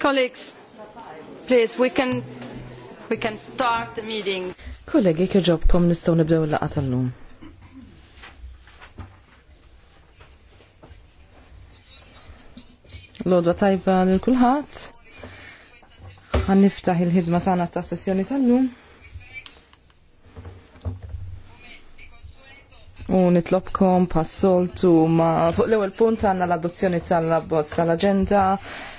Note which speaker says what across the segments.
Speaker 1: Colleagues, please, we can, we can start the meeting.
Speaker 2: Kollegi, kħġobkom nistaw nibdew l-laqa tal-lum. L-odwa tajba l-kulħat. Għanniftaħ il-ħidma tagħna ta' sessjoni tal-lum. U nitlobkom soltu ma fuq l ewel punt għanna l-adozzjoni tal-abbozz tal-aġenda. tal abbozz tal agenda tal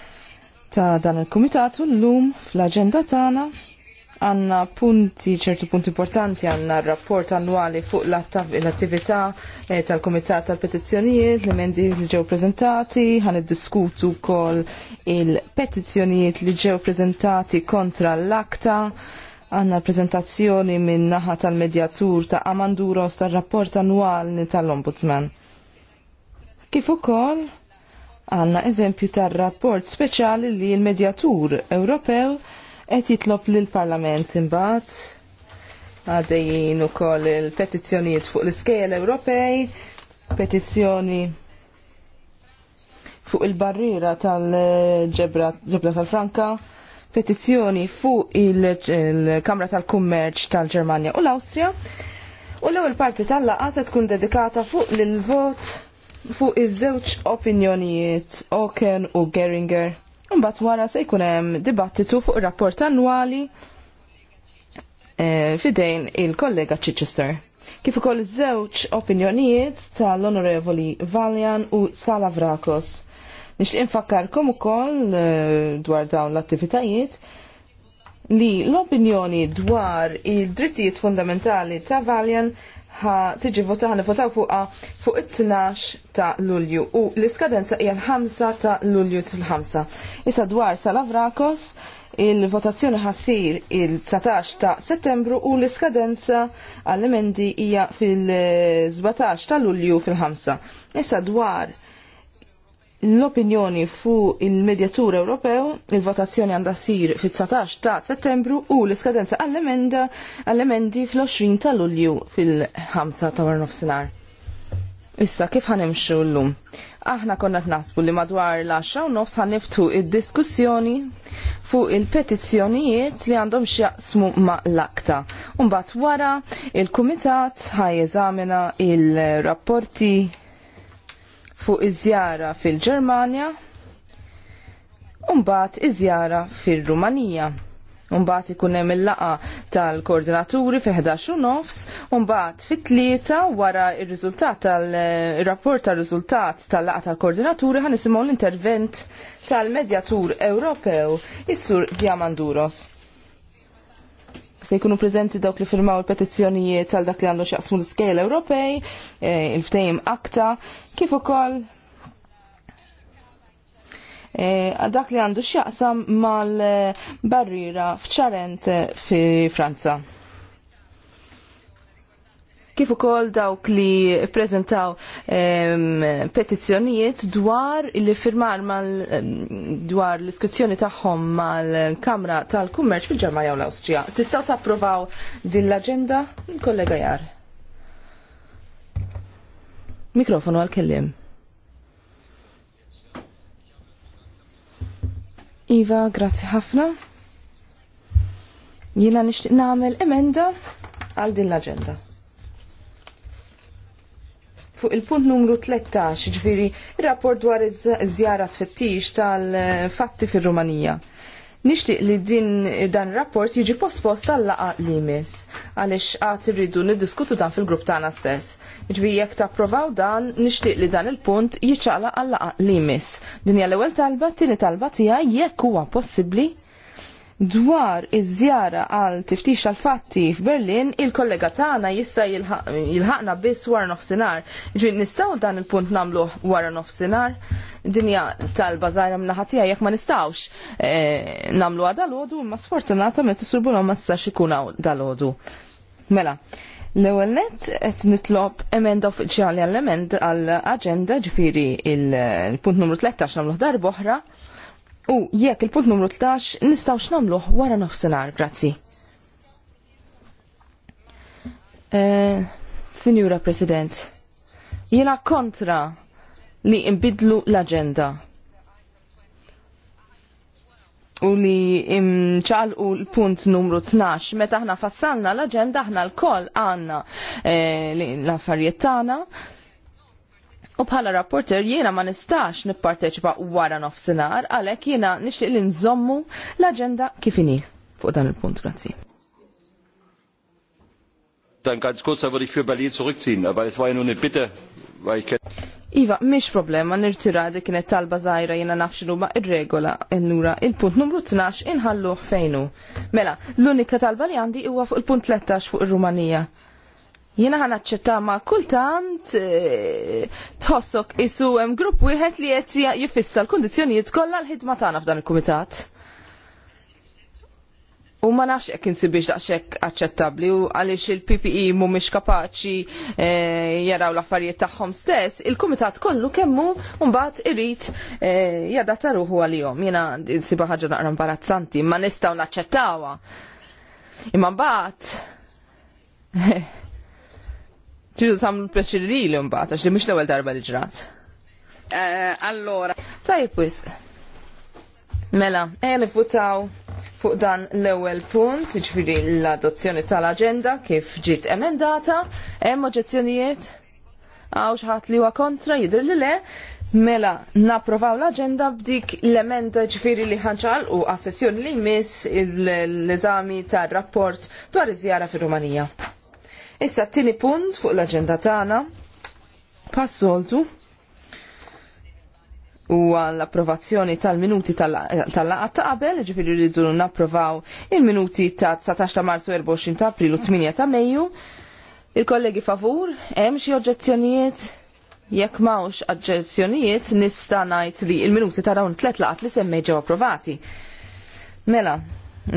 Speaker 2: ta' dan il kumitatu l-lum fl-agenda tagħna għanna punti, ċertu punti importanti għanna rapport annuali fuq l-attività eh, tal-Komitat tal-Petizzjonijiet li mendi li ġew prezentati, għan id-diskutu kol il-petizzjonijiet li ġew prezentati kontra l-akta, għanna prezentazzjoni minn naħa tal-medjatur ta' Amanduros tal-rapport annuali tal-Ombudsman. Kif ukoll? Għanna eżempju tar rapport speċjali li l-Medjatur Ewropew qed jitlob lil parlament imbagħad għaddejjin ukoll il-petizzjonijiet fuq l-iskejjel Ewropej, petizzjoni fuq il-barriera tal-ġebra tal-Franka, petizzjoni fuq il-Kamra tal-Kummerċ tal-Ġermanja u l-Awstrija. U l-ewwel parti tal-laqgħa se tkun dedikata fuq lil vot fuq iż-żewġ opinjonijiet Oken u Geringer. Mbagħad wara se jkun hemm dibattitu fuq rapport annwali eh, fidejn il-kollega Chichester. Kif ukoll iż-żewġ opinjonijiet tal-Onorevoli Valjan u Salavrakos. Nixtieq infakkarkom ukoll eh, dwar dawn l-attivitajiet li l-opinjoni dwar id-drittijiet fundamentali ta' Valjan ħa tiġi vota ħan votaw fuqa fuq it-12 ta' Lulju u l-iskadenza hija l-5 ta' Lulju til-5. Issa dwar Salavrakos il-votazzjoni ħassir il-19 ta' Settembru u l-iskadenza għall-emendi hija fil-17 ta' Lulju fil-5. Issa dwar l-opinjoni fu il-Medjatur Ewropew, il-votazzjoni għandha sir fit-19 ta' settembru u l-iskadenza għall-emenda għall-emendi fl-20 ta' Lulju fil-5 ta' nofsinhar. Issa kif l llum? Aħna konna t li madwar l-10 u nofs ħaniftu id-diskussjoni fuq il-petizzjonijiet li għandhom xjaqsmu ma' l-akta. Umbat wara, il-Kumitat ħaj eżamina il-rapporti fuq iż-żjara fil-Ġermanja u mbagħad iż-żjara fir-Rumanija. Umbat ikun hemm il-laqa tal-koordinaturi fi 11 nofs, umbat fit tlieta wara ir-riżultat tal-rapport tar-riżultat tal-laqa tal-koordinaturi ħanisimgħu l-intervent tal-Medjatur Ewropew, is-Sur Diamanduros se jkunu prezenti dawk li firmaw il-petizzjonijiet għal dak li għandu xaqsmu l-iskejl Ewropej, eh, il-ftejim akta, kif ukoll eh, għal dak li għandu xaqsam mal-barrira fċarent eh, fi Franza kif ukoll dawk li ppreżentaw ehm, petizzjonijiet dwar li firmar mal dwar l-iskrizzjoni tagħhom mal-Kamra tal-Kummerċ fil-Ġermanja u l-Awstrija. Tistgħu tapprovaw din l-aġenda? Kollega Jar. Mikrofonu għal-kellim. Iva, grazzi ħafna. Jiena nixtieq nagħmel emenda għal din l-aġenda fuq il-punt numru 13, ġviri, il-rapport dwar iż-żjara tfittix tal-fatti fil-Rumanija. Nishtiq li din dan rapport jiġi pospost tal-laqa li mis, għalix għat irridu niddiskutu dan fil-grupp tagħna stess. Ġvi jekk tapprovaw dan, nishtiq li dan il-punt jiċċala għal-laqa li mis. Din hija l-ewwel talba, tieni talba tiegħi jekk huwa possibbli Dwar iż-żjara għal tiftix tal fatti f'Berlin, il-kollega tagħna jista' jilħaqna biss wara nofsinhar. Ġin nistgħu dan il-punt nagħmluh wara nofsinhar. Dinja tal żgħira mnaħa tiegħi jekk ma nistgħux eh, nagħmluha dal-għodu imma sfortunatament isurbulhom ma tistax ikun dal-għodu. Mela, L-ewwel nett qed nitlob emenda uffiċjali għall-emend għall-aġenda ġifieri il-punt numru 13 nagħmluh darba oħra U jekk il-punt numru 13 nistaw x'namluh wara nofsinhar, grazzi. Eh, Sinjura President, jiena kontra li imbidlu l-agenda u li imċalqu l-punt numru 12. Meta aħna fassalna l-agenda aħna l-koll għanna eh, l-affarijiet tagħna U bħala rapporter jiena ma nistax nipparteċipa wara nofsinhar għalhekk jiena nixtieq li nżommu l-aġenda kif inhi fuq dan il-punt. Grazzi.
Speaker 3: Dann ganz kurz, da würde ich für Berlin zurückziehen, aber es war ja nur eine Bitte, weil ich
Speaker 2: Iva, mish problema, nirtira li kienet talba zaħira jena nafxilu ma ir-regola. nura il-punt numru 12 inħallu fejnu. Mela, l-unika talba li għandi huwa fuq il-punt 13 fuq ir-Rumanija. Jena ħan aċċetta ma kultant eh, tħossok isu hemm grupp wieħed li qed jifissa l-kundizzjonijiet kollha l-ħidma tagħna f'dan il-kumitat. U ma nafx jekk insibiex daqshekk aċċettabbli u għaliex il-PPE mhumiex kapaċi eh, jaraw l-affarijiet tagħhom stess, il-kumitat kollu kemmu mbagħad irid eh, jadatta ruħu għalihom. Jiena insiba ħaġa naqra imbarazzanti, ma nistgħu naċċettawha. Imma mbagħad Tridu l pjaċir li li mbagħad għax li mhux l-ewwel darba li ġrat. Eh, allora. Tajb wis. Mela, ejja nifutaw fuq dan l-ewwel punt, jiġifieri l-adozzjoni tal-aġenda kif ġiet emendata, hemm oġġezzjonijiet? Għaw xaħat li huwa kontra, jidher li le, Mela, napprovaw l-agenda b'dik l-emenda ġifiri li ħanċal u għas-sessjoni li jmiss l-eżami tar rapport dwar iż-żjara fir-Rumanija. Issa t-tini punt fuq l-agenda tagħna passoltu u l-approvazzjoni tal-minuti tal laqqa ta' qabel, ġifiri rridu napprovaw il-minuti ta' 19 ta' marzu 24 ta' aprilu 8 ta' meju. Il-kollegi favur, hemm xi oġġezzjonijiet? Jekk m'hawnx oġġezzjonijiet nista' ngħid li il-minuti ta' dawn tliet laqat li semmej ġew approvati. Mela,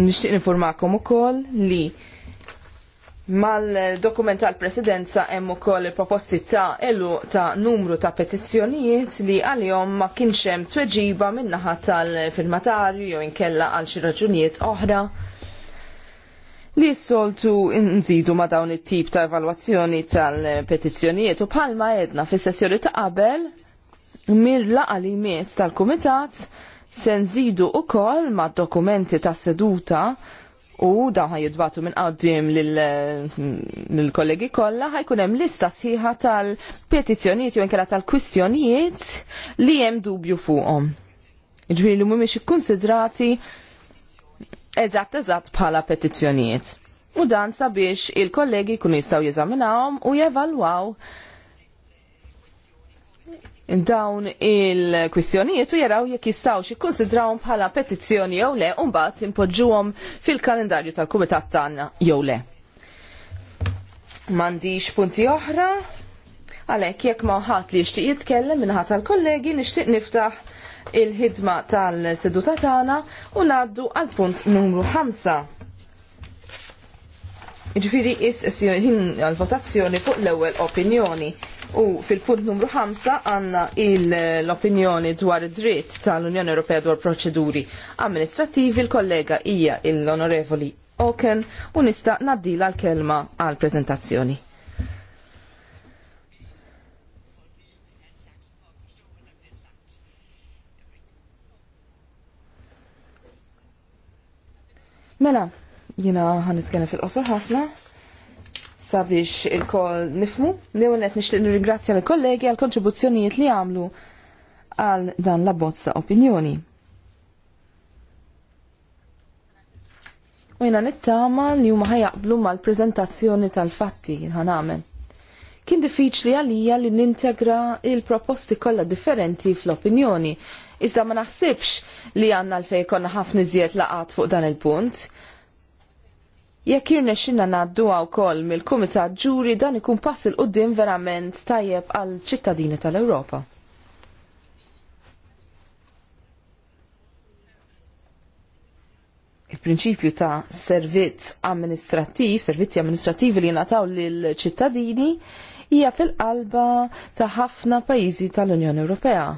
Speaker 2: nixtieq nifurmakom ukoll li Mal-dokument tal-presidenza hemm ukoll il-proposti ta' elu ta' numru ta' petizzjonijiet li għalihom ma kienx hemm tweġiba min-naħa tal-firmatarju jew inkella għal xi raġunijiet oħra li s-soltu nżidu ma' dawn it-tip ta' evalwazzjoni tal-petizzjonijiet u bħalma edna fis sessjoni ta' qabel mir-laqa li mis tal-kumitat se nżidu ukoll mad dokumenti ta' seduta u dawn ħaj jidbatu minn qaddim lill-kollegi kollha ħajkun hemm lista sħiħa tal-petizzjonijiet jew inkella tal-kwistjonijiet li hemm dubju fuqhom. Jiġifieri li mhumiex ikkunsidrati eżatt eżatt bħala petizzjonijiet. U dan sabiex il-kollegi kun jistgħu jeżaminawhom u jevalwaw dawn il-kwistjonijiet u jaraw jekk xi jikkonsidrawhom bħala petizzjoni jew le u mbagħad impoġġuhom fil-kalendarju tal-kumitat tagħna jew le. M'għandix punti oħra. Għalhekk jekk ma ħadd li jixtieq jitkellem minħat tal-kollegi nixtieq niftaħ il-ħidma tal-seduta tagħna u ngħaddu għal punt numru 5. Ġifiri is għal-votazzjoni fuq l-ewwel opinjoni. U fil-punt numru 5 għanna l-opinjoni dwar dritt tal-Unjoni Ewropea dwar proċeduri amministrativi l-kollega hija l-Onorevoli Oken u nista' naddila l-kelma għal-prezentazzjoni. Mela, Jina għan fil-qosor ħafna sabiex il-kol nifmu. li għunet nishtiq nixtieq nirringrazzja l-kollegi għal kontribuzzjonijiet li għamlu għal dan la bozza opinjoni. U jina nittama li huma ħajaqblu mal-preżentazzjoni tal-fatti ħan għamel. Kien diffiċli għalija li nintegra il-proposti kollha differenti fl-opinjoni, iżda ma naħsibx li għanna l-fej konna ħafna iżjed laqat fuq dan il-punt Jekk irne xinna naddu għaw kol mill-Kumitat Ġuri dan ikun pass il-qoddim verament tajjeb għal ċittadini tal-Ewropa. Il-prinċipju ta' servizz amministrattiv, servizzi amministrativi li nataw lil ċittadini hija fil-qalba ta' ħafna pajjiżi tal-Unjoni Ewropea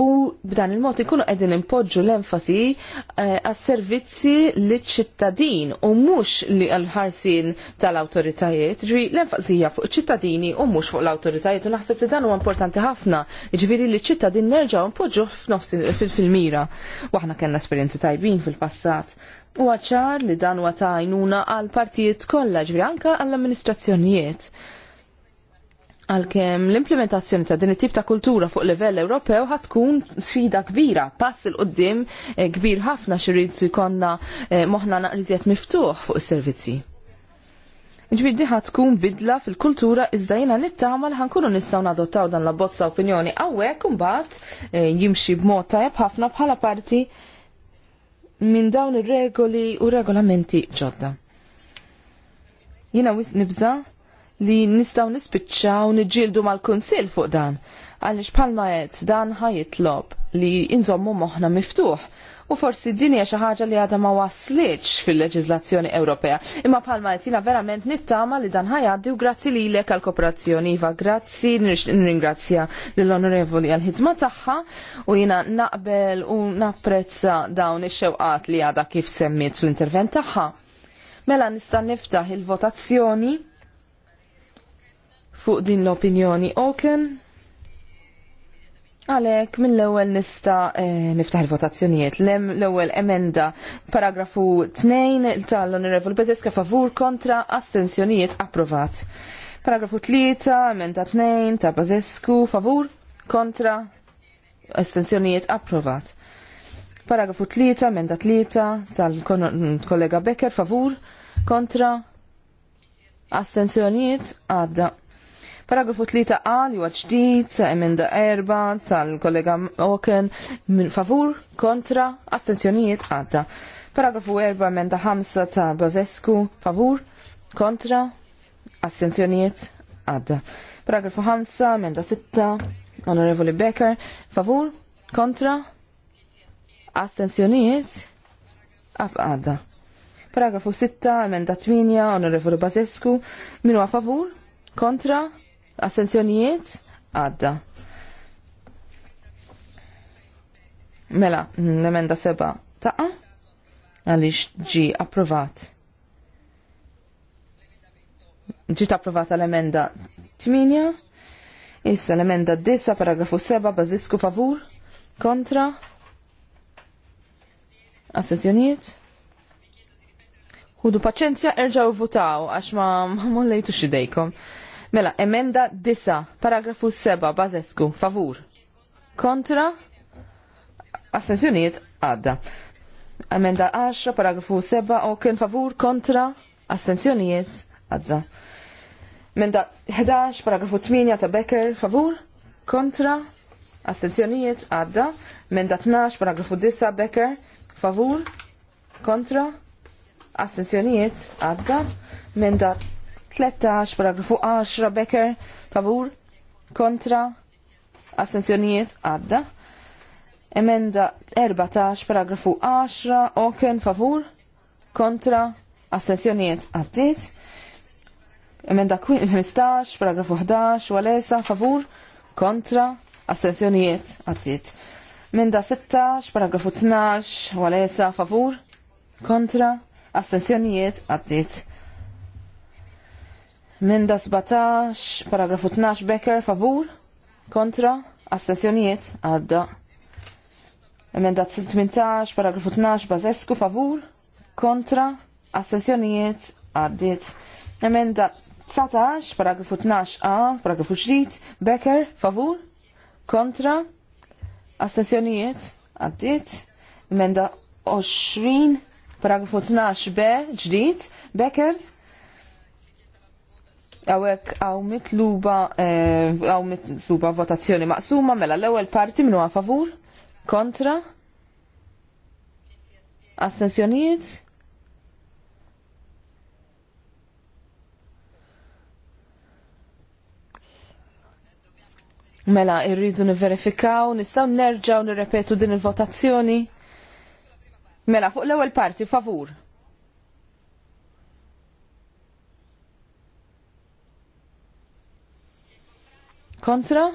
Speaker 2: u b'dan il-mod ikunu qegħdin impoġġu l-enfasi eh, għas-servizzi liċ ċittadin u mhux li għall-ħarsin tal-awtoritajiet, ġri l-enfasi hija fuq ċittadini u mhux fuq l-awtoritajiet u naħseb li dan huwa importanti ħafna, jiġifieri li ċittadin nerġgħu npoġġu f'nofsi fil-mira. Waħna kellna esperjenzi tajbin fil-passat. U ċar li dan huwa tajnuna għal partijiet kollha ġri anke għall-amministrazzjonijiet. Għalkemm l-implementazzjoni ta' din it-tip ta' kultura fuq livell Ewropew ħad tkun sfida kbira, pass il qoddim eh, kbir ħafna xirrid ikonna eh, moħna naqriżiet miftuħ fuq is-servizzi. Ġbir diħa tkun bidla fil-kultura iżda jina nittamal ħankunu nistaw nadottaw dan la bozza opinjoni għawek mbagħad eh, jimxi b'mod tajab ħafna bħala parti minn dawn ir-regoli u regolamenti ġodda. Jina wis nibża' li nistaw nispiċċaw niġġieldu mal konsil fuq dan. Għaliex bħalma qed dan ħajitlob li inżommu moħħna miftuħ u forsi din hija xi ħaġa li għadha ma wasliċ fil leġizlazzjoni Ewropea. Imma Palma qed jina verament nittama li dan ħajaddi u grazzi lilek għal kooperazzjoni iva, grazzi nirringrazzja lill-Onorevoli għal ħidma tagħha u jiena naqbel u napprezza dawn ix-xewqat li għadha kif semmiet fl-intervent tagħha. Mela nista' niftaħ il-votazzjoni fuq din l-opinjoni Oken. Għalek, mill ewwel nista eh, niftaħ il-votazzjonijiet. l ewwel emenda, paragrafu 2 tal-Onorevol Bezeska favur kontra astensjonijiet approvat. Paragrafu 3, emenda 2 ta' Bezesku, favur kontra astensjonijiet approvat. Paragrafu 3, emenda 3 tal-kollega Becker favur kontra astensjonijiet għadda Paragrafu 3a li huwa sa' emenda erba tal-kollega Oken min favur kontra astensjonijiet għadda. Paragrafu 4 emenda 5 ta' Bazescu favur kontra astensjonijiet għadda. Paragrafu 5 emenda 6 Onorevoli Becker favur kontra astensjonijiet għadda. Paragrafu 6, emenda 8, onorevoli Bazesku, minu għafavur, favur, kontra, Assenzjonijiet? Għadda. Mela, l-emenda seba taqa għalix ġi approvat. Ġiet approvata l-emenda 8, issa l-emenda 9, paragrafu 7, bazisku favur, kontra, assenzjonijiet. Hudu paċenzja erġaw votaw għax ma mollejtu xidejkom. Mela, emenda disa, paragrafu 7, bazesku, favur. Kontra, astensjoniet, għadda. Emenda 10, paragrafu 7, o favur, kontra, astensjoniet, għadda. Emenda 11, paragrafu 8 ta' Becker, favur, kontra, astensjoniet, għadda. Emenda 12, paragrafu 9, Becker, favur, kontra, astensjoniet, għadda. Emenda 13 paragrafu 10 Becker favur kontra astenzjonijiet għadda. Emenda 14 paragrafu 10 Oken favur kontra astenzjonijiet għaddit. Emenda 15 paragrafu 11 Walesa favur kontra astenzjonijiet għaddit. Emenda 16 paragrafu 12 Walesa favur kontra astenzjonijiet għaddit da 17, paragrafu 12, Becker, favur, kontra, astensjonijiet, għadda. Emenda 18, paragrafu 12, Bazesku, favur, kontra, astensjonijiet, għaddit. Emenda 19, paragrafu 12a, paragrafu 20, Becker, favur, kontra, astensjonijiet, għaddit. Emenda 20, paragrafu 12b, ġdid, Becker, Għawek għaw mitluba, eh, għaw mitluba votazzjoni maqsuma mela l-ewel parti minu favur, kontra, astensjonijiet. Mela, irridu niverifikaw, nistaw nerġaw nirrepetu din il-votazzjoni. Mela, fuq l-ewel parti, favur. Kontra?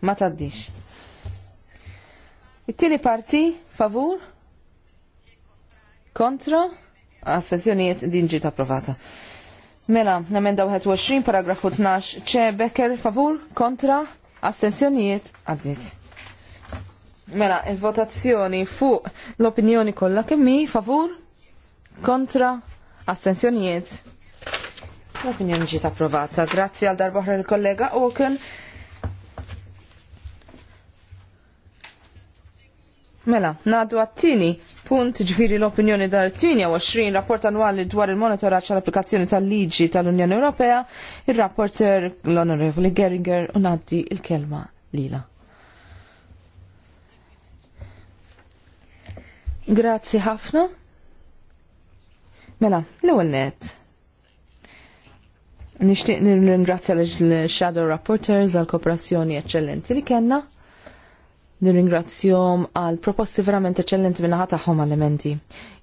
Speaker 2: Ma taddix. It-tieni parti, favur? Kontra? Assessjonijiet din ġiet approvata. Mela, namenda 21, paragrafu 12, ċe Becker, favur, kontra, astensjonijiet, għaddit. Mela, il-votazzjoni fuq l-opinjoni kollha kemmi, favur, kontra, Astensjonijiet? L-opinjoni ġiet approvata. Grazzi għal darba il-kollega Oken. Mela, nadu għattini, punt ġviri l-opinjoni dar 28 rapport annuali dwar il-monitoraċ għall-applikazzjoni tal-liġi tal-Unjoni Ewropea, il-rapporter l-Onorevoli Geringer unaddi il-kelma lila. Grazzi ħafna. Mela, l-ewwel net. Nixtieq nirringrazzja l-Shadow Rapporteurs għal kooperazzjoni eċċellenti li kellna. Nirringrazzjom għal proposti verament eċċellenti minna tagħhom elementi.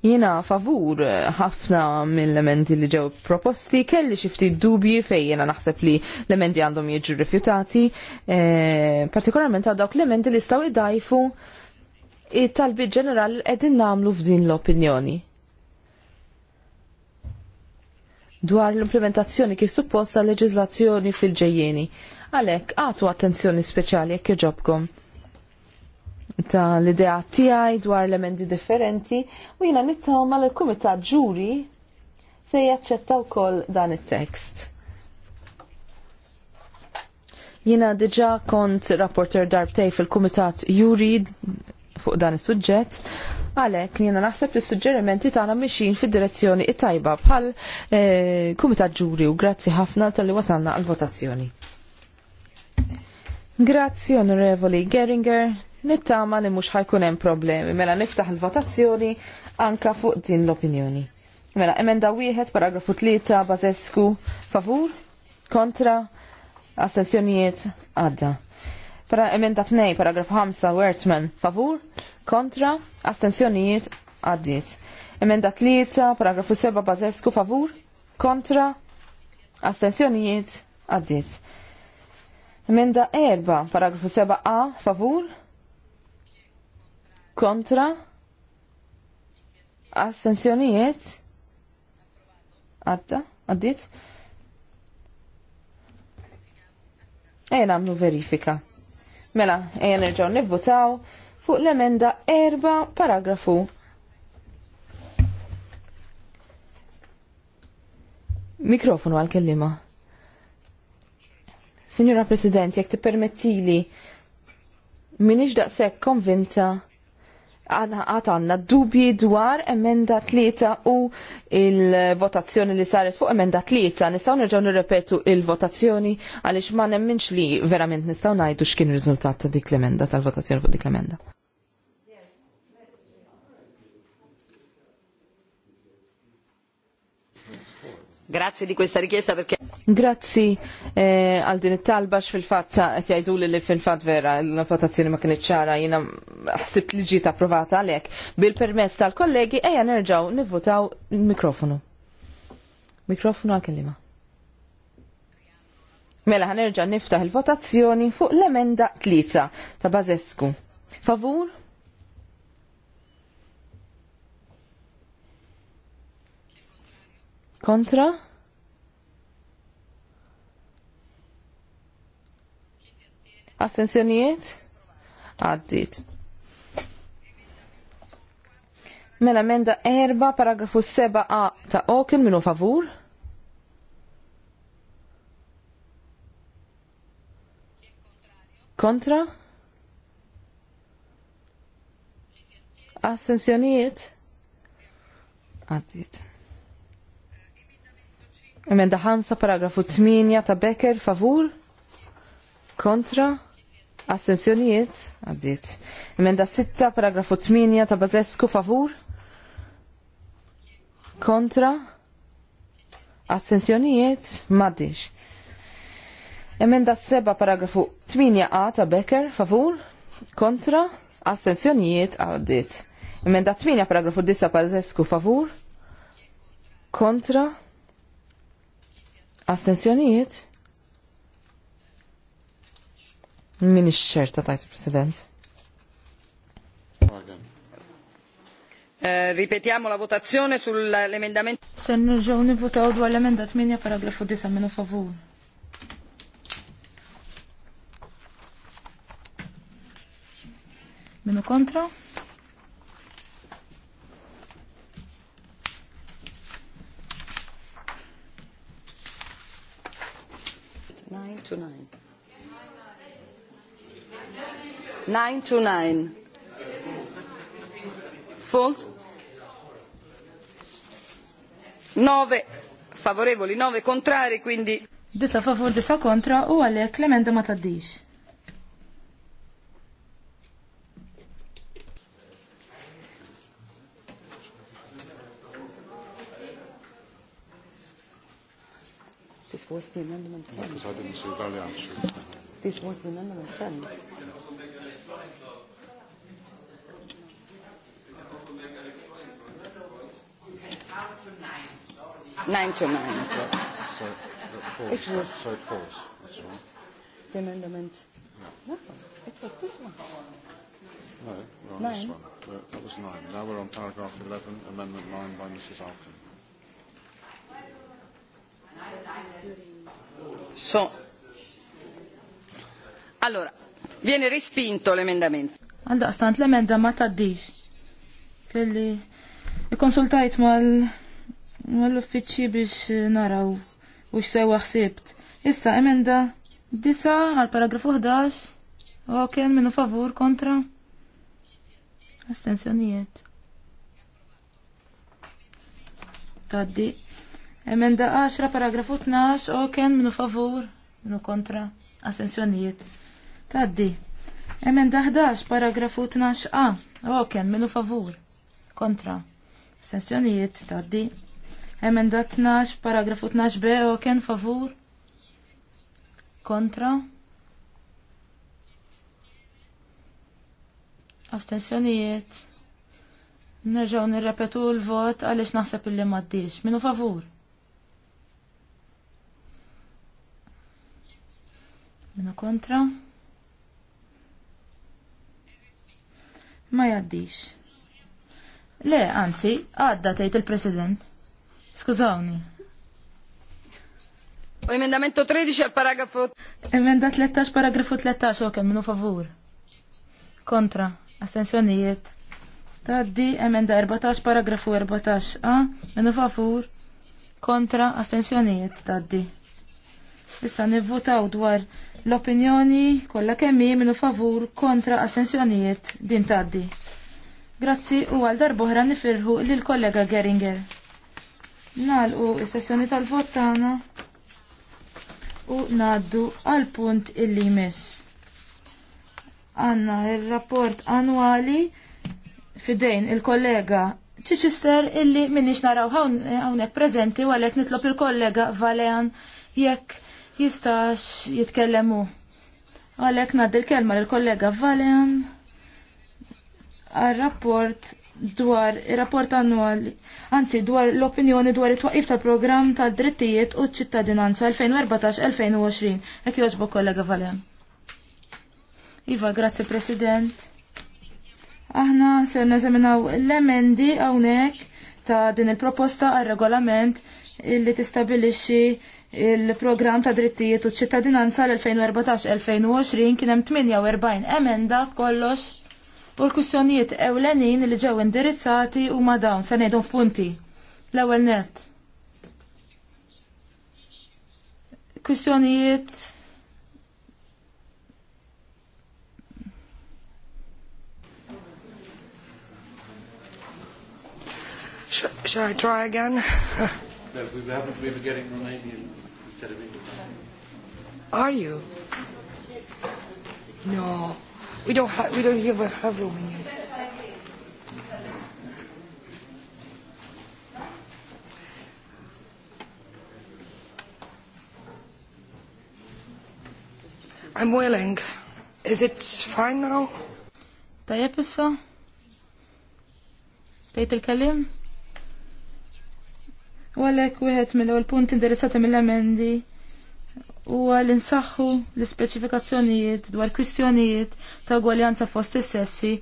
Speaker 2: Jiena favur ħafna mill-elementi li ġew proposti, kelli xifti ftit dubji fejn jiena naħseb li l-elementi għandhom jiġu rifjutati, e, partikolarment għadok dawk l-elementi li staw id-dajfu it-talbi ġeneral qegħdin nagħmlu f'din l-opinjoni dwar l-implementazzjoni kif supposta l-leġislazzjoni fil-ġejjeni. Għalhekk għatu attenzjoni speċjali jekk joġobkom ta' l-idea tiegħi dwar l-emendi differenti u jiena nittama l-kumitat ġuri se jaċċettaw kol dan it-tekst. Jiena diġà kont rapporter darbtej fil-kumitat juri fuq dan is-suġġett Għalek li jena naħseb li suġġerimenti tagħna mixin fid-direzzjoni it-tajba bħal eh, kumitat ġuri u grazzi ħafna tal-li wasalna għal-votazzjoni. Grazzi Onorevoli Geringer, nittama li mhux ħajkun hemm problemi mela niftaħ il-votazzjoni anka fuq din l-opinjoni. Mela, emenda wieħed paragrafu tlieta Bazesku favur kontra astensjonijiet għadda. Para emenda 2, paragraf 5, Wertman, favur, kontra, astensjonijiet, għaddiet. Emenda tlieta, paragrafu 7, Bazesku, favur, kontra, astensjonijiet, għaddiet. Emenda 4, paragrafu 7a, favur, kontra, astensjonijiet, għadda, għaddiet. Ejn għamlu verifika. Mela, ejja nerġgħu nivvotaw fuq l-emenda erba paragrafu. Mikrofonu għal-kellima. Signora President, jekk tippermettili, minix daqshekk konvinta għatanna dubji dwar emenda tlieta u il-votazzjoni li saret fuq emenda tlieta nistaw nerġaw nirrepetu il-votazzjoni għaliex ma nemminx li verament nistaw najdu x'kien riżultat ta' dik l-emenda tal-votazzjoni fuq dik l-emenda.
Speaker 1: Grazie di questa richiesta perché.
Speaker 2: Grazzi eh, għal din it-talba fil-fatt qed jgħidu li fil-fatt vera l-votazzjoni ma kienet ċara jiena ħsibt li ġiet approvata għalhekk bil-permess tal-kollegi ejja nerġgħu nivvotaw il-mikrofonu. Mikrofonu għal-kelima. Mela ħanerġa' niftaħ il-votazzjoni fuq l-emenda tlieta ta' Bazescu. Favur? Kontra? Astensjonijiet? Għaddit. Mela menda erba' paragrafu 7a ta' Oken minu favur? Kontra? Astensjonijiet? Għaddit. Emenda 5 paragrafu 8 ta' Becker favur? Kontra? Astenzjonijiet? Għaddit. Emenda 6, paragrafu 8 ta' Bazesku, favur? Kontra? Astenzjonijiet? Maddix. Emenda 7, paragrafu 8a ta' Becker, favur? Kontra? Astenzjonijiet? Għaddit. Emenda 8, paragrafu 9 Bazesku, favur? Kontra? Astenzjonijiet? Min ix tajt il-President. Eh, ripetiamo la votazione sull'emendamento.
Speaker 4: Se non c'è nerġgħu nivvotaw dwar l-emendat paragrafo di 9 meno favore. Meno contro.
Speaker 1: Nine to nine.
Speaker 2: Nine to nine. Fault? 9 favorevoli, 9 contrari, quindi...
Speaker 4: Disa favor, disa contra, u għalek Clemente Matadish. This was the amendment 10. This was the amendment 10. Nine to nine, it
Speaker 1: was. So
Speaker 2: So it falls. That's all.
Speaker 4: The amendment. No. it was this one.
Speaker 2: No, we're on nine. this one. that was nine. Now we're on paragraph 11, amendment nine by Mrs. Alkin. So, allora, viene respinto l'emendamento.
Speaker 4: Għandaqstant l-emenda ma taddix. Kelli, konsultajt mal l-uffiċċji biex eh, naraw u x'sewa ħsibt. Issa emenda disa għal paragrafu 11 u kien minnu favur kontra astensjonijiet. Taddi. Emenda 10 paragrafu 12 oken minnu favur minnu kontra astensjonijiet. Taddi. Emenda 11 paragrafu 12a oken, kien minnu favur kontra astensjonijiet. Taddi. Emenda 12, paragrafu 12 b o kien favur. Kontra. Astensjonijiet. Nerġaw nirrepetu l-vot għaliex naħseb il il-li maddix. Minu favur. Minu kontra. Ma jaddix. Le, anzi, għadda tgħid il-President. Skużawni.
Speaker 2: U emendamento 13 għal paragrafu.
Speaker 4: Emenda 13 paragrafu 13 u kien minu favur. Kontra. assenzjonijiet. Taddi emenda 14 paragrafu 14 a minu favur. Kontra. assenzjonijiet Taddi. Issa nivvutaw dwar l-opinjoni kollha kemm hi minu favur kontra assenzjonijiet din taddi. Grazzi u għal darbohra nifirħu lill kollega Geringer nalqu is-sessjoni tal-vot tagħna u ngħaddu għal punt illi jmiss. Għanna il rapport annuali annwali fidejn il-kollega Chichester illi minnix naraw hawnhekk preżenti u għalhekk nitlob il-kollega Valean jekk jistax jitkellemu. Għalhekk ngħaddi l-kelma lill-kollega Valean għal-rapport dwar ir-rapport annwali, anzi dwar l-opinjoni dwar it-twaqif tal program tal-drittijiet u ċittadinanza 2014-2020. Ekki joġbok kollega Valen. Iva, grazie President. Aħna ser neżaminaw l-emendi hawnhekk ta' din il-proposta għal regolament illi tistabilixxi il-programm ta' drittijiet u ċittadinanza l-2014-2020 kien hemm 48 emenda kollox U ewlenin li ġew indirizzati u ma dawn se ngħidhom f'punti. L-ewwel net. Kwistjonijiet
Speaker 2: Shall I try again? no,
Speaker 3: we haven't. We getting Romanian instead of English.
Speaker 2: Are you? No. We don't, have we don't even have here.
Speaker 4: I'm willing. Is it fine now? Tajjeb issa? Tejt il-kellim? U għalek wieħed mill-ewwel punt interessati mill huwa li nsaħħu l-ispeċifikazzjonijiet dwar kwistjonijiet ta' gwaljanza fost is-sessi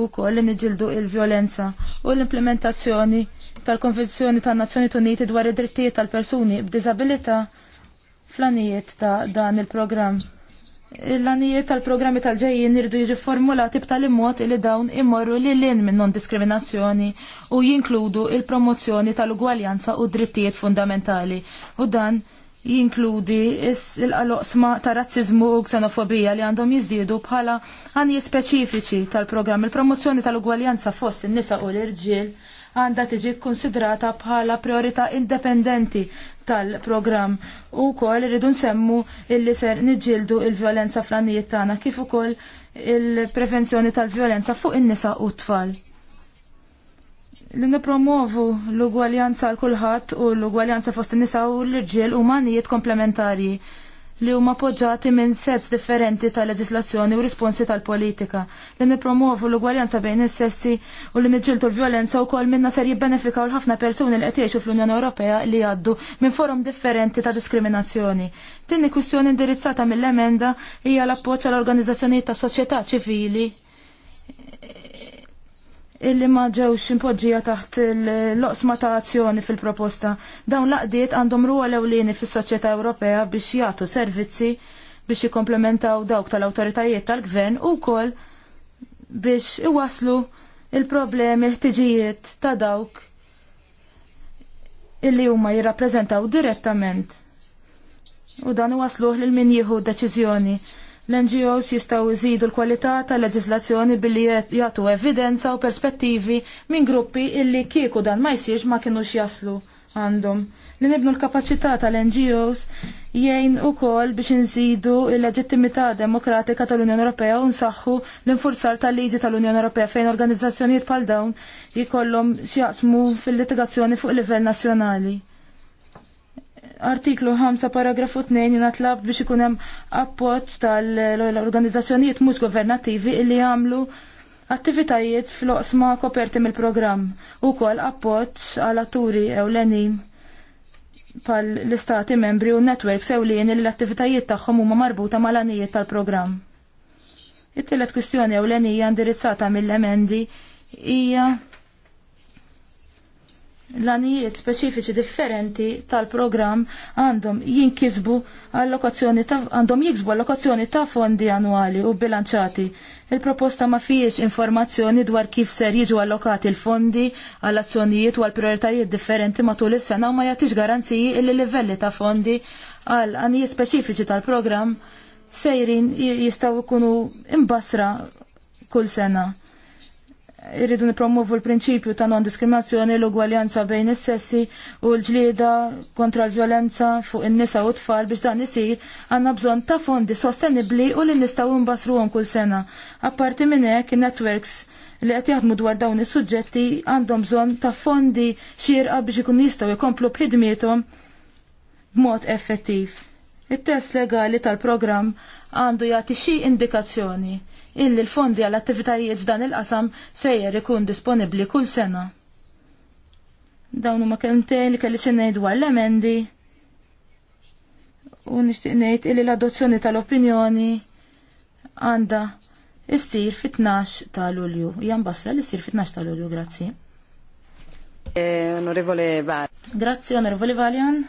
Speaker 4: u kol li niġildu il-violenza u l-implementazzjoni tal-Konvenzjoni tan nazzjoni Uniti dwar id-drittijiet tal-persuni b'diżabilità F'lanijiet ta' dan il-programm. Il-Lanijiet tal-programmi tal-ġejjin irdu jiġu formulati b'tali mod li dawn imorru li l-in minn non-diskriminazzjoni u jinkludu il-promozzjoni tal-ugwaljanza u drittijiet fundamentali u dan jinkludi il-qaloqsma ta' razzizmu u xenofobija li għandhom jizdiedu bħala għanji speċifiċi tal-programm. Il-promozzjoni tal-ugwaljanza fost in-nisa u l-irġiel għandha tiġi konsidrata bħala priorità indipendenti tal-programm u kol rridu nsemmu illi ser niġġieldu il-violenza fl-għannijiet tagħna kif ukoll il-prevenzjoni tal-violenza fuq in-nisa u t-tfal li nipromovu l-ugwaljanza għal kulħadd u l-ugwaljanza fost in-nisa u l-irġiel u manijiet komplementari li huma poġġati minn sets differenti tal leġislazzjoni u risponsi tal-politika li nipromovu l-ugwaljanza bejn is-sessi u li nġiltu l-vjolenza wkoll minna ser u l-ħafna persuni li qed jgħixu fl-Unjoni Ewropea li għaddu minn forum differenti ta' diskriminazzjoni. Tinni kwistjoni indirizzata mill-emenda hija l-appoġġ għall organizzazzjonijiet ta' soċjetà ċivili illi ma ġewx impoġġija taħt l-oqsma ta' azzjoni fil-proposta. Dawn laqdiet għandhom ruol ewlieni fis-soċjetà Ewropea biex jagħtu servizzi biex jikomplementaw dawk tal-awtoritajiet tal-gvern u wkoll biex iwaslu il-problemi ħtiġijiet ta' dawk illi huma jirrappreżentaw direttament. U dan waslu lil min jieħu deċiżjoni L-NGOs jistaw iżidu l-kwalità tal-leġislazzjoni billi jagħtu evidenza u perspettivi minn gruppi illi kieku dan ma jsirx ma kinux jaslu għandhom. Li nibnu l-kapaċità tal-NGOs jgħin ukoll biex inżidu l-leġittimità demokratika tal-Unjoni Ewropea u nsaħħu l-infurzar tal-liġi tal-Unjoni Ewropea fejn organizzazzjonijiet bħal dawn jikollhom x'jaqsmu fil-litigazzjoni fuq livell nazzjonali artiklu 5 paragrafu 2 natlab biex ikun hemm appoġġ tal-organizzazzjonijiet mhux governattivi illi għamlu attivitajiet fl-oqsma koperti mill-programm u kol appoġġ għal atturi ewlenin pal l-istati membri u n-netwerk ewlien li l-attivitajiet tagħhom huma marbuta mal-anijiet tal-programm. It-tielet kwistjoni ewlenija indirizzata mill-emendi hija l għanijiet speċifiċi differenti tal-programm għandhom jinkisbu allokazzjoni ta' għandhom jiksbu allokazzjoni ta' fondi annwali u bilanċati. Il-proposta ma fiex informazzjoni dwar kif ser jiġu allokati l-fondi għall azzjonijiet u għall prioritajiet differenti matul is-sena u ma jagħtix garanziji il livelli ta' fondi għal għanijiet speċifiċi tal-programm sejrin jistaw ikunu imbasra kull sena irridu nipromovu l-prinċipju ta' non-diskriminazzjoni l-ugwaljanza bejn is-sessi u l-ġlieda kontra l-vjolenza fuq in-nisa u t tfal biex dan isir għandna bżonn ta' fondi sostenibbli u li nistgħu nbassruhom kull sena. Apparti minn hekk in-networks li qed jaħdmu dwar dawn is-suġġetti għandhom bżonn ta' fondi xierqa biex ikun jistgħu jkomplu b'ħidmietom b'mod effettiv. It-test legali tal-programm għandu jagħti xi indikazzjoni illi l-fondi għall-attivitajiet f'dan il-qasam sejjer ikun disponibli kull sena. Dawn huma kelmtejn li kelli ngħid dwar l-emendi u nixtieq ngħid illi l-adozzjoni tal-opinjoni għandha issir fit-12 ta' Lulju. Jan mbassra li ssir fit-12 ta' Lulju, grazzi. Eh, onorevole Valjan. Grazzi, Onorevole Valjan.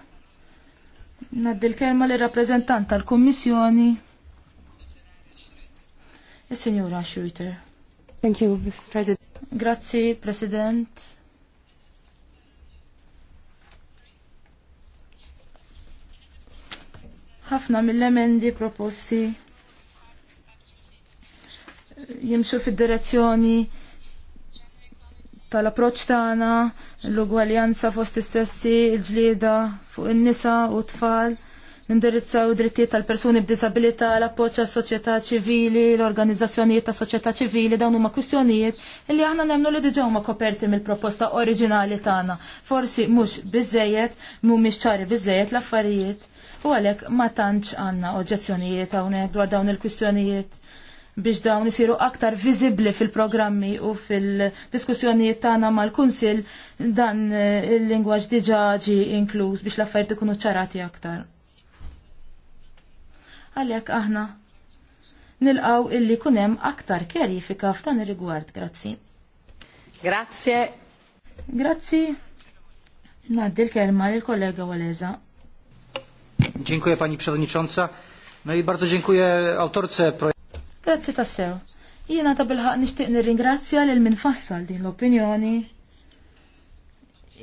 Speaker 4: Naddil l-kelma li rappresentant tal-Kommissjoni is Schroeter. Thank you, Mr. President. Grazzi, President. ħafna mill-emendi proposti jimxu fid-direzzjoni tal-approċ tagħna l-ugwaljanza fost is-sessi, il-ġlieda fuq in-nisa u t-tfal. Nindirizzaw drittijiet tal-persuni b'disabilità, l-appoċ għas soċjetà ċivili, l-organizzazzjonijiet ta' soċjetà ċivili, dawn huma kwistjonijiet li aħna nemmnu li diġà huma koperti mill-proposta oriġinali tagħna. Forsi mhux biżejjed, mhumiex ċari biżejjed l-affarijiet. U għalhekk ma tantx għandna oġġezzjonijiet hawnhekk dwar dawn il-kwistjonijiet biex dawn isiru aktar viżibbli fil-programmi u fil-diskussjonijiet tagħna mal-Kunsill dan il-lingwaġġ diġà ġie inkluż biex l-affarijiet ikunu ċarati aktar għalhekk aħna nilqaw illi kunem aktar kjerifika f'dan ir-rigward. Grazzi. Grazie. Grazzi. Naddi l-kelma lill-kollega Waleza. Dziękuję pani przewodnicząca. No i bardzo dziękuję autorce projektu. Grazzi tassew. Jiena ta' bilħaq nixtieq nirringrazzja lil min fassal din l-opinjoni.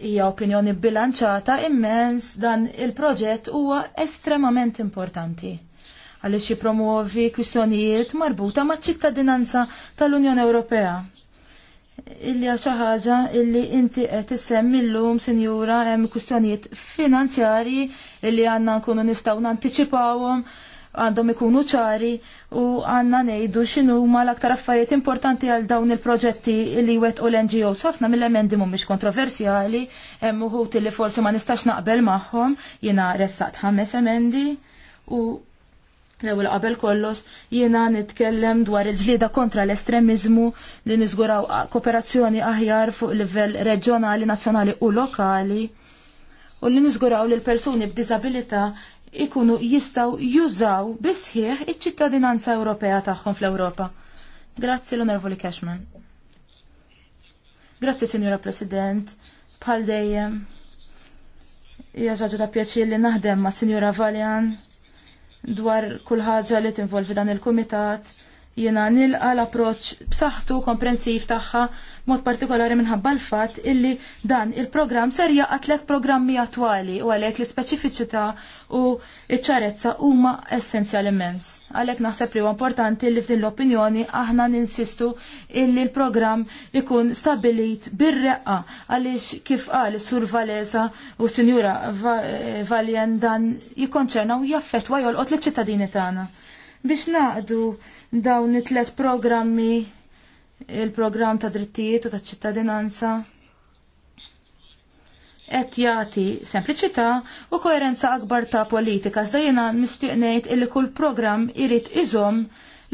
Speaker 4: Hija opinjoni bilanċata immens dan il-proġett huwa estremament importanti għaliex jipromuovi kwistjonijiet marbuta maċ-ċittadinanza tal-Unjoni Ewropea. Illi xi ħaġa illi inti qed issemmi llum sinjura hemm kwistjonijiet finanzjarji illi għandna nkunu nistgħu nantiċipawhom għandhom ikunu ċari u għanna nejdu xinu ma l-aktar affarijiet importanti għal dawn il-proġetti li wet u l-NGO. Sofna mill-emendi mhumiex kontroversjali, hemm uħut li forsi ma nistax naqbel magħhom, jiena ressaqt ħames emendi u L-ewwel qabel kollox jiena nitkellem dwar il-ġlieda kontra l-estremizmu li niżguraw kooperazzjoni aħjar fuq livell reġjonali, nazzjonali u lokali u li niżguraw li l-persuni b'disabilità ikunu jistaw jużaw bisħieħ iċ-ċittadinanza Ewropea tagħhom fl-Ewropa. Grazzi l-Onorevoli Cashman. Grazzi, Signora President. Bħal dejjem. Hija ġaġa ta' pjaċir li naħdem ma' Signora Valjan dwar kull ħaġa li tinvolvi dan il-kumitat Jiena nilqa l-approċ b'saħħtu komprensiv tagħha mod partikolari minħabba l-fatt illi dan il-programm ser jaqa' tliet programmi attwali u għalhekk l-ispeċifiċità u ċ-ċarezza huma essenzjali immens. Għalhekk naħseb li huwa importanti li f'din l-opinjoni aħna ninsistu illi l-programm ikun stabilit bir-reqqa għaliex kif qal sur Valesa u Sinjura eh, Valjen dan jikkonċerna u jaffettwa jolqot liċ-ċittadini tagħna biex naqdu dawn it-tlet programmi il-programm ta' drittijiet u ta' ċittadinanza qed jagħti sempliċità u koerenza akbar ta' politika iżda jiena nixtieq ngħid illi kull programm irid iżomm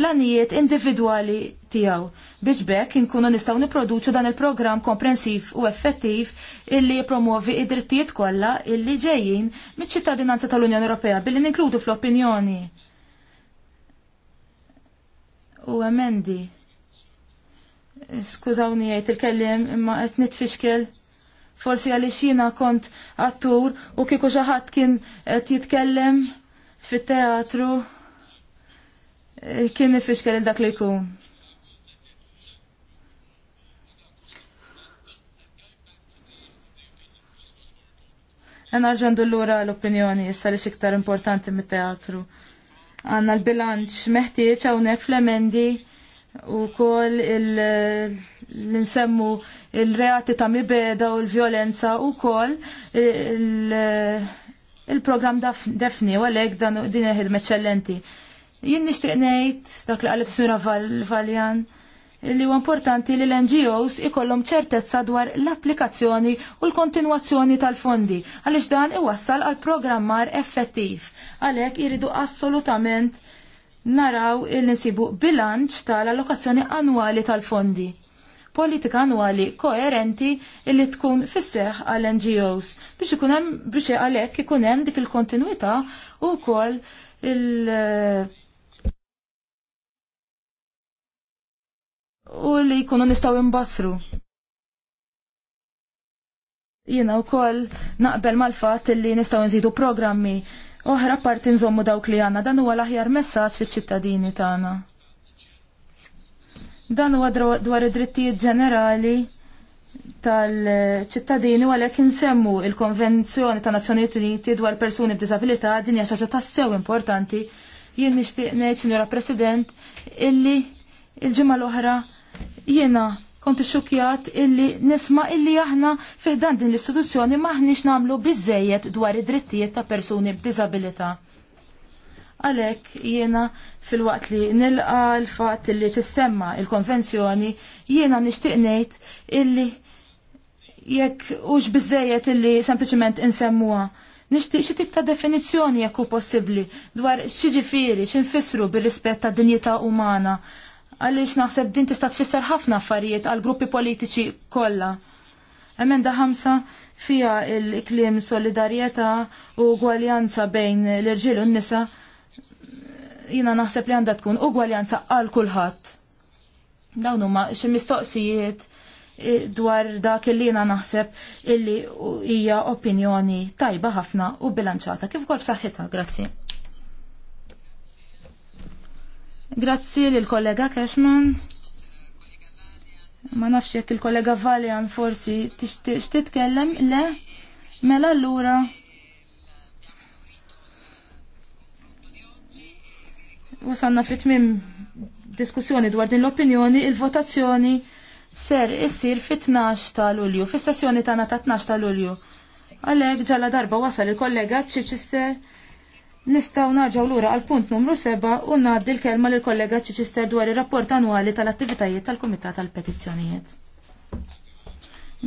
Speaker 4: l-anijiet individwali tiegħu biex bekk inkunu nistgħu nipproduċu dan il-programm komprensiv u effettiv illi jipromuovi id-drittijiet kollha illi ġejjin miċ-ċittadinanza tal-Unjoni Ewropea billi ninkludu fl-opinjoni u emendi. Skużawni jgħid il-kellim imma qed nitfiskel, Forsi għaliex jiena kont attur u kieku xi ħadd kien qed jitkellem fit-teatru eh, kien nifixkel il dak li jkun. Għanarġandu l-lura l-opinjoni, issa li xiktar importanti mit-teatru għanna l-bilanċ meħtieġ hawnhekk fl-emendi u kol l-insemmu il-reati ta' mibeda u l-violenza u kol il-program defni u għalek dan din eħed meċċellenti. Jien nishtiq ngħid dak li qalet Sura Valjan. Val li huwa importanti li l-NGOs ikollhom ċertezza dwar l-applikazzjoni u l-kontinwazzjoni tal-fondi għaliex dan iwassal għal programmar effettiv. Għalhekk iridu assolutament naraw il nisibu bilanċ tal-allokazzjoni annwali tal-fondi politika annwali koerenti illi tkun fisseħ għal NGOs biex ikun hemm biex għalek ikun hemm dik il-kontinuità u wkoll il- u li jkunu nistgħu imbassru. Jiena wkoll naqbel mal-fatt li nistgħu nżidu programmi oħra parti nżommu dawk li għandna dan huwa l-aħjar messaġġ fiċ-ċittadini tagħna. Dan huwa dwar id-drittijiet ġenerali tal-ċittadini u għalhekk insemmu il-Konvenzjoni ta' Nazzjonijiet Uniti dwar persuni b'diżabilità din hija xi ħaġa tassew importanti jien nixtieq ngħid, Sinjora President, illi il-ġimgħa l-oħra Jiena konti xukjat illi nisma illi aħna fiħdan din l-istituzzjoni maħniex namlu bizzejiet dwar id-drittijiet ta' persuni b'disabilità. Għalek jiena fil-waqt li nilqa l-fat illi tissemma il-konvenzjoni jiena nishtiqnejt illi jekk ux bizzejiet illi sempliciment insemmuha. Nishtiq xi tip ta' definizzjoni jekk hu possibbli dwar xi ġifieri bil bir-rispett tad-dinjità umana għaliex naħseb din tista' tfisser ħafna affarijiet għal gruppi politiċi kollha. Emenda ħamsa fija il-klim solidarjetà u gwaljanza bejn l-irġiel u n-nisa jina naħseb li għandha tkun ugwaljanza għal kulħadd. Dawn huma xi mistoqsijiet eh, dwar dak li jina naħseb illi hija opinjoni tajba ħafna u bilanċata kif kol saħħitha, grazzi. Grazzi l kollega Cashman. Ma nafx jekk il-kollega Valjan forsi titkellem le mela allura. Wasanna fit mim diskussjoni dwar din l-opinjoni, il-votazzjoni ser issir fit-12 ta' Lulju, fis-sessjoni tagħna ta' 12 ta' Lulju. Għalhekk ġalla darba wasal il-kollega Chichester Nistaw naġaw lura għal punt numru 7 u ngħaddi l-kelma l kollega Ċiċister dwar ir-rapport annwali tal-attivitajiet tal-Kumitat tal-Petizzjonijiet.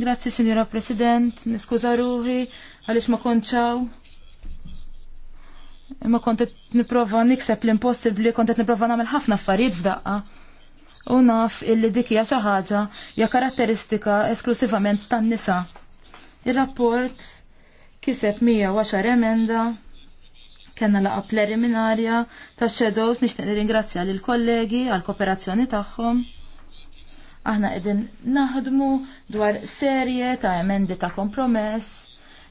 Speaker 4: Grazzi, Sinjora President, niskuża ruħi għaliex ma konċaw. Ma kontet niprofa nikseb l-impossibli, kontet niprofa namel ħafna affarijiet f'daqqa. U naf illi dik hija xi ħaġa hija karatteristika esklusivament tan-nisa. Ir-rapport kiseb 110 emenda kena laqa preliminarja ta' shadows nixtieq nirringrazzja lil kollegi għal kooperazzjoni tagħhom. Aħna qegħdin naħdmu dwar serje ta' emendi ta' kompromess,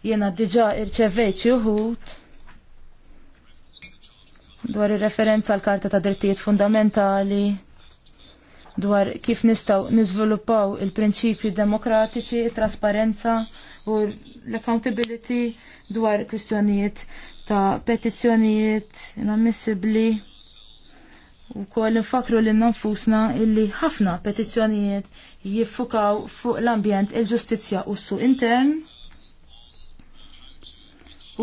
Speaker 4: jiena diġà irċevejt xi wħud dwar ir-referenza għal karta ta' drittijiet fundamentali dwar kif nistaw nizvilupaw il-prinċipji demokratiċi, il trasparenza u l-accountability dwar kwistjonijiet ta' petizzjonijiet inammissibli u kol infakru li nanfusna illi ħafna petizzjonijiet jiffukaw fuq l-ambjent il-ġustizja u s intern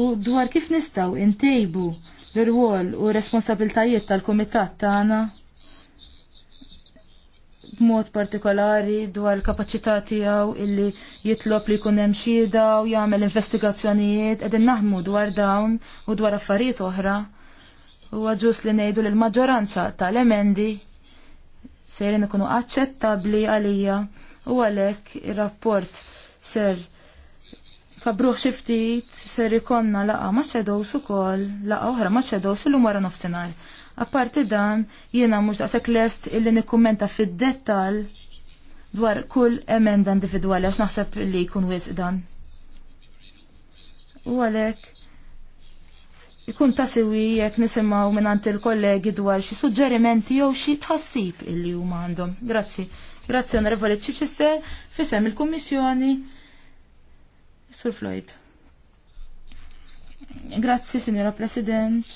Speaker 4: u dwar kif nistaw intejbu l-rwol u responsabiltajiet tal-komitat tagħna. Ta b'mod partikolari dwar il-kapacità tiegħu illi jitlob li jkun hemm xhieda u jagħmel investigazzjonijiet qegħdin naħdmu dwar dawn u dwar affarijiet oħra. Huwa ġust li ngħidu li l-maġġoranza tal-emendi sejrin ikunu aċċettabbli għalija u għalhekk ir-rapport ser kabruħ xi ftit ser ikonna laqgħa ma' xedows ukoll laqa oħra ma' xedows illum wara nofsinhar. Apparti dan, jiena mhux daqshekk lest illi nikkummenta fid-dettal dwar kull emenda individwali għax naħseb li jkun wisq dan. U għalhekk ikun ta' siwi jekk minn mingħand il-kollegi dwar xi suġġerimenti jew xi tħassib illi huma għandhom. Grazzi. Grazzi onorevoli Chichester, fisem il-Kummissjoni. Sur Floyd. Grazzi, Signora President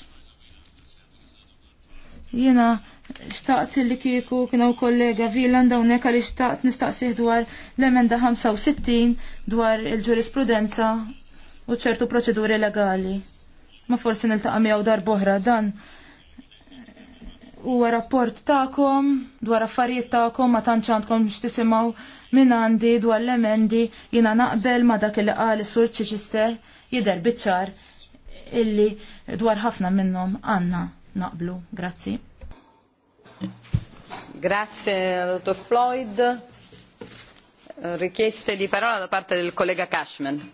Speaker 4: Jiena xtaqt li kieku kienu kollega Vilan dawnek għal xtaqt nistaqsih dwar l-emenda 65 dwar il-ġurisprudenza u ċertu proċeduri legali. Ma forsi niltaqa' miegħu boħra dan huwa rapport tagħkom dwar affarijiet tagħkom ma tantx għandkom x'tisimgħu minn għandi dwar l-emendi jiena naqbel ma dak li qal is-sur Chichester jidher biċ-ċar illi dwar ħafna minnhom għandna naqblu. Grazzi.
Speaker 2: Grazie, dottor Floyd. Richieste di parola da parte del collega Cashman.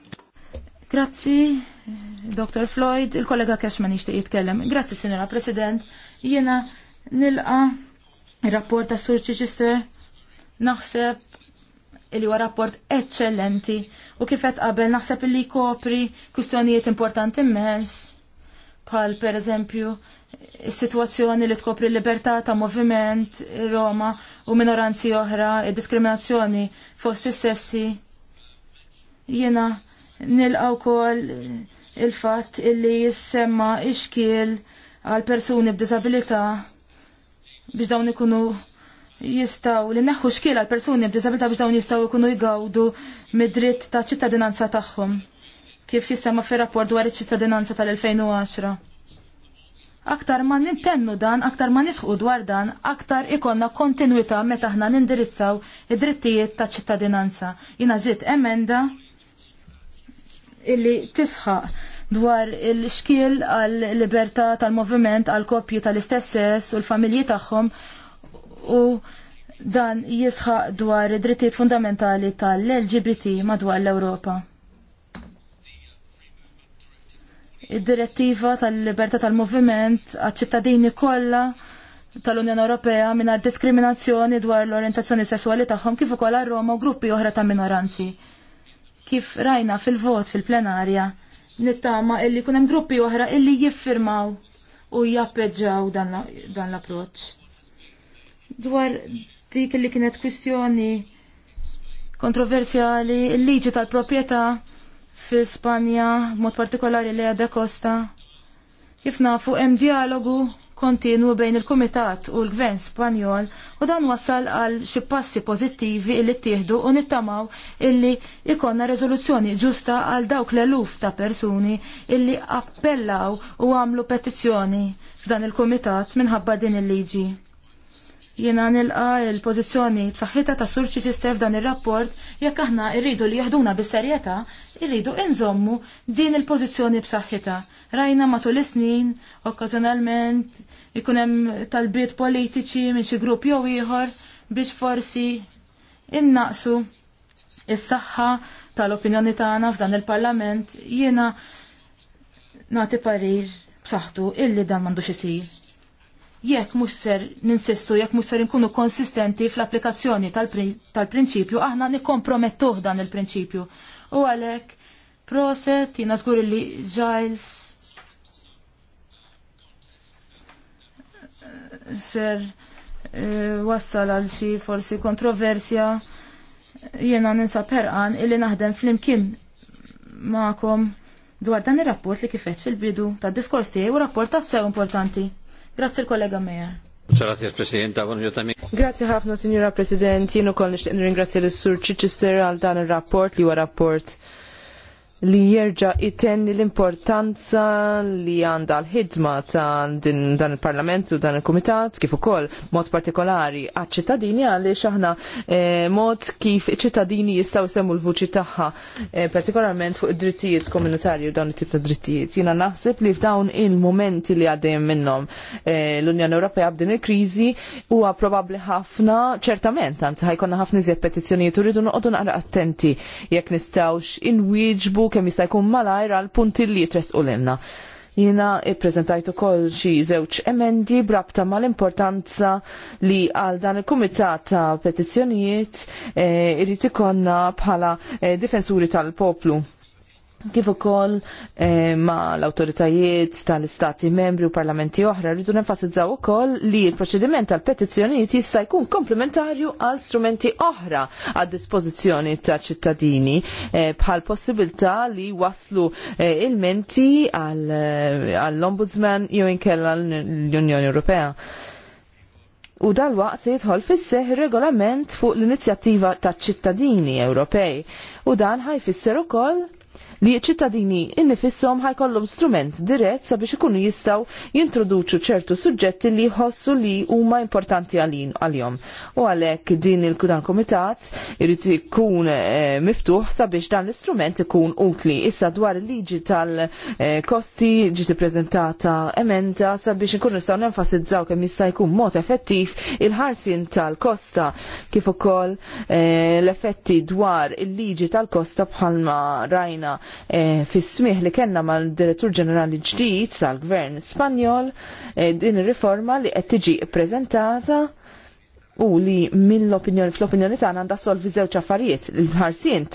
Speaker 4: Grazzi, dottor Floyd. Il-kollega Cashman iste jitkellem. Grazzi, signora President. Jiena nilqa il-rapport ta' Sur Chichester. Naħseb il huwa rapport eccellenti u kifet qabel naħseb li kopri kustjonijiet importanti immens bħal per eżempju situazzjoni li tkopri libertà ta' moviment, Roma u minoranzi oħra, diskriminazzjoni fost is-sessi. Jena nilqaw kol il-fatt illi jissemma iċkiel għal persuni b'disabilità biex dawn ikunu jistaw li neħu xkiel għal persuni b'disabilità biex dawn jistaw ikunu jgawdu mid-dritt ta' ċittadinanza tagħhom kif jissemma fi rapport dwar iċ-ċittadinanza tal-2010 Aktar ma nintennu dan, aktar ma nisħu dwar dan, aktar ikonna kontinuita meta aħna nindirizzaw id-drittijiet ta' ċittadinanza. Jina zitt emenda illi tisħaq dwar il-xkiel għal libertà tal-moviment għal kopji tal-istess u l-familji tagħhom u dan jisħaq dwar id-drittijiet fundamentali tal-LGBT madwar l-Ewropa. id-direttiva tal-libertà tal-moviment għaċ-ċittadini kollha tal-Unjoni Ewropea mingħajr diskriminazzjoni dwar l-orientazzjoni sesswali tagħhom kif ukoll għar-Roma u gruppi oħra ta' minoranzi. Kif rajna fil-vot fil-plenarja nittama illi jkun hemm gruppi oħra illi jiffirmaw u jappeġġaw dan l-approċċ. Dwar dik illi kienet kwistjoni kontroversjali, il-liġi tal-proprjetà fi Spanja, mod partikolari Lea de Costa. Kif nafu hemm dialogu kontinwu bejn il-Kumitat u l-Gvern Spanjol u dan wassal għal xi passi pożittivi illi ttieħdu u nittamaw illi ikonna reżoluzzjoni ġusta għal dawk l-eluf ta' persuni illi appellaw u għamlu petizzjoni f'dan il-Kumitat minħabba din il-liġi. Jiena nilqa l-pożizzjoni b'saħħitha ta' Sur Chichester f'dan ir-rapport jekk aħna rridu li jaħduna bis-serjetà, irridu inżommu din il-pożizzjoni b'saħħitha. Rajna matul is-snin, okkażjonalment ikun hemm talbiet politiċi minn xi grupp jew ieħor biex forsi innaqsu is-saħħa tal-opinjoni tagħna f'dan il-Parlament jiena nagħti parir b'saħħtu illi dan m'għandux isir jekk mhux ser ninsistu, jekk mhux ser inkunu konsistenti fl-applikazzjoni tal-prinċipju, aħna nikkompromettuh dan il-prinċipju. U għalhekk proset, jina żgur li Giles ser uh, wassal għal xi forsi kontroversja jiena ninsa perqan illi naħdem fl-imkien ma'kom dwar dan ir-rapport li kifet fil-bidu tad diskors tiegħi u rapport tassew importanti. Grazie l-kollega Mejer.
Speaker 2: Grazie ħafna, Signora President. Jienu kol nixtieq nirringrazzja l sur Chichester għal dan il rapport li huwa rapport li jerġa' itenni l-importanza li għandha l-ħidma ta' din dan il-Parlament u dan il-Kumitat kif ukoll mod partikolari għaċ-ċittadini għaliex aħna eh, mod kif iċ-ċittadini jistgħu semmu l-vuċi tagħha eh, partikolarment fuq id-drittijiet komunitarji u dawn it-tip ta' drittijiet. Jiena naħseb li f'dawn il-momenti li għaddejjem minnhom eh, l-Unjoni Ewropea b'din il-kriżi huwa probabbli ħafna ċertament anzi ħajkonna ħafna iżjed petizzjonijiet u rridu noqogħdu naqra attenti jekk nistgħux inwieġbu kemm jista' jkun malajr għal punti li jitresqu lilna. Jina ippreżentajt ukoll xi żewġ emendi brabta mal-importanza li għal dan il-kumitat ta' petizzjonijiet eh, irid ikollna bħala eh, difensuri tal-poplu Kif ukoll eh, ma l-awtoritajiet tal-istati membri u parlamenti oħra rridu nenfasizzaw ukoll li l-proċediment tal-petizzjonijiet jista' jkun komplementarju għal strumenti oħra għad dispożizzjoni taċ ċittadini eh, bħal possibilità li waslu eh, il-menti għall-Ombudsman jew inkella l-Unjoni Ewropea. U dal-waqt se jidħol fis-seħ regolament fuq l-inizjattiva taċ ċittadini Ewropej u dan ħajfisser ukoll li ċittadini innifissom ħajkollhom strument dirett sabiex ikunu jistaw jintroduċu ċertu suġġetti li jħossu li huma importanti għalin għal-jom. U għalhekk din il-kudan komitat irid ikun eh, miftuħ sabiex dan l-istrument ikun utli. Issa dwar il-liġi tal-kosti ġiet ippreżentata emenda sabiex ikunu nistgħu nenfasizzaw kemm jista' jkun mod effettiv il-ħarsin tal-kosta kif ukoll eh, l-effetti dwar il-liġi tal-kosta bħalma rajna kellna eh, fis-smih li kellna mal-Direttur Ġenerali ġdid tal-Gvern Spanjol eh, din ir-riforma li qed tiġi ppreżentata u li mill-opinjoni fl-opinjoni tagħna għandha solvi żewġ affarijiet il-ħarsien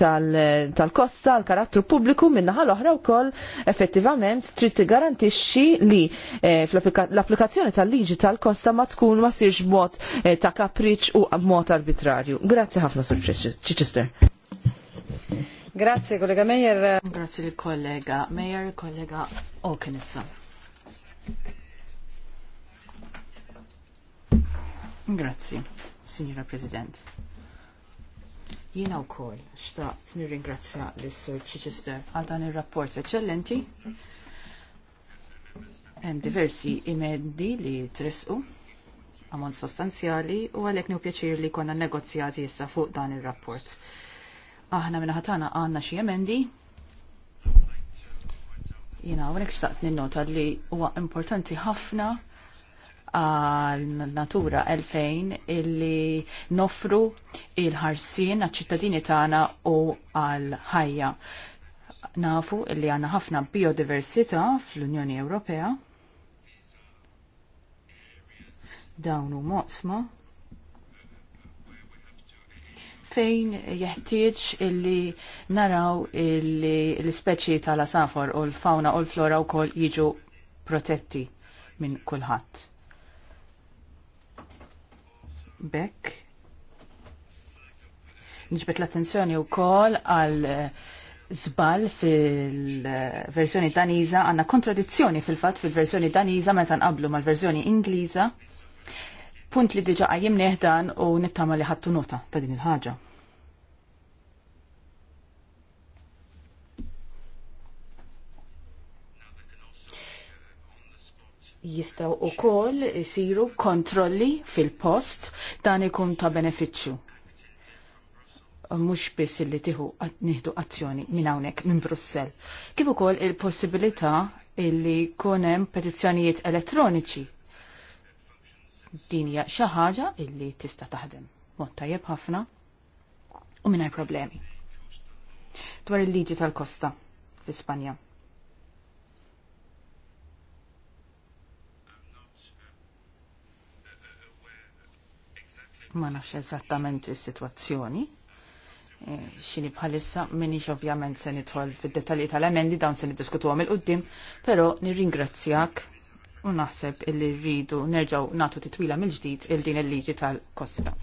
Speaker 2: tal-kosta, l-karattru pubbliku minnaħa l-oħra wkoll effettivament trid tigarantixxi li eh, l-applikazzjoni tal-liġi tal-kosta ma tkun ma sirx b'mod ta' kapriċ u b'mod arbitrarju. Grazzi ħafna Sur Chichester.
Speaker 1: Grazie, kollega Meyer. Grazie, kollega Meyer, kollega Okenissa. Grazie, signora President. Jina u xtaqt nirringrazzja l-Sur Chichester għal dan il-rapport eccellenti. Hemm diversi imendi li trisqu ammont sostanzjali u għalhekk nihu pjaċir li konna negozjati issa fuq dan ir-rapport. Aħna minna ħatana għanna xie emendi. Jena, għonek xtaqt ninnota li huwa importanti ħafna għal natura 2000 illi nofru il-ħarsin għal ċittadini tagħna u għal ħajja. Nafu illi għanna ħafna biodiversità fl-Unjoni Ewropea. Dawn u moqsma fejn jeħtieġ illi naraw illi l-speċi tal-asafor u l-fauna u l-flora u kol jiġu protetti minn kulħadd. Bekk. Nġbet l-attenzjoni u kol għal zbal fil-verżjoni daniża għanna kontradizzjoni fil-fat fil-verżjoni daniża meta nqablu mal-verżjoni Ingliża. Punt li diġa qajjim neħdan u nittama li ħattu nota ta' din il-ħaġa. jistaw u kol jisiru kontrolli fil-post dan ikun ta' beneficju. Mux biss li tiħu nieħdu azzjoni minn hawnhekk minn Brussell. Kif ukoll il-possibilità illi kunem petizzjonijiet elettroniċi. Din hija xi ħaġa illi tista' taħdem mod tajjeb ħafna u mingħajr problemi. Dwar il-liġi tal-kosta fl-Ispanja. ma nafx eżattament is-sitwazzjoni. E, xini bħalissa minix ovvjament se nidħol fid dettalji tal-emendi dawn se niddiskutu għom il-qoddim, pero nirringrazzjak u naħseb illi rridu nerġaw natu titwila mill-ġdid il-din il-liġi tal-Kosta.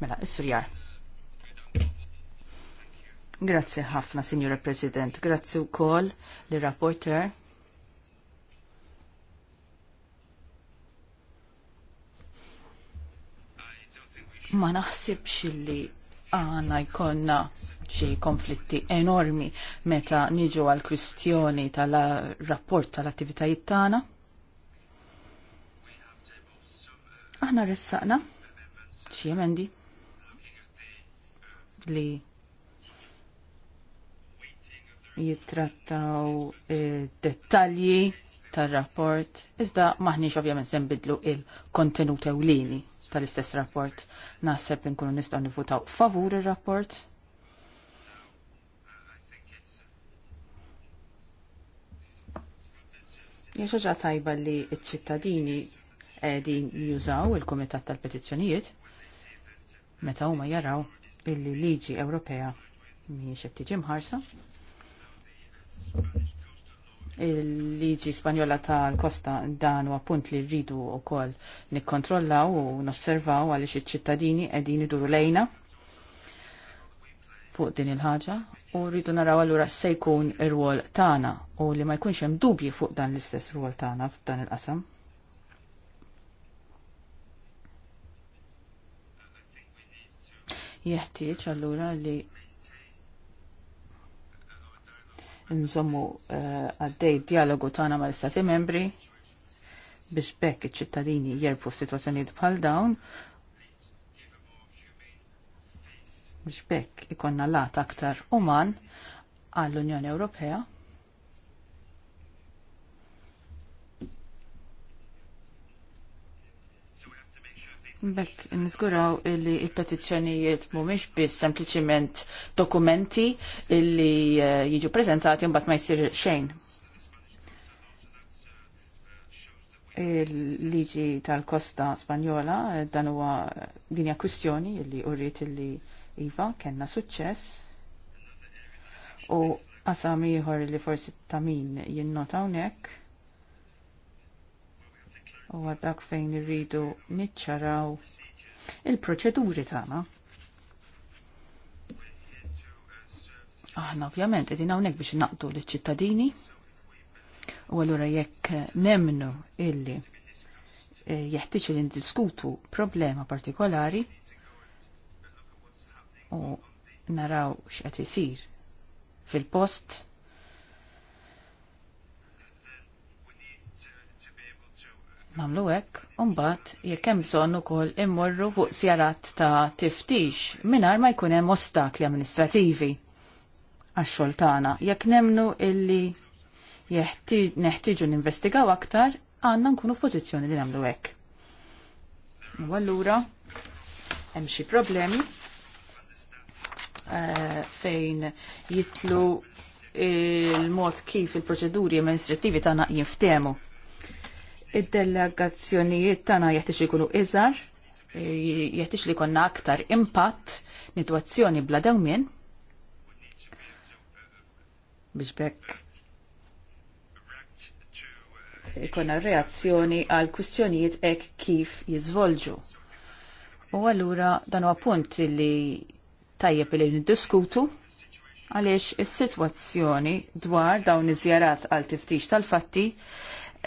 Speaker 1: Mela, is-surjar. Grazzi ħafna, Signora President. Grazzi u kol li rapporter ma naħsibx li għana jkonna xi konflitti enormi meta niġu għal kwistjoni tal-rapport tal-attivitajiet tagħna. Aħna ressaqna xi emendi li jittrattaw eh, dettalji tar-rapport, iżda maħniex ovvjament se il-kontenut ewlieni tal-istess rapport. Naħseb li nkunu nistgħu nivutaw favur ir-rapport. Jaxaġa tajba li ċ-ċittadini qegħdin jużaw il-Kumitat tal-Petizzjonijiet meta huma jaraw illi liġi Ewropea mhijiex qed tiġi mħarsa il-liġi Spanjola tal-Kosta dan huwa punt li rridu wkoll nikkontrollaw u nosservaw għaliex iċ-ċittadini qegħdin duru lejna fuq din il-ħaġa u rridu naraw allura sejkun jkun ir-rwol tagħna u li ma jkunx hemm dubji fuq dan l-istess rwol tagħna f'dan il-qasam. Jeħtieġ allura li nżommu eh, għaddej dialogu tagħna mal-Istati membri biex bekk iċ-ċittadini jerfu situazzjonijiet bħal dawn biex bekk ikonna lat aktar uman għall-Unjoni Ewropea. Bekk nizguraw illi il-petizzjonijiet mhumiex biss sempliciment dokumenti illi eh, jiġu prezentati mbagħad ma jsir xejn. Il-liġi tal-kosta Spanjola eh, dan huwa eh, dinja kwistjoni illi urrit illi iva kellna suċċess u qasam ieħor li forsi ta' min jinnota hawnhekk u għaddak fejn irridu niċċaraw il-proċeduri tagħna. Aħna ovvjament qegħdin hawnhekk biex naqdu liċ-ċittadini. U allura jekk nemnu illi eh, jeħtieġ li ndiskutu problema partikolari u naraw x'qed isir fil-post Namlu hekk, imbagħad jekk hemm bżonn ukoll immorru fuq sjarat ta' tiftix mingħajr ma jkun hemm ostakli amministrativi għax-xogħol tagħna. Jekk nemnu illi neħtieġu ninvestigaw aktar, għandna nkunu f'pożizzjoni li nagħmlu hekk. U allura hemm xi problemi eh, fejn jitlu il-mod kif il-proċeduri amministrativi tagħna jinftemu. Id-delegazzjonijiet tagħna jeħtieġ ikunu iżgħar, e, jeħtieġ li konna aktar impatt, nitwazzjoni bla dewmien biex bekk ikonna reazzjoni għal kwistjonijiet hekk kif jiżvolġu. U allura dan huwa punt li tajjeb li niddiskutu għaliex is-sitwazzjoni dwar dawn iż-żjarat għal tiftix tal-fatti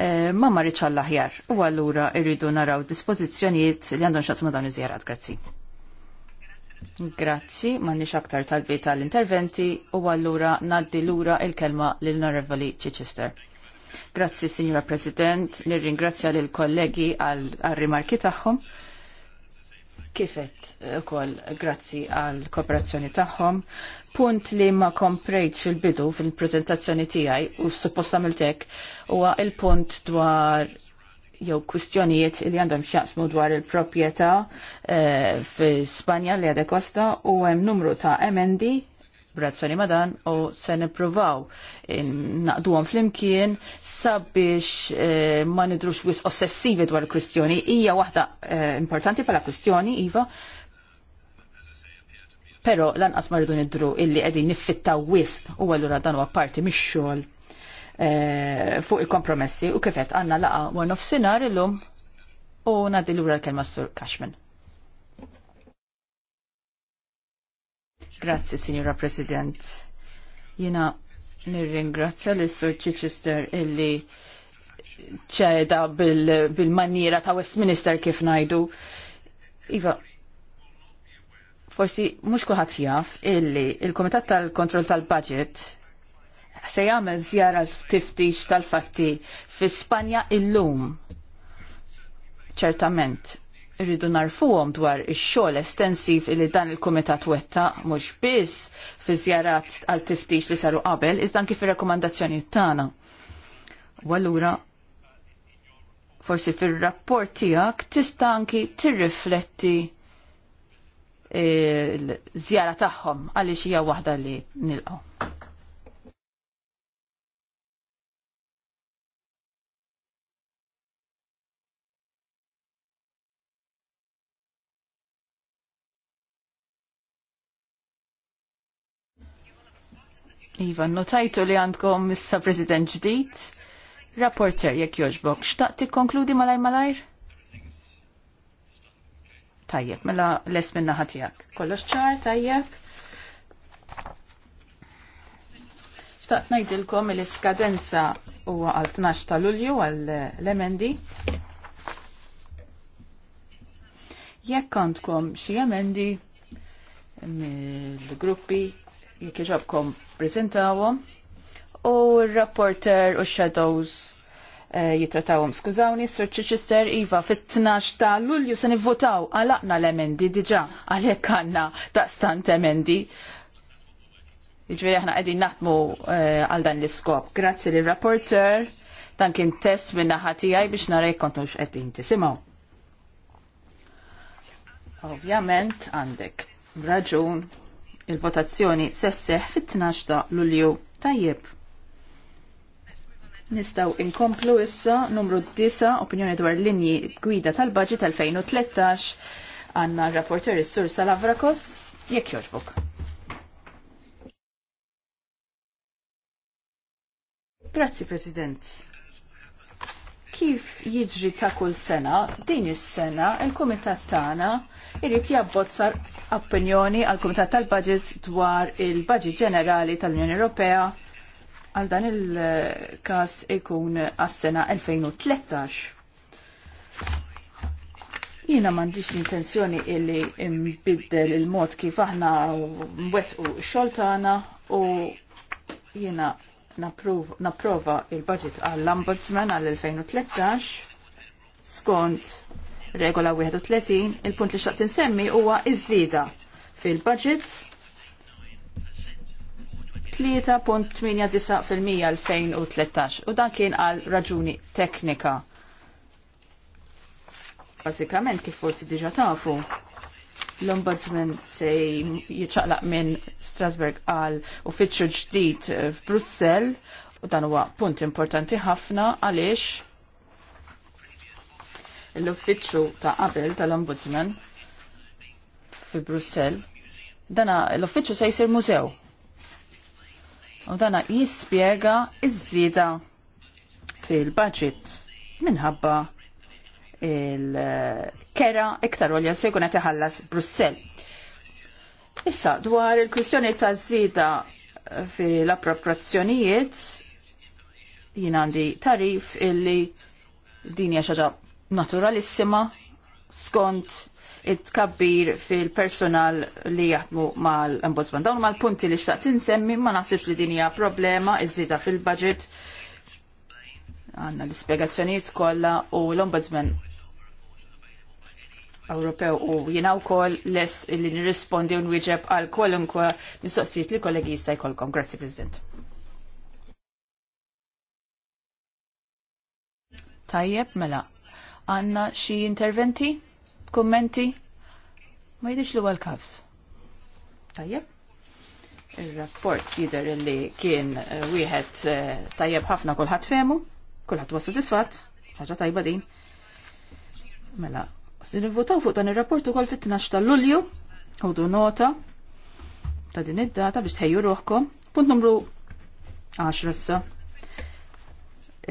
Speaker 1: Eh, ma marriċ għall ħjar U allura irridu naraw dispożizzjonijiet li għandhom xasma dan iż-żjarat. Grazzi. Grazzi, m'għandniex aktar talbi tal-interventi u allura naddi lura il-kelma l narevali Chichester. Grazzi, Signora President, nirringrazzja l kollegi għal rimarki tagħhom kifet ukoll grazzi għal kooperazzjoni tagħhom. Punt li ma komprejt fil-bidu fil-prezentazzjoni tiegħi u supposta miltek huwa il-punt dwar jew kwistjonijiet li għandhom xjaqsmu dwar il propieta e, eh, fi Spanja li għadekosta u hemm numru ta' emendi b'razzjoni ma' dan u se nippruvaw naqduhom flimkien sabiex eh, ma nidrux wis ossessivi dwar il-kwistjoni. Hija waħda eh, importanti bħala kwistjoni, Iva, pero lanqas ma rridu nidru illi qegħdin niffittaw wis u allura dan huwa parti mix-xogħol eh, fuq il-kompromessi u kifet għandna laqa one of sinar illum u ngħaddi lura l-kelma sur Cashman. Grazzi, Signora President. Jina nirringrazzja l sur Chichester illi ċeda bil-maniera bil ta' Westminster kif najdu. Iva, forsi mux kuħat jaf illi il-Komitat tal-Kontroll tal-Budget se jagħmel żjara tiftix tal-fatti fi Spanja illum. Ċertament, rridu narfuhom dwar ix-xogħol estensiv li dan il-kumitat wetta mhux biss fi żjarat għal tiftix li saru qabel, iżda anke fir-rakkomandazzjonijiet tagħna. U allura forsi fir-rapport tiegħek tista' anki tirrifletti l-żjara tagħhom għaliex hija waħda li nilqgħu. Iva, notajtu li għandkom issa President ġdid. Rapporter, jekk joġbok, xtaqt tikkonkludi malaj malajr? Tajjeb, mela les minna ħatijak. Kollox ċar, tajjeb. Xtaqt najdilkom il-iskadenza u għal 12 ta' lulju għal l-emendi. Jekk għandkom xie emendi mill-gruppi jekk iġabkom u r-rapporter u shadows eh, jitratawhom skużawni Sir Chichester Iva fit-12 ta' Lulju se nivvotaw għalaqna l-emendi diġà għalhekk għandna stant emendi. Jiġifieri aħna qegħdin naħdmu eh, għal dan l-iskop. Grazzi lir rapporter dan kien test minna naħa tiegħi biex narej jekk kontu x'qegħdin tisimaw. Ovvjament għandek raġun Il-votazzjoni sesseħ fit-12 ta' Lulju. Tajjeb. Nistaw inkomplu issa numru 9 opinjoni dwar linji gwida tal-budget 2013 għanna rapporter is-sur Salavrakos jekk joġbok. Grazzi President. Kif jiġri ta' kull sena, din is-sena, il-Kumitat tagħna irid jabbozza opinjoni għal kumitat tal-Budgets dwar il-Budget Ġenerali tal-Unjoni Ewropea għal dan il-każ ikun għas-sena 2013. Jiena m'għandix l-intenzjoni illi imbiddel il-mod kif aħna wettqu x-xogħol tagħna u jiena napprova il-budget għall-Ombudsman għall-2013 skont regola 31 il-punt li xaqt insemmi huwa iż-żieda fil-budget 3.89% u dan kien għal raġuni teknika. Basikament kif forsi diġa tafu, l-Ombudsman se jiċċaqlaq minn Strasburg għal uffiċċju ġdid f'Brussell u dan huwa punt importanti ħafna għaliex l-uffiċċju ta' qabel tal-Ombudsman fi Brussell dana l-uffiċċju se jsir mużew. U dana jispjega iż-żieda fil-budget minħabba kera iktar olja se jkun qed iħallas Brussell. Issa dwar il-kwistjoni ta' żida eh, fil-appropriazzjonijiet jien għandi tarif illi din hija xaġa naturalissima skont it-kabbir fil-personal li jaħdmu mal-ombudsman. Dawn mal-punti li xtaqt insemmi ma naħsibx li hija problema iż-żida fil-budget. Għanna l ispjegazzjonijiet kollha u l-ombudsman Ewropew u jiena wkoll lest li nirrispondi u nwieġeb għal kwalunkwe mistoqsijiet li kollegi jista' jkollkom. Grazzi President. Tajjeb, mela. Għanna xi interventi? Kummenti? Ma jidix li għal kafs. Tajjeb? Il-rapport jider li kien eh, wieħed eh, tajjeb ħafna kulħadd femu, kulħadd huwa sodisfatt, ħaġa tajba din. Mela, Nivvotaw fuq dan ir-rapport ukoll fit-12 ta' Lulju, ħodu nota ta' din id-data biex tħejju ruħkom. Punt numru 10 issa.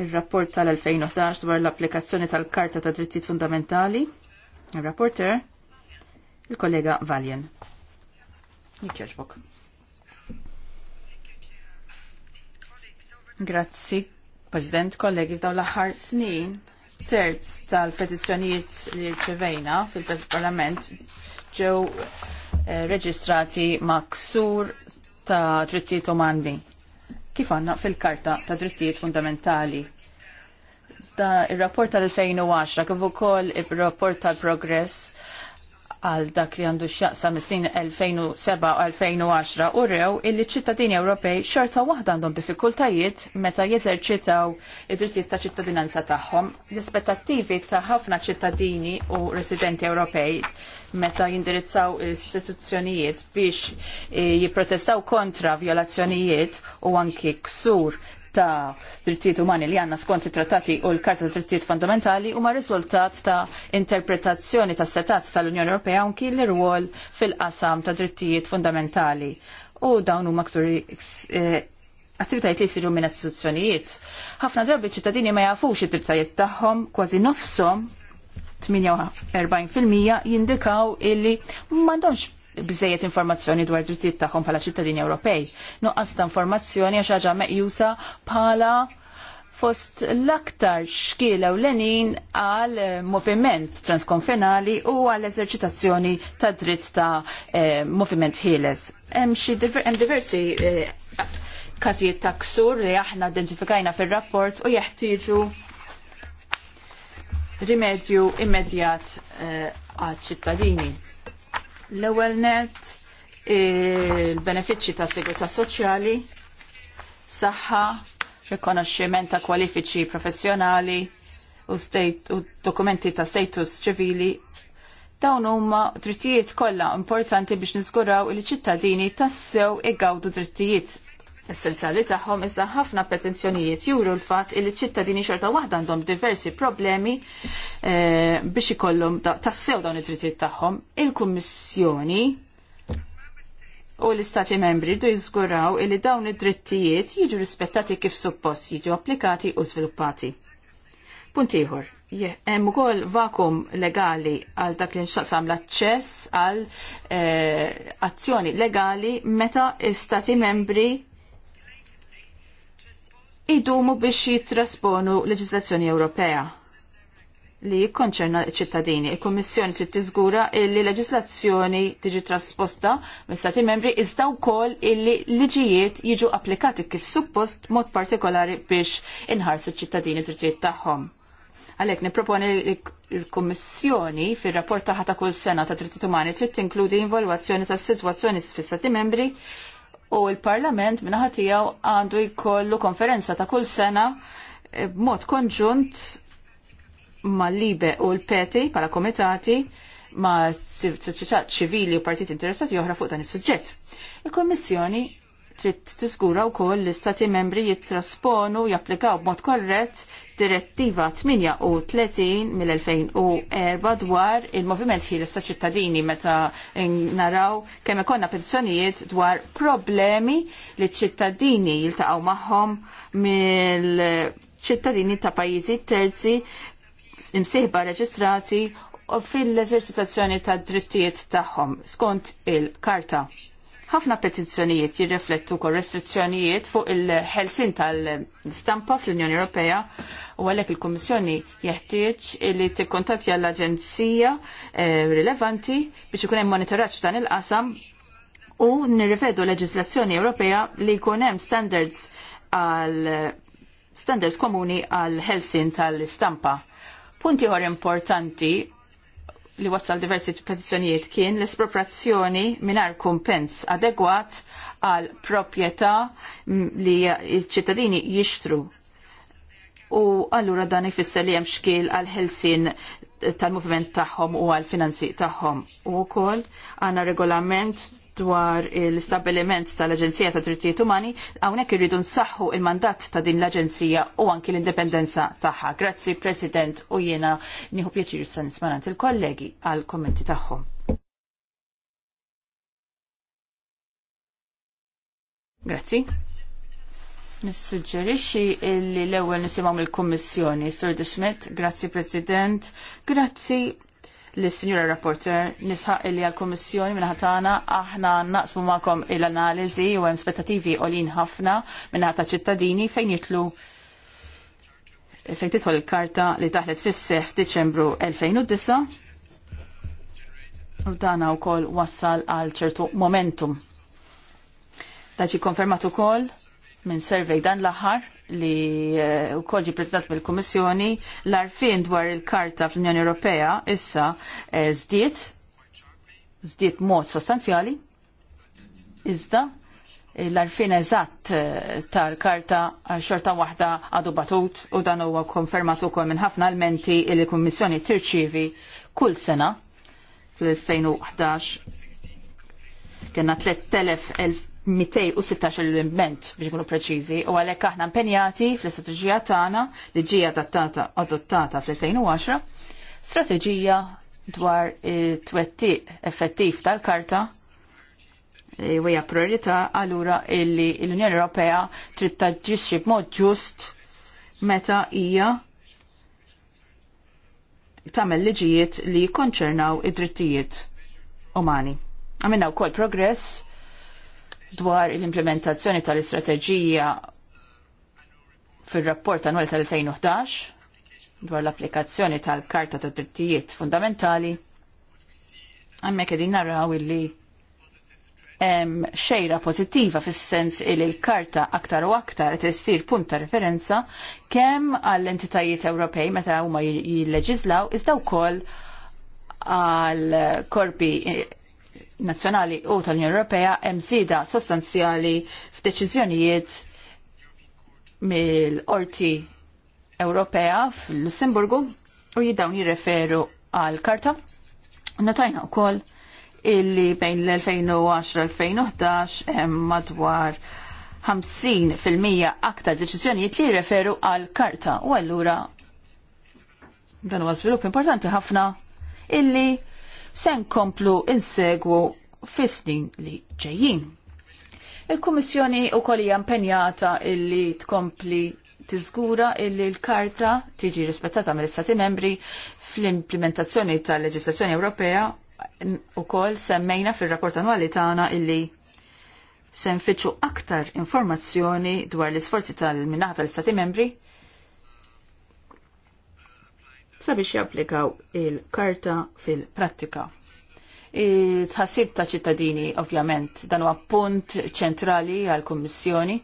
Speaker 1: Ir-rapport tal-2011 dwar l-applikazzjoni tal-Karta ta' Drittijiet Fundamentali. Il-rapporter, il-kollega Valjen. Jikjoġbok. Grazzi, President, kollegi, f'daw l-aħħar snin terz tal-petizzjonijiet li rċevejna fil-Parlament ġew eh, reġistrati ma' ksur ta' drittijiet umandi. Kif għanna fil-Karta ta' drittijiet fundamentali. Da' il-rapport tal-2010 kif ukoll il-rapport tal-progress għal dak li għandu xjaqsa mis-snin 2007 u 2010 u rew illi ċittadini Ewropej xorta waħda għandhom diffikultajiet meta jeżerċitaw id-drittijiet ta' ċittadinanza tagħhom. L-ispettattivi ta' ħafna ċittadini u residenti Ewropej meta jindirizzaw istituzzjonijiet biex eh, jipprotestaw kontra violazzjonijiet u anki ksur ta' drittijiet umani li għanna skont it-trattati u l-Karta ta' Drittijiet Fundamentali huma riżultat ta' interpretazzjoni ta' setat tal-Unjoni Ewropea unki l-rwol fil-qasam ta' drittijiet fundamentali. U dawn huma eh, attivitajiet li jisiru minn istituzzjonijiet. Ħafna drabi ċittadini ma jafux it drittijiet tagħhom kważi nofsom 48% jindikaw illi m'għandhomx bżejjed informazzjoni dwar drittijiet tagħhom bħala ċittadini Ewropej. Nuqqas ta' informazzjoni għax ħaġa meqjusa bħala fost l-aktar xkiela u lenin għal eh, moviment transkonfenali u għal eżerċitazzjoni ta' dritt ta' eh, moviment ħieles. Hemm diver, diversi eh, każijiet ta' ksur li aħna identifikajna fir-rapport u jeħtieġu rimedju immedjat għal ċittadini L-ewwel net il-benefiċċji tas sigurtà soċjali, saħħa, rikonoxximent ta' kwalifiċi professjonali u, dokumenti ta' status ċivili dawn huma drittijiet kollha importanti biex niżguraw li ċittadini tassew igawdu drittijiet essenzjali tagħhom iżda ħafna petenzjonijiet juru l-fatt li ċittadini xorta waħda għandhom diversi problemi eh, biex ikollhom tassew dawn id-drittijiet tagħhom. Il-Kummissjoni u l-Istati membri du jiżguraw li dawn id-drittijiet jiġu rispettati kif suppost jiġu applikati u sviluppati. Punt ieħor. Hemm ukoll vakum legali għal dak li nxaqsam l-aċċess għal eh, azzjoni legali meta istati membri idumu biex jitrasponu leġislazzjoni Ewropea li jikkonċerna ċittadini. Il-Kommissjoni trid tiżgura li leġislazzjoni tiġi trasposta mill-Stati membri iżda wkoll illi liġijiet jiġu applikati kif suppost mod partikolari biex inħarsu ċittadini trid tagħhom. Għalhekk nipproponi il kommissjoni fir-rapport tagħha kull sena ta' Trittit umani trid tinkludi involvazzjoni tas-sitwazzjoni fis-Stati membri u il-Parlament minnaħa tiegħu għandu jkollu konferenza ta' kull sena eh, b'mod konġunt mal-libe u l-peti pala komitati ma' soċjetà ċivili u partiti interessati joħra fuq dan is-suġġett. Il-Kommissjoni trid tiskura wkoll l-istati membri jittrasponu japplikaw b'mod korrett direttiva 38 mill-2004 dwar il-moviment ħieles ta' ċittadini meta naraw kemm ikonna petizzjonijiet dwar problemi li ċittadini jiltaqgħu magħhom mill-ċittadini ta' pajjiżi terzi imsieħba reġistrati fil-eżerċitazzjoni ta' drittijiet tagħhom skont il-karta. Ħafna petizzjonijiet jirreflettu kol restrizzjonijiet fuq il-ħelsin tal-stampa fl-Unjoni Ewropea u għalhekk il-Kummissjoni jeħtieġ li tikkuntattja l-Aġenzija eh, rilevanti biex ikun hemm monitoraġġ f'dan il-qasam u nirrivedu leġislazzjoni Ewropea li jkun hemm standards għal standards komuni għal ħelsin tal-istampa. Punti ħor importanti li wassal diversi pozizjonijiet kien l-espropriazzjoni minar kumpens adegwat għal proprjetà li ċittadini jixtru. U allura dan ifisser li hemm xkiel għal ħelsin tal movement tagħhom u għal finanzi tagħhom. U wkoll għandna regolament dwar l-stabiliment tal-Aġenzija ta' Drittijiet Umani, hawnhekk irridu nsaħħu il-mandat ta' din l-Aġenzija u anki l-indipendenza tagħha. Grazzi President u jiena nieħu pjaċir sa nismanant il-kollegi għal kommenti tagħhom. Grazzi. Nissuġġerixxi li l-ewwel nisimgħu mill-Kummissjoni, Sur Schmidt, grazzi President, grazzi l-Sinjura Rapporter nisħaq li għal-Komissjoni minna ħatana aħna naqsmu maqom il-analizi u għem spettativi ħafna minna ħata ċittadini fejn jitlu fejn titħol il-karta li taħlet fis-seħ f'Diċembru 2009 u dana u kol wassal għal ċertu momentum. Daċi konfermatu kol minn survey dan l-aħħar li wkoll eh, ġie preżentat mill-Kummissjoni l-arfin dwar il-Karta fl-Unjoni Ewropea issa żdied eh, żdied mod sostanzjali iżda eh, l-arfin eżatt tal-karta xorta waħda għadu batut u dan huwa konfermat ukoll minn ħafna elementi li l-Kummissjoni tirċievi kull sena fl-2011 kena 3000 216 l-invent biex ikunu preċiżi u għalhekk aħna impenjati fl-istrateġija tagħna li ġie adottata fl-2010 strateġija dwar it-twettiq effettiv tal-karta e, hija priorità allura illi l-Unjoni Ewropea trid taġġixxi b'mod ġust meta hija tagħmel liġijiet li jikkonċernaw id-drittijiet umani. Għamilna wkoll progress dwar l-implementazzjoni tal-istrateġija fil-rapport annwal tal-2011 dwar l-applikazzjoni tal-Karta ta' Drittijiet Fundamentali, għammek edin narraw illi xejra pozittiva fis sens il il-karta aktar u aktar qed issir punt ta' referenza kemm għall entitajiet Ewropej meta huma jilleġislaw iżda wkoll għal korpi nazzjonali u tal-Unjoni Ewropea hemm żieda sostanzjali f'deċiżjonijiet mill-Qorti Ewropea fil-Lussemburgu u jidawn jirreferu għal karta. Notajna wkoll illi bejn l-2010-2011 hemm madwar 50% aktar deċiżjonijiet li jirreferu għal karta u allura dan huwa żvilupp importanti ħafna illi se nkomplu insegwu fis-snin li ġejjin. Il-Kummissjoni wkoll hija impenjata illi tkompli tiżgura illi l-karta tiġi rispettata mill-Istati membri fl-implementazzjoni tal-leġislazzjoni Ewropea u kol semmejna fil-rapport annuali tagħna illi se nfittxu aktar informazzjoni dwar l-isforzi tal-minaħa tal-Istati membri sabiex japplikaw il-karta fil-prattika. Tħassib ta' ċittadini ovvjament dan huwa punt ċentrali għal-Kummissjoni.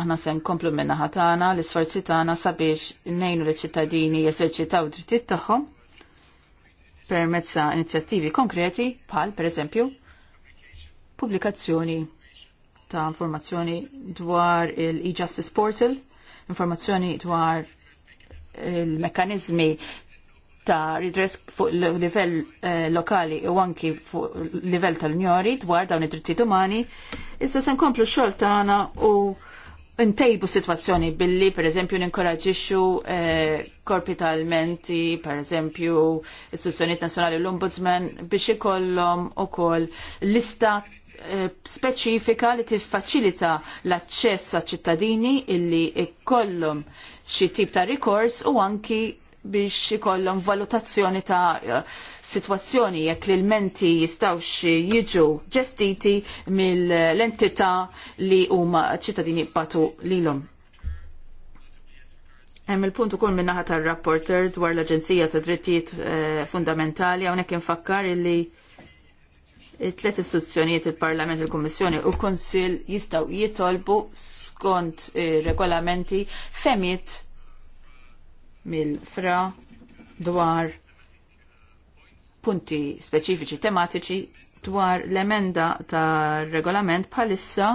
Speaker 1: Aħna se nkomplu minna ħatana l-isforzi tagħna sabiex nejnu li ċittadini jeserċitaw drittijiet tagħhom permezz ta' inizjattivi konkreti bħal pereżempju pubblikazzjoni ta' informazzjoni dwar il-e-justice portal, informazzjoni dwar il-mekanizmi ta' redress fuq livell eh, lokali u anki fuq livell tal-unjoni dwar dawn id-drittijiet umani, issa se nkomplu xogħol tagħna u ntejbu situazzjoni billi, per eżempju, ninkoraġixxu eh, korpi tal-menti, per eżempju, istituzzjonijiet nazzjonali l-Ombudsman biex ikollhom ukoll lista eh, speċifika li tiffaċilita l-aċċess għal ċittadini illi ikollhom xi tip ta' rikors u anki biex ikollhom valutazzjoni ta' eh, sitwazzjoni jekk l-menti jistawx jiġu ġestiti mill-entità li huma ċittadini batu lilhom. Hemm il-punt ukoll min-naħa tar-rapporter dwar l-Aġenzija ta' Drittijiet eh, Fundamentali hawnhekk infakkar illi it-tlet istituzzjonijiet il-Parlament, il-Kummissjoni u Konsil jistaw jitolbu skont eh, regolamenti femit mill-fra dwar punti speċifiċi tematiċi dwar l-emenda ta' regolament palissa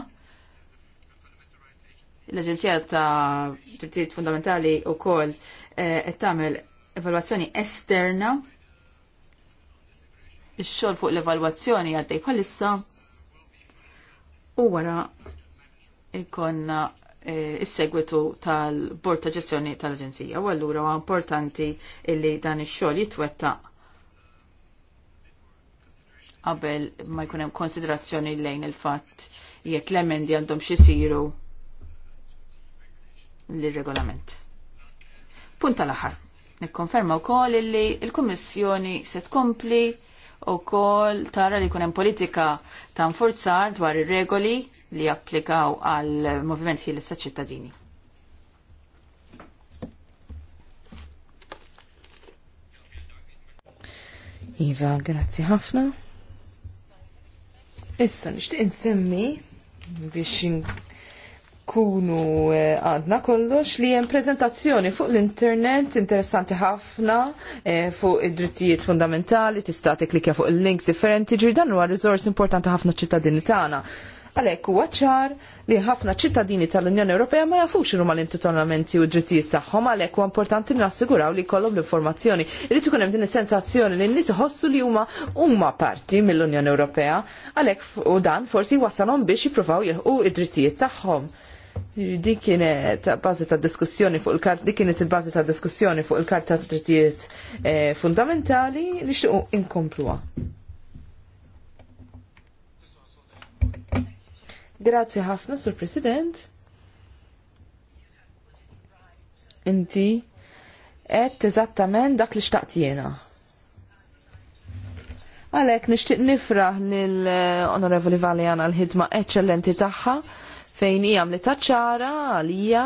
Speaker 1: l-Aġenzija ta' Drittijiet Fundamentali u kol eh, qed tagħmel evalwazzjoni esterna Ix-xogħol fuq l-evalwazzjoni għaddej bħalissa u wara ikonna eh, is-segwitu tal-Bord ta' Ġestjoni tal-Aġenzija. U allura huwa importanti illi dan ix-xogħol jitwettaq qabel ma jkun hemm konsiderazzjoni lejn il-fatt jekk l-emendi għandhom xisiru l-regolament. Punt tal aħħar Nikkonferma wkoll li l-Kummissjoni se tkompli u kol tara li kunem politika ta' nfurzar dwar ir-regoli li applikaw għal moviment ħilis ċittadini.
Speaker 2: Iva, grazzi ħafna. Issa nishtiq insemmi biex kunu eh, għadna kollox li hemm prezentazzjoni fuq l-internet interessanti ħafna eh, fuq id-drittijiet fundamentali, tista' tikklikja fuq il-links differenti ġir dan huwa riżors importanti ħafna ċittadini tagħna. Għalhekk huwa ċar li ħafna ċittadini tal-Unjoni Ewropea ma jafux huma l-intitolamenti u d-drittijiet tagħhom għalhekk huwa importanti nassiguraw li jkollhom l-informazzjoni. Irid ikun hemm din is-sensazzjoni li n-nies iħossu li huma huma parti mill-Unjoni Ewropea, għalhekk u dan forsi wasalhom biex jippruvaw jilħu id-drittijiet tagħhom Dik kienet bażi ta' diskussjoni fuq il-karta, dik kienet il-bażi ta' diskussjoni fuq il-karta drittijiet eh, fundamentali li xtuqu inkompluha. Grazzi ħafna, Sur President. Inti qed eżattament dak li xtaqt jiena. Għalhekk nixtieq nifraħ lill eh, Onorevoli Valjana l-ħidma eċċellenti tagħha fejn hija li taċċara għalija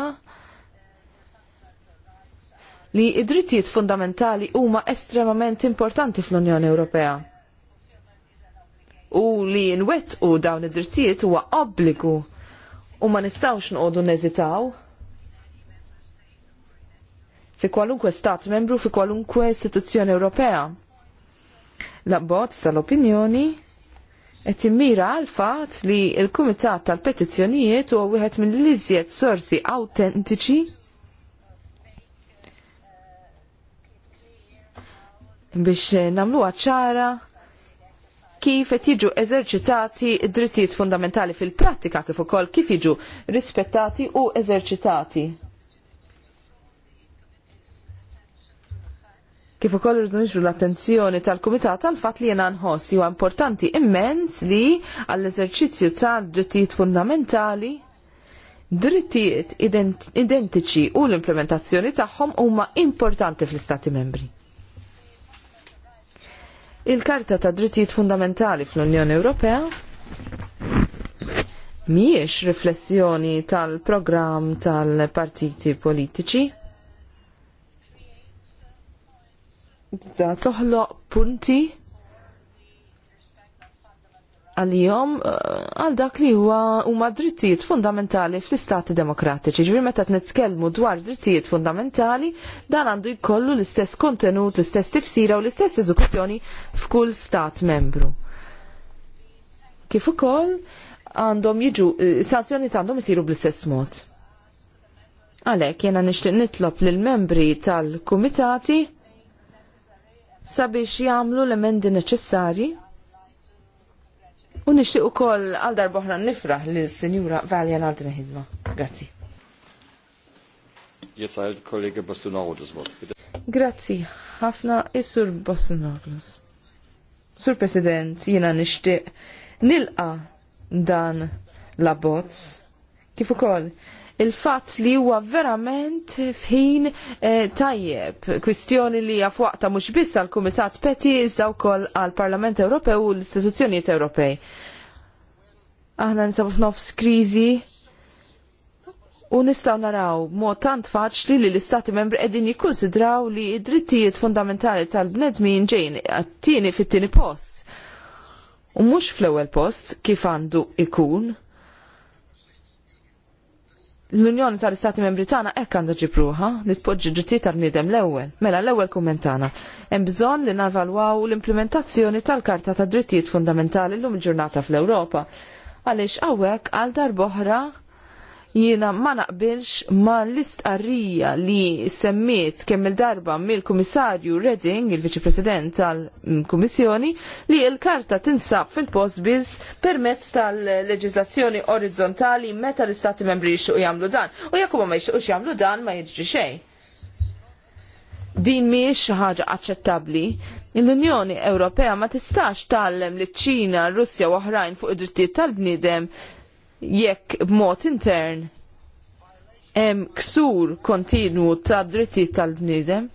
Speaker 2: li id-drittijiet fundamentali huma estremament importanti fl-Unjoni Ewropea. U li nwettqu dawn id-drittijiet huwa obbligu u ma nistawx nqogħdu neżitaw fi kwalunkwe stat membru fi kwalunkwe istituzzjoni Ewropea. L-abbozz tal-opinjoni qed immira għal fatt li l-Kumitat tal-Petizzjonijiet huwa wieħed l iżjed sorsi awtentiċi biex namlu ċara kif qed jiġu eżerċitati drittijiet fundamentali fil-prattika kif ukoll kif jiġu rispettati u eżerċitati. Kif ukoll rridu nixru l-attenzjoni tal-Kumitat għal fatt li jiena nħoss li huwa importanti immens li għall-eżerċizzju tad-drittijiet fundamentali drittijiet identiċi u l-implementazzjoni tagħhom huma importanti fl-Istati membri. Il-Karta ta' Drittijiet Fundamentali fl-Unjoni Ewropea mhijiex riflessjoni tal-programm tal-partiti politiċi, toħloq punti għal-jom eh, għal dak li huwa huma drittijiet fundamentali fl-istati demokratiċi. Ġifieri meta nitkellmu dwar drittijiet fundamentali, dan għandu jkollu l-istess kontenut, l-istess tifsira u l-istess eżekuzzjoni f'kull stat membru. Kif ukoll għandhom jiġu eh, sanzjoni għandhom jisiru bl-istess mod. Għalhekk jiena nixtieq nitlob lill membri tal-kumitati sabiex jagħmlu l-emendi neċessarji u nixtieq ukoll għal oħra nifraħ lil sinjura Valjan għal din Grazzi. Grazzi, ħafna is-sur Bostunoglus. Sur President, jiena nixtieq nilqa dan la bozz kif ukoll il-fatt li huwa verament fħin eh, tajjeb. Kwistjoni li hija mux mhux biss għall kumitat Peti iżda wkoll għall Parlament Ewropew u l-istituzzjonijiet Ewropej. Aħna nisabu f'nofs kriżi u nistaw naraw mod tant faċli li l-istati membri qegħdin jikkonsidraw li id-drittijiet fundamentali tal-bnedmin ġejn għattini fit-tieni post. U mhux fl-ewwel post kif għandu ikun l-Unjoni tal-Istati Membri tagħna hekk għandha ruha li tpoġġi ġittijiet tal miedem l-ewwel. Mela l-ewwel tagħna. Hemm bżonn li navalwaw l-implementazzjoni tal-Karta ta' Drittijiet Fundamentali llum il-ġurnata fl-Ewropa. Għaliex hawnhekk għal darboħra jiena ma naqbilx ma l-istqarrija li semmiet kemm il-darba mill-Kummissarju Redding, il-Viċi President tal-Kummissjoni, li l-karta tinsab fil-post biss permezz tal leġizlazzjoni orizzontali meta l-Istati membri jixtuq jagħmlu dan. U jekk huma ma jixtuqx jagħmlu dan ma jiġri xejn. Din mhijiex xi ħaġa aċċettabbli l-Unjoni Ewropea ma tistax tallem liċ ċina, Russja u oħrajn fuq id-drittijiet tal-bniedem jekk b'mod intern hemm ksur kontinwu ta' drittijiet tal-bniedem,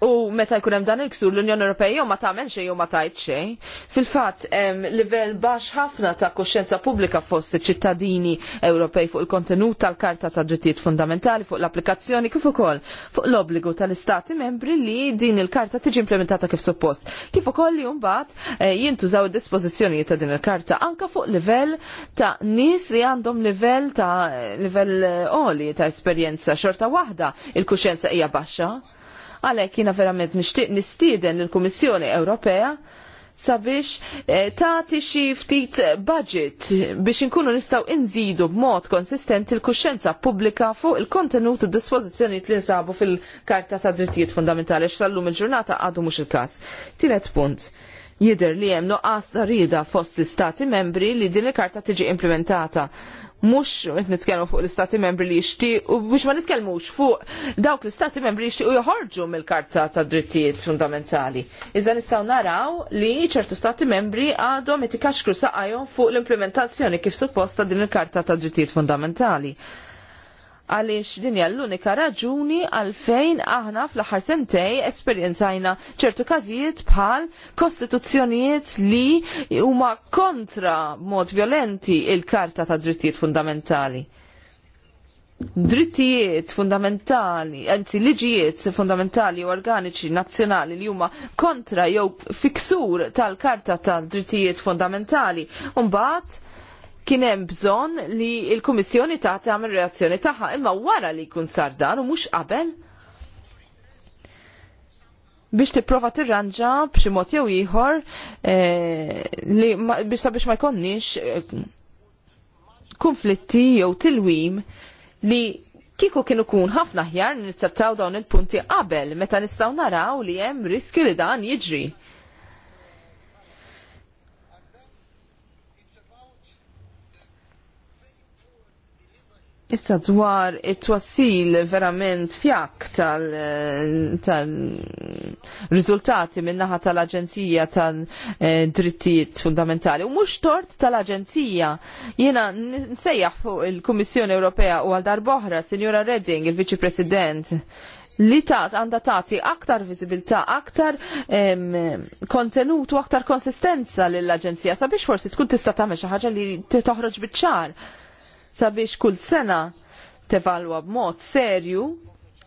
Speaker 2: U meta jkun hemm dan il-ksur l-Unjoni Ewropea jew ma tagħmel xejn jew ma tgħid xejn. Fil-fatt hemm livell baxx ħafna ta' kuxjenza pubblika fost iċ-ċittadini Ewropej fuq il-kontenut tal-Karta ta' Drittijiet Fundamentali fuq l-applikazzjoni kif ukoll fuq l-obbligu tal-Istati membri li din il-karta tiġi implementata kif suppost. Kif ukoll li mbagħad eh, jintużaw id-dispożizzjonijiet ta' din il-karta anke fuq livell ta' nies li għandhom livell ta' livell eh, oli ta' esperjenza xorta waħda il-kuxjenza hija baxxa Għalhekk jiena verament nixtieq nistieden lill-Kummissjoni Ewropea sabiex eh, tagħti xi ftit budget biex inkunu nistgħu inżidu b'mod konsistenti l-kuxjenza pubblika fuq il-kontenut u dispożizzjonijiet li nsabu fil-Karta ta' Drittijiet Fundamentali sallum il-ġurnata għadu mhux il-każ. Tielet punt jider li hemm noqas rida fost l-istati membri li din il-karta tiġi implementata mux nitkellmu fuq l-istati membri li jixti u biex ma nitkellmux fuq dawk l-istati membri li jixti u joħorġu mill-karta ta' drittijiet fundamentali. Iżda nistaw naraw li ċertu stati membri għadhom etikaxkru saqajhom fuq l-implementazzjoni kif supposta din il-karta ta' drittijiet fundamentali għaliex din hija l-unika raġuni għalfejn aħna fl-aħħar sentej esperjenzajna ċertu każijiet bħal kostituzzjonijiet li huma kontra mod violenti il-Karta ta' Drittijiet Fundamentali. Drittijiet fundamentali, anzi liġijiet fundamentali u organiċi nazzjonali li huma kontra jew fiksur tal-Karta tal-Drittijiet Fundamentali, mbagħad kien hemm bżonn li l-Kummissjoni ta' tagħmel reazzjoni tagħha imma wara li jkun sar dan u mhux qabel biex tipprova tirranġa b'xi mod jew ieħor eh, li biex sabiex ma jkollniex eh, konflitti jew tilwim li kiku kienu kun ħafna ħjar nittrattaw dawn il-punti qabel meta nistgħu naraw li hemm riskju li dan jiġri. Issa dwar it-twassil verament fjak tal-rizultati tal, minnaħa tal-Aġenzija tal-Drittijiet Fundamentali. U mux tort tal-Aġenzija. Jena nsejjaħ fuq il-Kommissjoni Ewropea u għal boħra, Signora Redding, il-Viċi President, li taħt għanda taħti aktar viżibilità, aktar kontenut u aktar konsistenza lill-Aġenzija sabiex forsi tkun tista' tagħmel xi ħaġa li toħroġ biċ-ċar sabiex kull sena tevalwa b'mod serju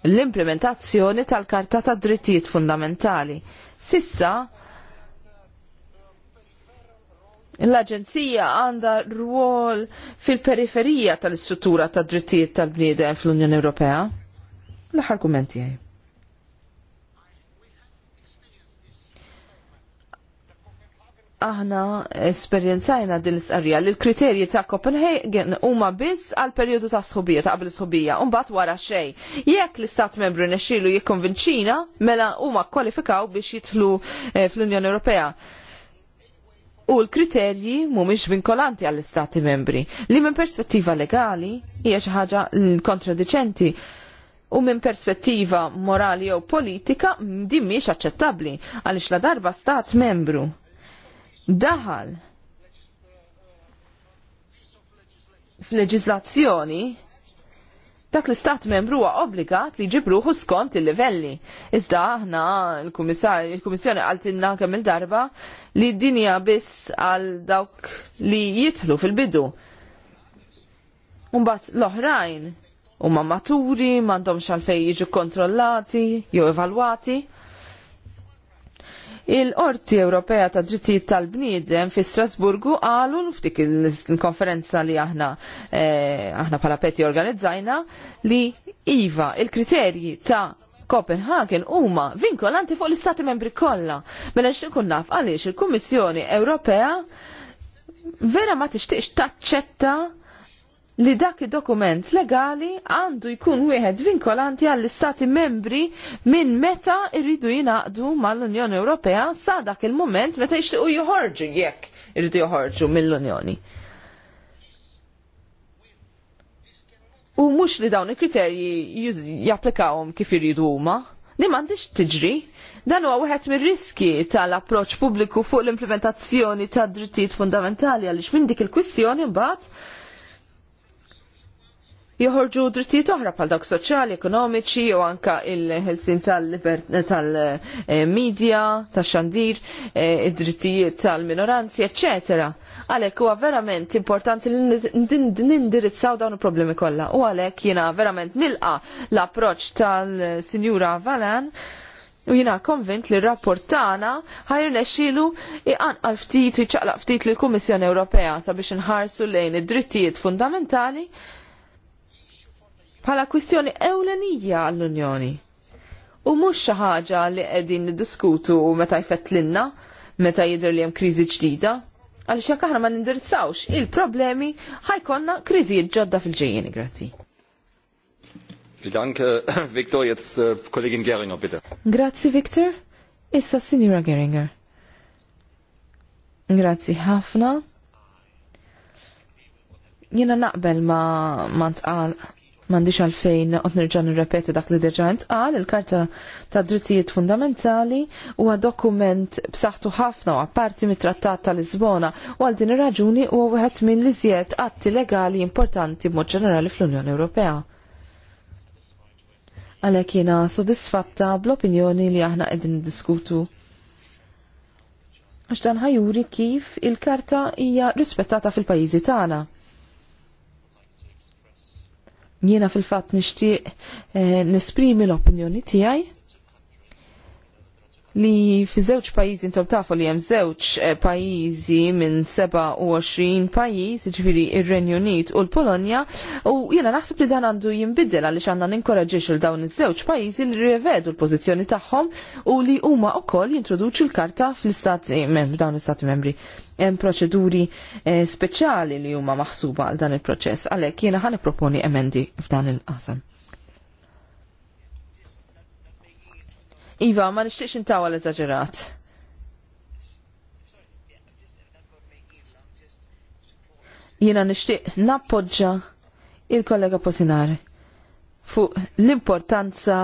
Speaker 2: l-implementazzjoni tal-Karta ta' Drittijiet Fundamentali. Sissa, l-Aġenzija għandha rwol fil-periferija tal-istruttura ta' drittijiet tal-bniedem fl-Unjoni Ewropea. L-aħħar kumment tiegħi. aħna esperjenzajna din l-istqarrija li l-kriterji ta' Copenhagen huma biss għal perjodu ta' sħubija ta' qabel sħubija u mbagħad wara xejn. Jekk l-istat membru nexxielu jikkonvinċina mela huma kwalifikaw biex jidħlu eh, fl-Unjoni Ewropea. U l-kriterji mhumiex vinkolanti għall-istati membri li minn perspettiva legali hija xi ħaġa kontradiċenti u minn perspettiva morali jew politika din mhix aċċettabbli għaliex la darba stat membru daħal f'leġislazzjoni dak l-istat membru huwa obbligat li ġibruħu skont il-livelli. Iżda aħna l-Kummissjoni għaltinna kemm il-darba li d-dinja biss għal dawk li jitlu fil-bidu. Umbat l-oħrajn huma maturi, m'għandhomx għalfejn jiġu kontrollati jew evalwati. Il-Qorti Ewropea ta' Drittijiet tal-Bniedem fi Strasburgu qalu ftik il-konferenza li aħna eh, aħna bħala peti organizzajna li iva il-kriterji ta' Copenhagen huma vinkolanti fuq l-Istati membri kollha. Mela x'inkun naf għaliex il-Kummissjoni Ewropea vera ma tixtieqx taċċetta li dak id-dokument legali għandu jkun wieħed vinkolanti għall-istati membri minn meta irridu jinaqdu mal-Unjoni Ewropea sa dak il-moment meta jixtiqu joħorġu jekk irridu joħorġu mill-Unjoni. U mhux li dawn il-kriterji japplikawhom kif iridu huma. Li m'għandix tiġri. Dan huwa wieħed mir-riski tal-approċċ pubbliku fuq l-implementazzjoni tad drittijiet fundamentali għaliex minn dik il-kwistjoni mbagħad joħorġu drittijiet oħra bħal dawk soċjali, ekonomiċi u anka il-ħelsin tal-medja, tax-xandir, eh, id-drittijiet tal-minoranzi, ecc. għalek huwa verament importanti li nindirizzaw dawn il-problemi kollha. U għalek jiena verament nilqa l-approċ tal-Sinjura Valan u jiena konvint li r-rapport tagħna ħajr nexxielu iqanqal ftit u jċaqlaq ftit lill kummissjoni Ewropea sabiex inħarsu lejn id-drittijiet fundamentali bħala kwistjoni ewlenija għall-Unjoni. U mhux xi ħaġa li qegħdin niddiskutu meta jfettlinna meta jidher li hemm kriżi ġdida, għaliex jekk aħna ma nindirizzawx il-problemi ħajkonna kriżijiet ġodda fil-ġejjeni, grazzi.
Speaker 3: Danke, Viktor, jetzt äh, Kollegin Geringer, bitte.
Speaker 2: Grazzi, Viktor. Issa, Signora Geringer. Grazzi ħafna. Jena naqbel ma, ma tqal M'għandix għalfejn għot nirġan nirrepeti dak li diġà ntqal, il-Karta ta' Drittijiet Fundamentali huwa dokument b'saħħtu ħafna u apparti mit-Trattat ta' Lisbona u għal din ir-raġuni huwa wieħed mill-iżjed atti legali importanti b'mod ġenerali fl-Unjoni Ewropea. Għalhekk jiena sodisfatta bl-opinjoni li aħna qegħdin niddiskutu għax dan ħajuri kif il-karta hija rispettata fil-pajjiżi tagħna. Jiena fil-fatt nixtieq eh, nesprimi l-opinjoni tiegħi li fi żewġ pajjiżi intom tafu li hemm żewġ eh, pajjiżi minn 27 pajjiż, ġifieri ir-Renju Unit u l-Polonja, u jiena naħseb li dan għandu jinbidel għaliex għandna ninkoraġġix il dawn iż-żewġ pajjiżi li rivedu l-pożizzjoni tagħhom u li huma wkoll jintroduċu l-karta fl-istati membri dawn l-istati membri hemm proċeduri eh, speċjali li huma maħsuba għal dan il-proċess għalhekk jiena ħaniproponi emendi f'dan il-qasam. Iva, ma nixtieqx intawa l-eżagġerat. Jiena nixtieq nappoġġa il-kollega Posinar fuq l-importanza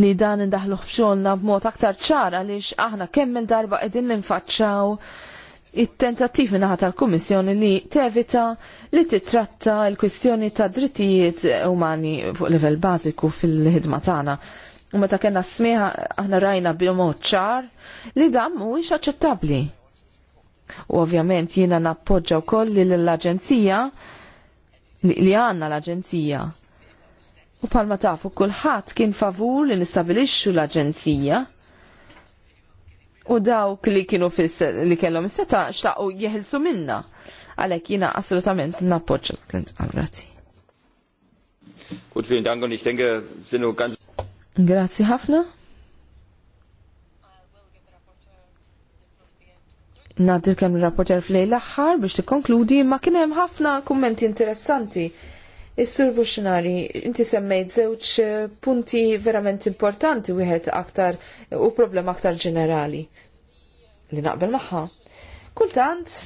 Speaker 2: li dan indaħluħ fxolna b'mod aktar ċar għaliex aħna kemm il-darba qegħdin ninfaċċaw it-tentattiv minnaħa tal-Kummissjoni li tevita li titratta l-kwistjoni ta' drittijiet umani fuq livell bażiku fil-ħidma tagħna. U meta kellna smiħa aħna rajna b'mod ċar li dam mhuwiex aċċettabbli. U ovvjament jiena nappoġġa wkoll li l-aġenzija li għandna l-aġenzija. U palma tafu kulħadd kien favur li nistabilixxu l-aġenzija u dawk li kienu fis li kellhom seta xtaqu jeħilsu minna. Għalhekk jiena assolutament nappoġġa l-klint grazzi.
Speaker 3: Gut, vielen Dank und ich denke, sind nur ganz
Speaker 2: Grazzi ħafna. Nadir kemm il-rapporter fl-lejl aħħar biex tikkonkludi ma kien hemm ħafna kummenti interessanti Is-Sur Buxinari, inti semmejt żewġ punti verament importanti wieħed aktar u problem aktar ġenerali li naqbel magħha. Kultant,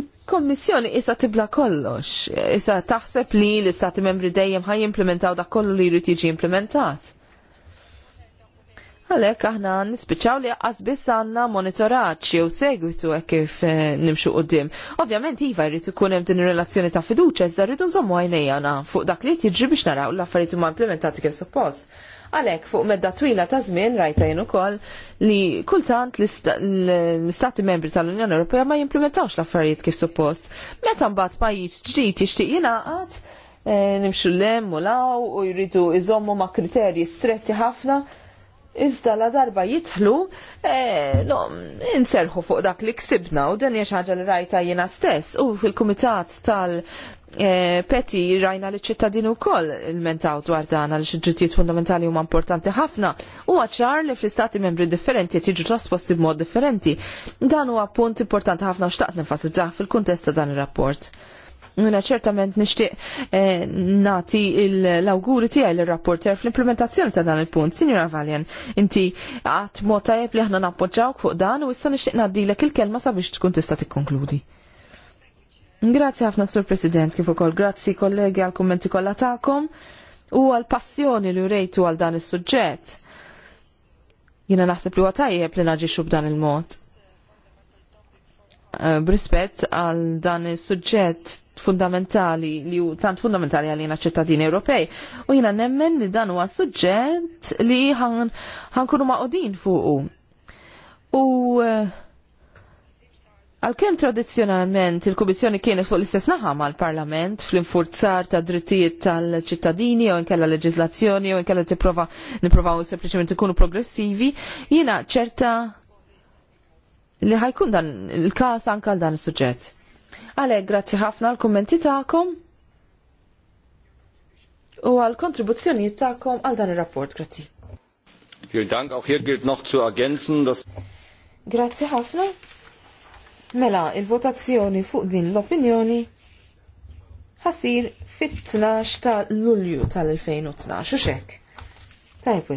Speaker 2: il-Kommissjoni issa tibla kollox, issa taħseb li l-Istati membri dejjem ħaj implementaw dak kollu li jrid jiġi implementat. Għalek aħna nispiċaw li għas biss għanna monitorat u segwitu għek kif eh, nimxu qoddim. Ovvjament iva jrid ikun hemm din relazzjoni ta' fiduċa iżda rridu nżommu għajnejna fuq dak li jiġri biex naraw l-affarijiet huma implementati kif suppost. Għalek fuq medda twila ta' żmien rajtajn ukoll li kultant l-istati membri tal-Unjoni Ewropea ma jimplementawx l-affarijiet kif suppost. Meta mbagħad pajjiż ġdid jixtieq jingħaqad eh, nimxu l-lem u law u jridu iżommu ma' kriterji stretti ħafna Iżda la darba jitħlu, e, no, inserħu fuq dak li ksibna u dan hija ħaġa li rajta jiena stess u fil-kumitat tal- e, peti rajna li ċittadini wkoll il-mentaw dwar dan għal xidġitiet fundamentali huma importanti ħafna u għacċar li fl-istati membri differenti tiġu trasposti b'mod differenti. Dan huwa punt importanti ħafna u xtaqt nifasizzaħ fil-kuntesta dan ir rapport Muna ċertament nixtieq eh, nati nagħti l-awguri tiegħi l rapporter fl-implementazzjoni ta' dan il-punt. Signora Valjen, inti għat mod tajjeb li aħna nappoġġawk fuq dan u issa nixtieq ngħaddilek il-kelma sabiex tkun tista' tikkonkludi. Grazzi ħafna Sur President kif ukoll grazzi kollegi għal kummenti kollha tagħkom u għal passjoni li rejtu għal dan is-suġġett. Jiena naħseb li huwa tajjeb li naġixxu b'dan il-mod. Eh, brispett għal dan is-suġġett fundamentali li hu tant fundamentali għalina ċittadini Ewropej. U jiena nemmen li dan huwa suġġett li ħankunu maqodin fuqu. U eh, Għalkemm tradizzjonalment il-Kummissjoni kienet fuq l-istess naħa mal-Parlament fl-infurzar ta' drittijiet tal-ċittadini u nkella leġislazzjoni, u nkella tipprova nipprovaw sempliċement ikunu progressivi, jiena ċerta li ħajkun dan il-kas anka dan is-suġġett. Għalek, grazzi ħafna l-kommenti ta'kom u għal-kontribuzzjoni ta'kom għal dan il-rapport, grazzi.
Speaker 3: Vielen Dank, auch hier gilt noch zu ergänzen, dass...
Speaker 2: Grazzi ħafna. Mela, il-votazzjoni fuq din l-opinjoni ħasir fit-12 ta' Lulju tal-2012, u xek. Tajb,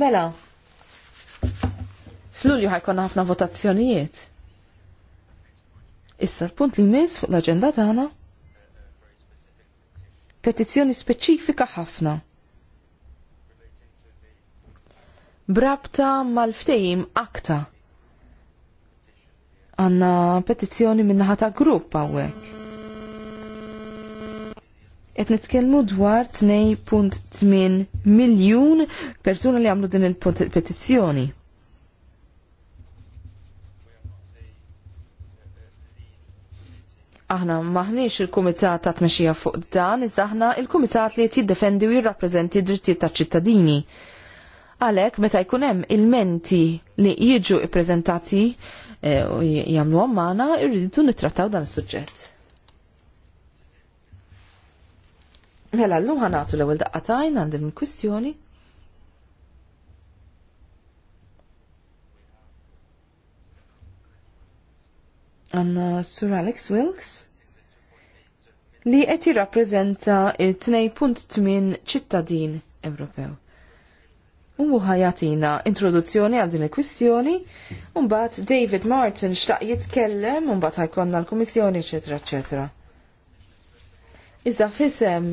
Speaker 2: Mela, F'Lulju ħajkonna ħafna votazzjonijiet. Issa l-punt li jmiss fuq l-aġenda tagħna petizzjoni speċifika ħafna. Brabta mal-ftejim akta. Għanna petizzjoni minnaħa ta' grupp għawek. Et nitkellmu dwar 2.8 miljun persuna li għamlu din il-petizzjoni. aħna maħniex il-Kumitat ta' tmexija fuq dan, iżda aħna il-Kumitat li jiddefendi u jirrappreżenti drittijiet ta' ċittadini. Għalhekk meta jkun hemm il-menti li jiġu ippreżentati e, u jagħmlu għammana, irridu nittrattaw dan is-suġġett. Mela, l-lum ħanatu l-ewwel daqqa għand il-kwistjoni. għanna Sur Alex Wilkes li qed jirrappreżenta il-2.8 ċittadin Ewropew. U ħajatina introduzzjoni għal din il-kwistjoni, mbagħad David Martin xtaq jitkellem, mbagħad ħajkonna l-Kummissjoni, eċetera, eċetera. Iżda fisem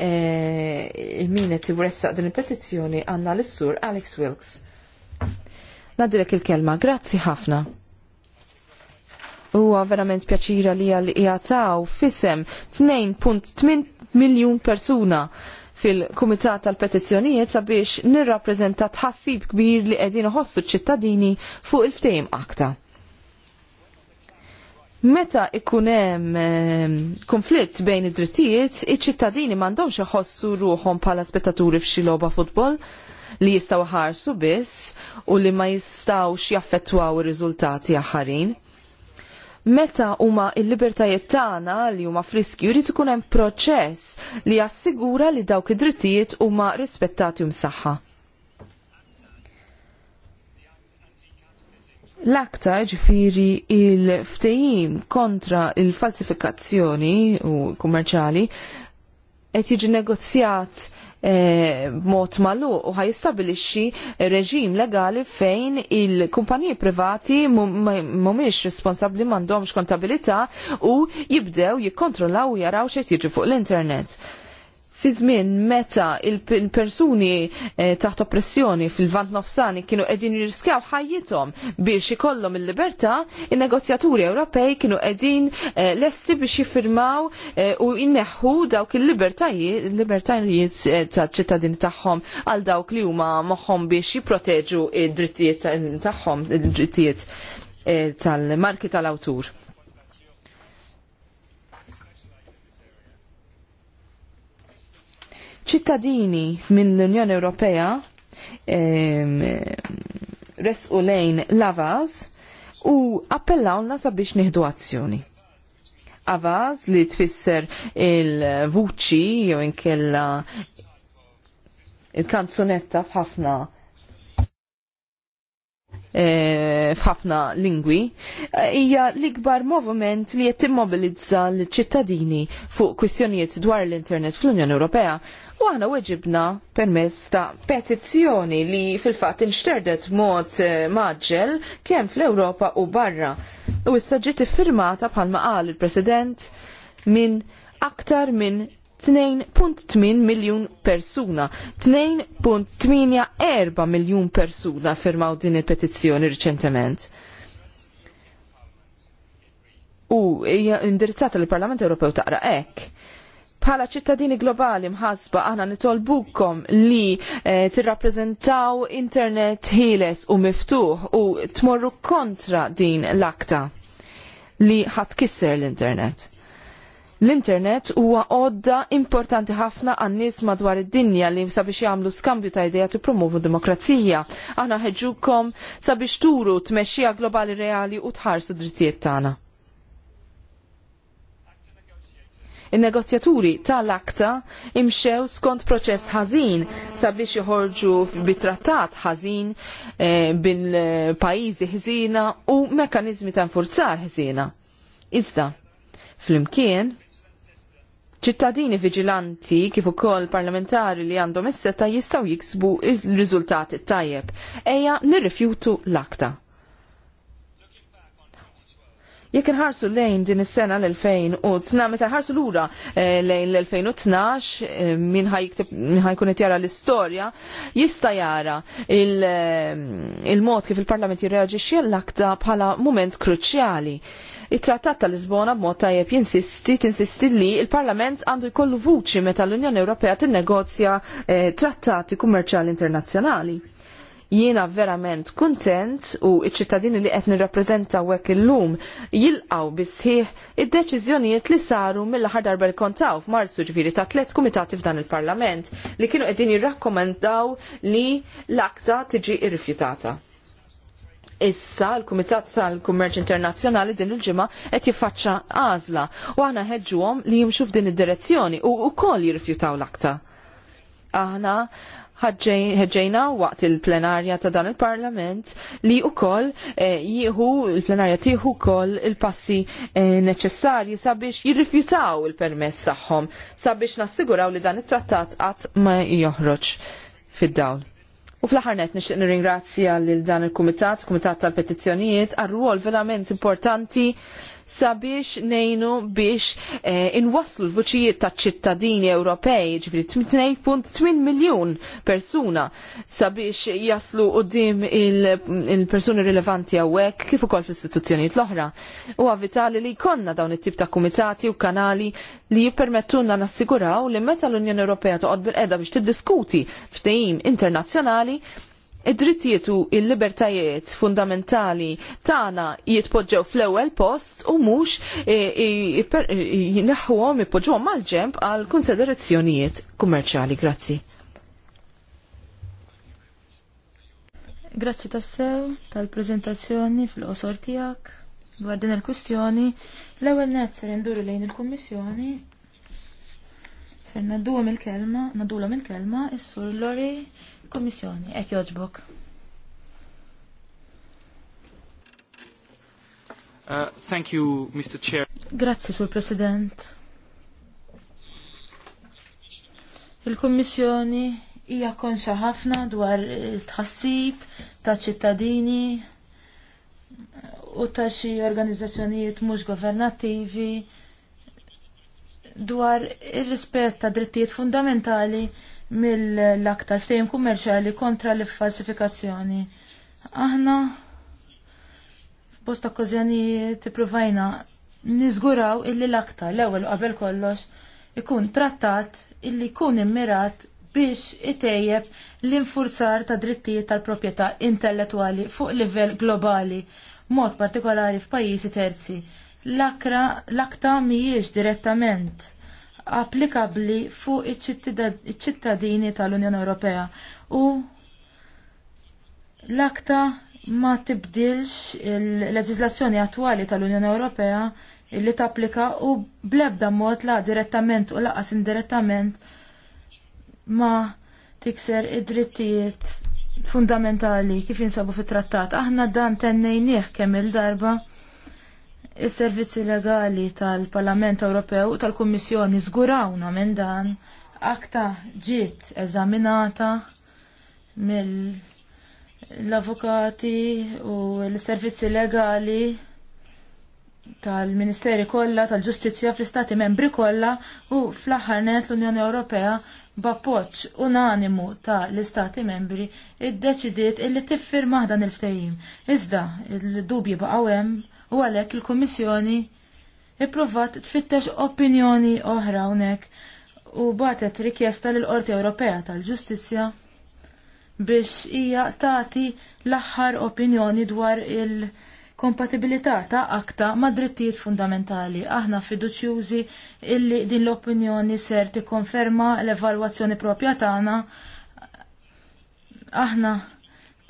Speaker 2: eh, min qed iwressaq din il-petizzjoni għandna l-sur Alex Wilkes. Nadilek il-kelma, grazzi ħafna huwa verament pjaċira li għal jgħataw fisem 2.8 miljun persuna fil-Kumitat tal-Petizzjonijiet sabiex nirrappreżenta tħassib kbir li qegħdin iħossu ċ-ċittadini fuq il-ftehim aktar. Meta ikun hemm ehm, konflitt bejn id-drittijiet, iċ-ċittadini m'għandhomx iħossu ruhom bħala spettaturi f'xi logħba futbol li jistgħu ħarsu biss u li ma jistgħux jaffettwaw ir-riżultati aħħarin meta huma l-libertajiet tagħna li huma friskju jrid ikun hemm proċess li jassigura li dawk id-drittijiet huma rispettati u msaħħa. L-akta ġifiri il-ftejim kontra il-falsifikazzjoni u kummerċali qed jiġi negozjat Eh, mod malu u ħajistabilixxi reġim legali fejn il-kumpaniji privati mhumiex responsabbli m'għandhomx kontabilità u jibdew jikkontrollaw u jaraw xejn jiġi fuq l-internet fi żmien meta il-persuni eh, taħt oppressjoni fil-vant nofsani kienu qegħdin jirriskjaw ħajjithom biex ikollhom il-libertà, in-negozjaturi Ewropej kienu qegħdin eh, lessi biex jiffirmaw eh, u jneħħu dawk il-libertajiet libertajiet tal-ċittadini tagħhom għal dawk li huma moħħhom biex jipproteġu id-drittijiet tagħhom, id-drittijiet tal-marki tal-awtur. ċittadini mill-Unjoni Ewropea resqu lejn l-avaz u appellawna sabiex nieħdu azzjoni avaz li tfisser il-vuċi jew inkella il-kanzunetta f'ħafna Eh, f'ħafna lingwi, eh, hija l-ikbar moviment li qed immobilizza l-ċittadini fuq kwistjonijiet dwar l-internet fl-Unjoni Ewropea. U aħna weġibna permezz ta' petizzjoni li fil-fatt inxterdet mod eh, maġġel kemm fl-Ewropa u barra. U issa ġiet iffirmata bħalma qal il-President minn aktar minn 2.8 miljun persuna. 2.84 miljun persuna firmaw din il-petizzjoni riċentement. U hija indirizzata lill parlament Ewropew taqra hekk. Bħala ċittadini globali mħasba aħna nitolbukom li eh, tirrappreżentaw internet ħieles u miftuħ u tmorru kontra din l-akta li kisser l-internet. L-internet huwa għodda importanti ħafna għan-nies madwar id-dinja li sabiex jagħmlu skambju ta' ideja tippromovu demokrazija. Aħna ħeġġukom sabiex turu tmexxija globali reali u tħarsu drittijiet tagħna. Il-negozjaturi tal-akta imxew skont proċess ħażin sabiex joħorġu bit-trattat ħażin e, bil-pajjiżi ħżiena u mekkaniżmi ta' nfurzar ħżiena. Iżda, flimkien ċittadini viġilanti kif ukoll parlamentari li għandhom is-seta jistgħu jiksbu r riżultati tajjeb. Ejja nirrifjutu l-akta. Jekk inħarsu lejn din is-sena l-2012, meta ħarsu lura eh, lejn l-2012 eh, min ħajkun qed jara l-istorja, jista' jara eh, il-mod kif il-Parlament jirreaġixxi l-akta bħala mument kruċjali it-Trattat tal-Lisbona b'mod tajjeb jinsisti tinsisti li il-Parlament għandu jkollu vuċi meta l-Unjoni Ewropea tinnegozja eh, trattati kummerċjali internazzjonali. Jiena verament kuntent u iċ-ċittadini li qed nirrappreżenta hekk illum jilqgħu bisħieħ id-deċiżjonijiet li saru mill-aħħar darba kontaw f'Marzu ġifieri ta' tliet kumitati f'dan il-Parlament li kienu qegħdin jirrakkomandaw li l-akta tiġi irrifjutata. Issa l-Kumitat tal-Kummerċ Internazzjonali din il-ġimgħa qed jiffaċċa għażla u aħna ħeġġuhom li jimxu f'din id-direzzjoni u wkoll jirrifjutaw l-akta. Aħna ħeġġejna waqt il-plenarja ta' dan il-Parlament li wkoll eh, jieħu il-plenarja tieħu wkoll il-passi eh, neċessarji sabiex jirrifjutaw il-permess tagħhom sabiex nassiguraw li dan it-trattat qatt ma joħroġ fid-dawl. U fl-aħħar net nixtieq nirringrazzja lil dan il-Kumitat, Kumitat tal-Petizzjonijiet, għal rwol verament importanti sabiex nejnu biex eh, inwaslu l-vuċijiet ta' ċittadini Ewropej, ġifri 2.8 miljon persuna sabiex jaslu u il-persuni rilevanti għawek kif ukoll fl-istituzzjonijiet l-oħra. U vitali li jkollna dawn it-tip ta' kumitati u kanali li jippermettunna nassiguraw li meta l-Unjoni Ewropea toqgħod bil-qeda biex tiddiskuti ftehim internazzjonali id-drittijiet u il-libertajiet fundamentali tagħna jitpoġġew fl-ewwel post u mhux e, e, e, jinaħħuhom ipoġġuhom mal-ġemp għal konsiderazzjonijiet kummerċjali. Grazzi.
Speaker 4: Grazzi tassew tal preżentazzjoni fil-qosor tiegħek dwar din il-kwistjoni. L-ewwel nett ser induru lejn il-Kummissjoni. Ser nadduhom il-kelma, nadulhom il-kelma, is-Sur Lori kommissjoni, kummissjoni joġbok. Uh, thank you, Mr. Chair. Grazzi, Sur President. il kommissjoni hija konxa ħafna dwar tħassib ta' ċittadini u ta' xi organizzazzjonijiet mhux governattivi dwar ir-rispett ta' drittijiet fundamentali mill-aktar sejm kummerċali kontra l-falsifikazzjoni. Aħna f'bosta okkażjonijiet tippruvajna niżguraw illi l-aktar l-ewwel qabel kollox ikun trattat illi jkun immirat biex itejjeb l-infurzar ta' drittijiet tal-proprjetà intellettwali fuq livell globali, mod partikolari f'pajjiżi terzi. L-akra l-akta mhijiex direttament applikabbli fuq iċ-ċittadini tal-Unjoni Ewropea u l-akta ma tibdilx il-leġiżlazzjoni attwali tal-Unjoni Ewropea li tapplika u blebda mod la direttament u laqas indirettament ma tikser id-drittijiet fundamentali kif jinsabu fit-trattat. Aħna dan tennejnieh kemm il-darba Is-servizzi legali tal-Parlament Ewropew u tal-Kummissjoni żgurawna minn dan akta ġiet eżaminata mill-avukati u l-servizzi legali tal-Ministeri kollha tal-Ġustizzja fl-Istati membri kollha u fl-aħħar net l-Unjoni Ewropea b'appoġġ unanimu ta' l-Istati membri iddeċidiet illi tiffirma dan il-ftehim. Iżda, il-dubji baqgħu hemm u għalhekk il-Kummissjoni ipprovat tfittex opinjoni oħra hawnhekk u batet rikjesta lill qorti Ewropea tal-Ġustizzja biex hija tagħti l-aħħar opinjoni dwar il- kompatibilità ta' akta ma' drittijiet fundamentali. Aħna fiduċjużi illi din l-opinjoni ser tikkonferma l-evalwazzjoni propja tagħna. Aħna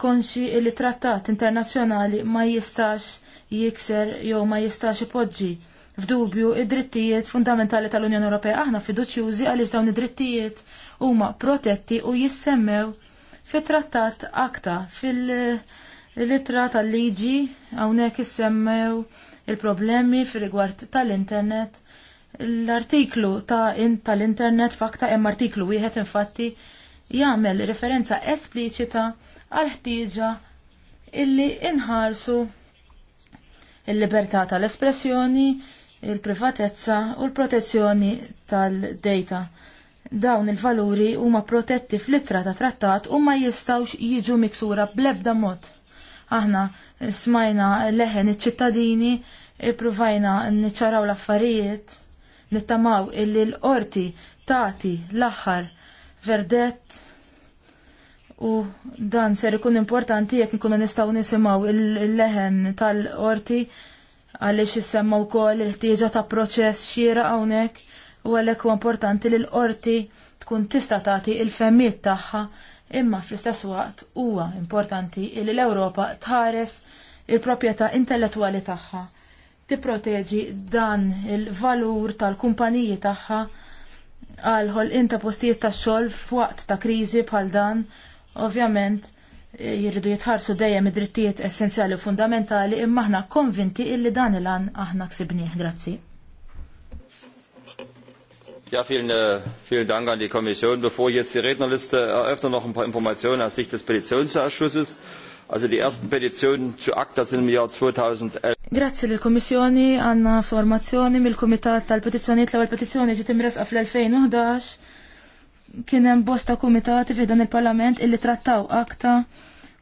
Speaker 4: konxi li trattat internazzjonali ma jistax jikser jew ma jistax ipoġġi f'dubju id-drittijiet fundamentali tal-Unjoni Ewropea aħna fiduċjużi għaliex dawn id-drittijiet huma protetti u jissemmew fit-trattat akta fil-litra tal-liġi hawnhekk issemmew il-problemi fir-rigward tal-internet l-artiklu tal-internet fakta hemm artiklu wieħed infatti jagħmel referenza espliċita għal ħtieġa illi inħarsu il-libertà tal-espressjoni, il-privatezza u l-protezzjoni tal-data. Dawn il-valuri huma protetti fl-ittra ta' trattat u ma jistawx jiġu miksura bl-ebda mod. Aħna smajna leħen iċ-ċittadini, ippruvajna niċċaraw l-affarijiet, nittamaw illi l-qorti tati l-aħħar verdett U dan ser ikun importanti jekk ikunu nistgħu nisimgħu il-leħen tal-qorti għaliex issemmaw wkoll il-ħtieġa ta' proċess xira hawnhekk u għalhekk huwa importanti li l-qorti tkun tista' tagħti il-femmiet tagħha imma fl-istess waqt huwa importanti li l-Ewropa tħares il-proprjetà intellettwali tagħha. Tipproteġi dan il-valur tal-kumpaniji tagħha għal ħolqien ta' postijiet tax-xogħol f'waqt ta' kriżi bħal dan Ovvjament, eh, jirridu jitħarsu dejjem id-drittijiet essenzjali u fundamentali imma aħna konvinti illi dan il-għan aħna ksibniħ. Grazzi.
Speaker 3: Ja, vielen, äh, vielen Dank an die Kommission. Bevor ich jetzt die Rednerliste eröffne, noch ein paar Informationen aus Sicht des Petitionsausschusses. Also die ersten Petitionen zu ACTA sind im Jahr 2011.
Speaker 4: Grazzi l-Komissjoni għanna informazzjoni mill-Komitat tal-Petizzjoniet l-ewwel petizzjoni ġiet imresqa fl-2011 kien hemm bosta kumitati fi dan il-Parlament illi trattaw akta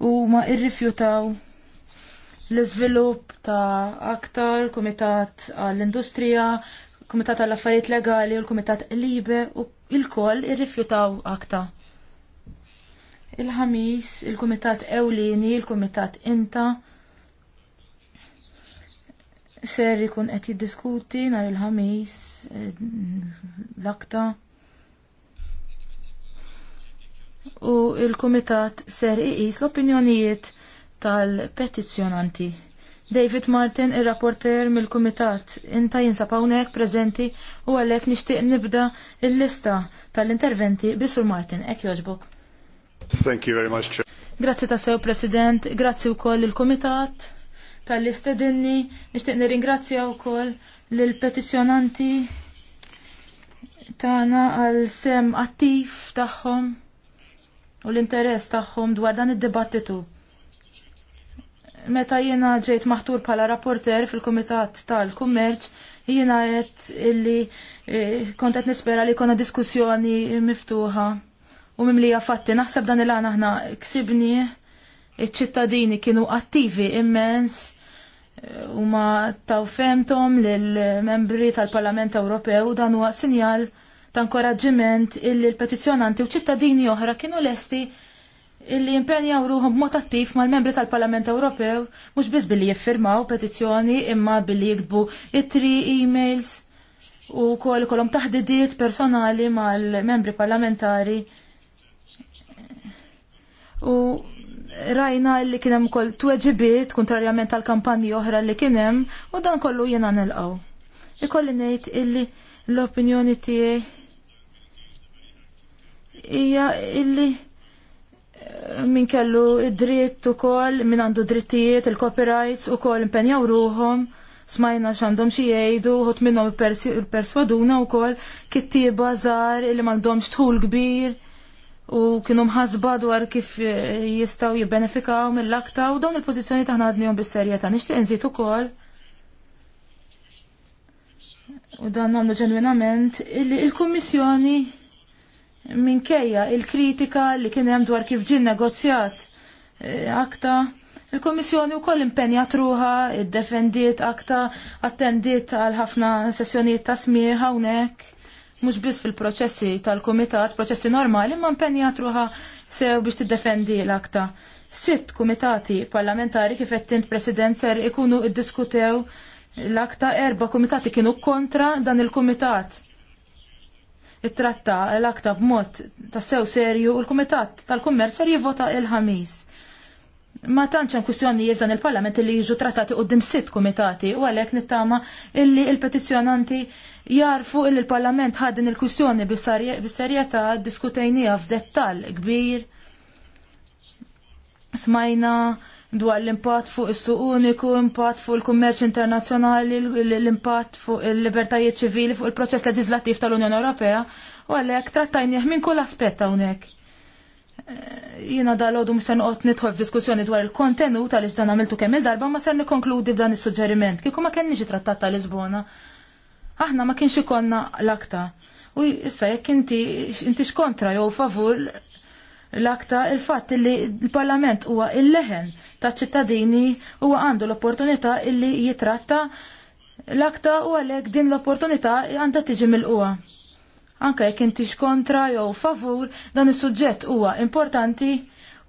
Speaker 4: u ma irrifjutaw l-iżvilupp ta' aktar kumitat għall-industrija, kumitat għall-affarijiet legali u l-kumitat libe u il-koll irrifjutaw akta. Il-ħamis, il-kumitat ewlieni, il-kumitat inta, ser ikun qed jiddiskuti nhar il-ħamis eh, l-akta u il-Kumitat ser iqis l-opinjonijiet tal-petizzjonanti. David Martin, ir-rapporter mill-Kumitat, inta jinsab hawnhekk preżenti u għalhekk nixtieq nibda l-lista tal-interventi bisur Martin, hekk jogħġbok. Thank you very much. Grazzi ta' sew President, grazzi wkoll il-Kumitat tal-istedinni, nixtieq nirringrazzja wkoll l petizzjonanti tagħna għal sem attiv tagħhom u l-interess tagħhom dwar dan id-dibattitu. Meta jiena ġejt maħtur bħala rapporter fil-Kumitat tal-Kummerċ, jiena għed illi e, kont qed nispera li kona diskussjoni miftuħa u mimlija fatti naħseb dan il-għana aħna ksibni iċ-ċittadini kienu attivi immens e, u ma tawfemtom l-membri tal-Parlament Ewropew dan huwa sinjal ta' inkoraġġiment illi l-petizjonanti u ċittadini oħra kienu lesti illi impenjaw ruħom b'mod attiv mal-membri tal-Parlament Ewropew mhux biss billi jiffirmaw petizzjoni imma billi jikbu it-tri emails u kol kolom taħdidiet personali mal-membri parlamentari. U rajna li kienem kol tweġibiet kontrarjament tal-kampanji oħra li kienem u dan kollu jena nilqaw. Ikolli nejt illi l-opinjoni tiegħi hija illi eh, min kellu id-dritt ukoll min għandu drittijiet il-copyrights ukoll impenjaw ruhom smajna x'għandhom xi jgħidu ħut il perswaduna wkoll kittieba żgħar illi m'għandhomx tħul kbir u kienu mħasba dwar kif eh, jistgħu jibbenefikaw mill-akta u dawn il-pożizzjoni taħna għadnihom bis-serjetà. Nixtieq inżid ukoll u dan nagħmlu ġenwinament illi il-Kummissjoni minkejja il-kritika li kien hemm dwar kif ġin negozjat e, akta. Il-Komissjoni wkoll impenjat ruha, iddefendiet akta, attendiet għal ħafna sessjonijiet ta' smieħ hawnhekk, mhux biss fil-proċessi tal-kumitat, proċessi normali, imma impenjat ruha sew biex tiddefendi l-akta. Sitt kumitati parlamentari kif qed int President ser ikunu iddiskutew l-akta erba' kumitati kienu kontra dan il-kumitat it it-tratta l-akta b'mod tassew serju u l-Kumitat tal kummerz ser jivvota il-ħamis. Ma tantx hemm kwistjoni dan il-Parlament li jiġu trattati qudiem sitt kumitati u għalhekk nittama illi l-petizzjonanti jarfu illi l-Parlament ħaddin il-kwistjoni bis-serjetà diskutejniha f'dettall kbir. Smajna dwar l-impatt fuq is-suq uniku, impatt fuq il-kummerċ internazzjonali, l-impatt fuq il-libertajiet ċivili, fuq il-proċess leġislattiv tal-Unjoni Ewropea, u għalhekk trattajnieh minn kull aspett hawnhekk. Eh, jiena dal-għodu msen qot nidħol f'diskussjoni dwar il-kontenut għaliex dan għamiltu kemm il-darba ma ser nikkonkludi b'dan is-suġġeriment kieku ma kenniex trattat ta' Lisbona. Aħna ma kienx ikonna l-akta. U issa jekk inti inti xkontra jew favur l akta il-fatt li l-Parlament huwa il-leħen ta' ċittadini huwa għandu l-opportunità illi jitratta l-akta u għalhekk din l-opportunità għandha tiġi mill-qwa. Anka jekk intix kontra jew favur dan is-suġġett huwa importanti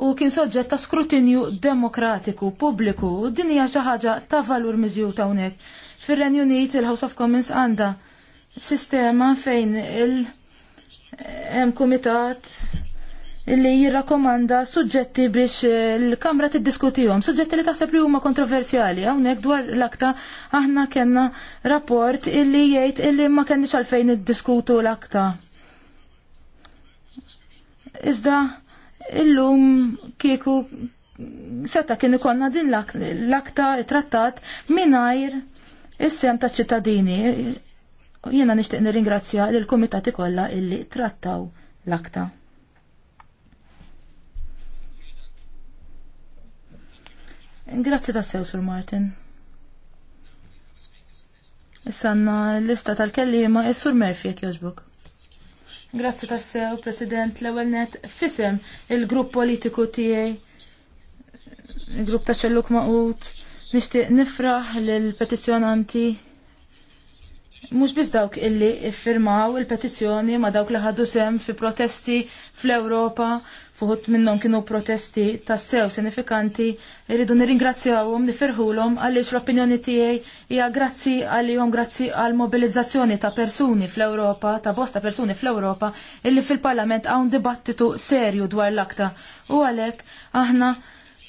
Speaker 4: u kien soġġett ta' skrutinju demokratiku, pubbliku, u din hija xi ħaġa ta' valur miżjut hawnhekk. Fir-Renju Unit il-House of Commons għandha sistema fejn il- hemm kumitat li jirrakomanda suġġetti biex eh, l-Kamra tiddiskutihom, suġġetti li taħseb li huma kontroversjali, hawnhekk dwar l-akta aħna kellna rapport illi jgħid illi ma kenniex għalfejn iddiskutu l-akta. Iżda illum kieku seta kien ikonna din l-akta trattat mingħajr is-sem ta' ċittadini. Jiena nixtieq nirringrazzja lill kumitati kollha illi trattaw l-akta. Grazzi ta' sew, Sur Martin. Issanna l-lista tal-kellima is-Sur Murphy jekk jogħġbok. Grazzi ta' sew, President, l-ewwel net fisem il-grupp politiku tiegħi il-grupp ta' xelluk ut, nixtieq nifraħ lill-petizzjonanti Mux biz dawk illi firmaw il-petizjoni ma dawk li ħaddu sem fi protesti fl-Europa, fuħut minnom kienu protesti ta' sew sinifikanti, irridu nirringrazzjawhom, nifirħulhom għaliex l-opinjoni tiegħi hija grazzi għalihom grazzi għal mobilizzazzjoni ta' persuni fl-Ewropa, ta' bosta persuni fl-Ewropa, illi fil-Parlament hawn dibattitu serju dwar l-akta. U għalhekk aħna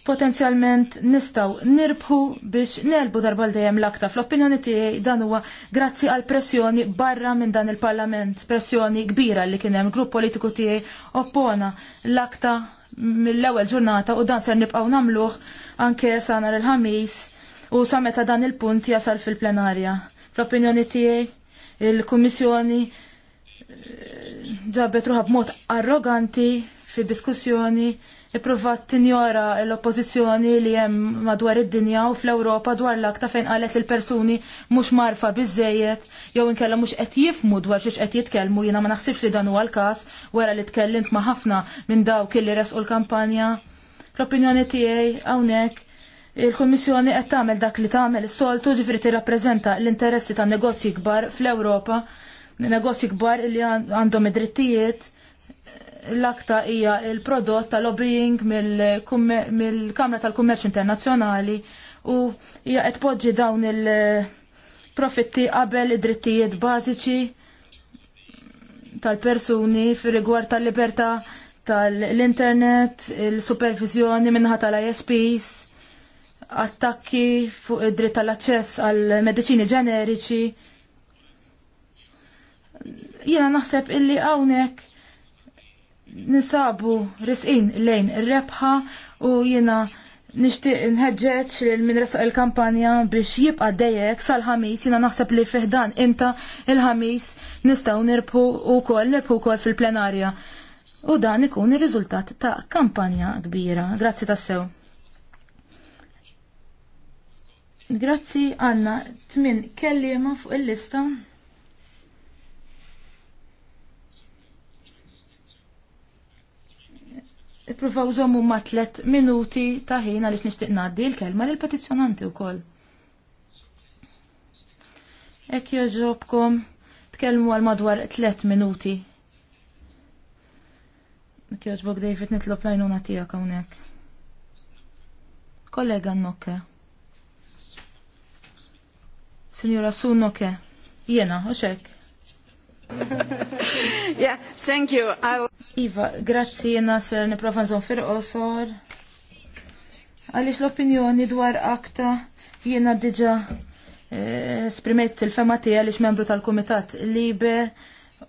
Speaker 4: potenzjalment nistaw nirbħu biex nelbu darba dejjem l-aktar. Fl-opinjoni tiegħi dan huwa grazzi għal pressjoni barra minn dan il-Parlament, pressjoni kbira li kien hemm grupp politiku tiegħi oppona l-akta mill-ewwel ġurnata u dan ser nibqgħu nagħmluh anke sa nhar il-ħamis u sa meta dan il-punt jasal fil-plenarja. Fl-opinjoni tiegħi il-Kummissjoni eh, ġabet ruħab mod arroganti fid-diskussjoni Ipruvat tinjora l-oppożizzjoni li hemm madwar id-dinja u fl-Ewropa dwar l-akta fejn qalet il persuni mhux marfa biżejjed jew inkella mhux qed jifmu dwar xiex qed jitkellmu jiena ma naħsibx li dan huwa l-każ wara li tkellimt ma' ħafna minn dawk li resqu l-kampanja. L-opinjoni tiegħi hawnhekk Il-Kommissjoni qed tagħmel dak li tagħmel is-soltu ġifri tirrappreżenta l-interessi ta' negozji kbar fl-Ewropa, negozji kbar li għandhom id-drittijiet l-akta hija il-prodott tal-lobbying mill-Kamra tal-Kummerċ Internazzjonali u hija qed poġġi dawn il-profitti qabel id-drittijiet bażiċi tal-persuni fir rigward tal-libertà tal-internet, il-supervizjoni minnaħa tal-ISPs, attakki fuq id-dritt tal-aċċess għal mediċini ġeneriċi. Jiena naħseb illi hawnhekk nisabu risqin lejn rebħa u jina nishtiq nħedġeċ minn resaq il-kampanja biex jibqa dejjek sal-ħamis jina naħseb li fiħdan inta il-ħamis nistaw nirpu u kol nirpu kol fil-plenarja. U dan ikun il-riżultat ta' kampanja kbira. Grazzi tassew. Grazzi għanna tmin kellima fuq il-lista. Ippruvaw żommu ma' tlet minuti ta' ħin għaliex nixtieq ngħaddi l-kelma lil petizzjonanti wkoll. Ek joġobkom tkellmu għal madwar tlet minuti. Ek joġbok David nitlob lajnuna tiegħek hawnhekk. Kollega Nokke. Sinjura Su Nokke. Jena, oċek. yeah, thank you. I'll... Iva, grazzi Nasser, niprofa nżon fir osor. Għalix l-opinjoni dwar akta jiena diġa eh, esprimet il-fema għalix membru tal-komitat libe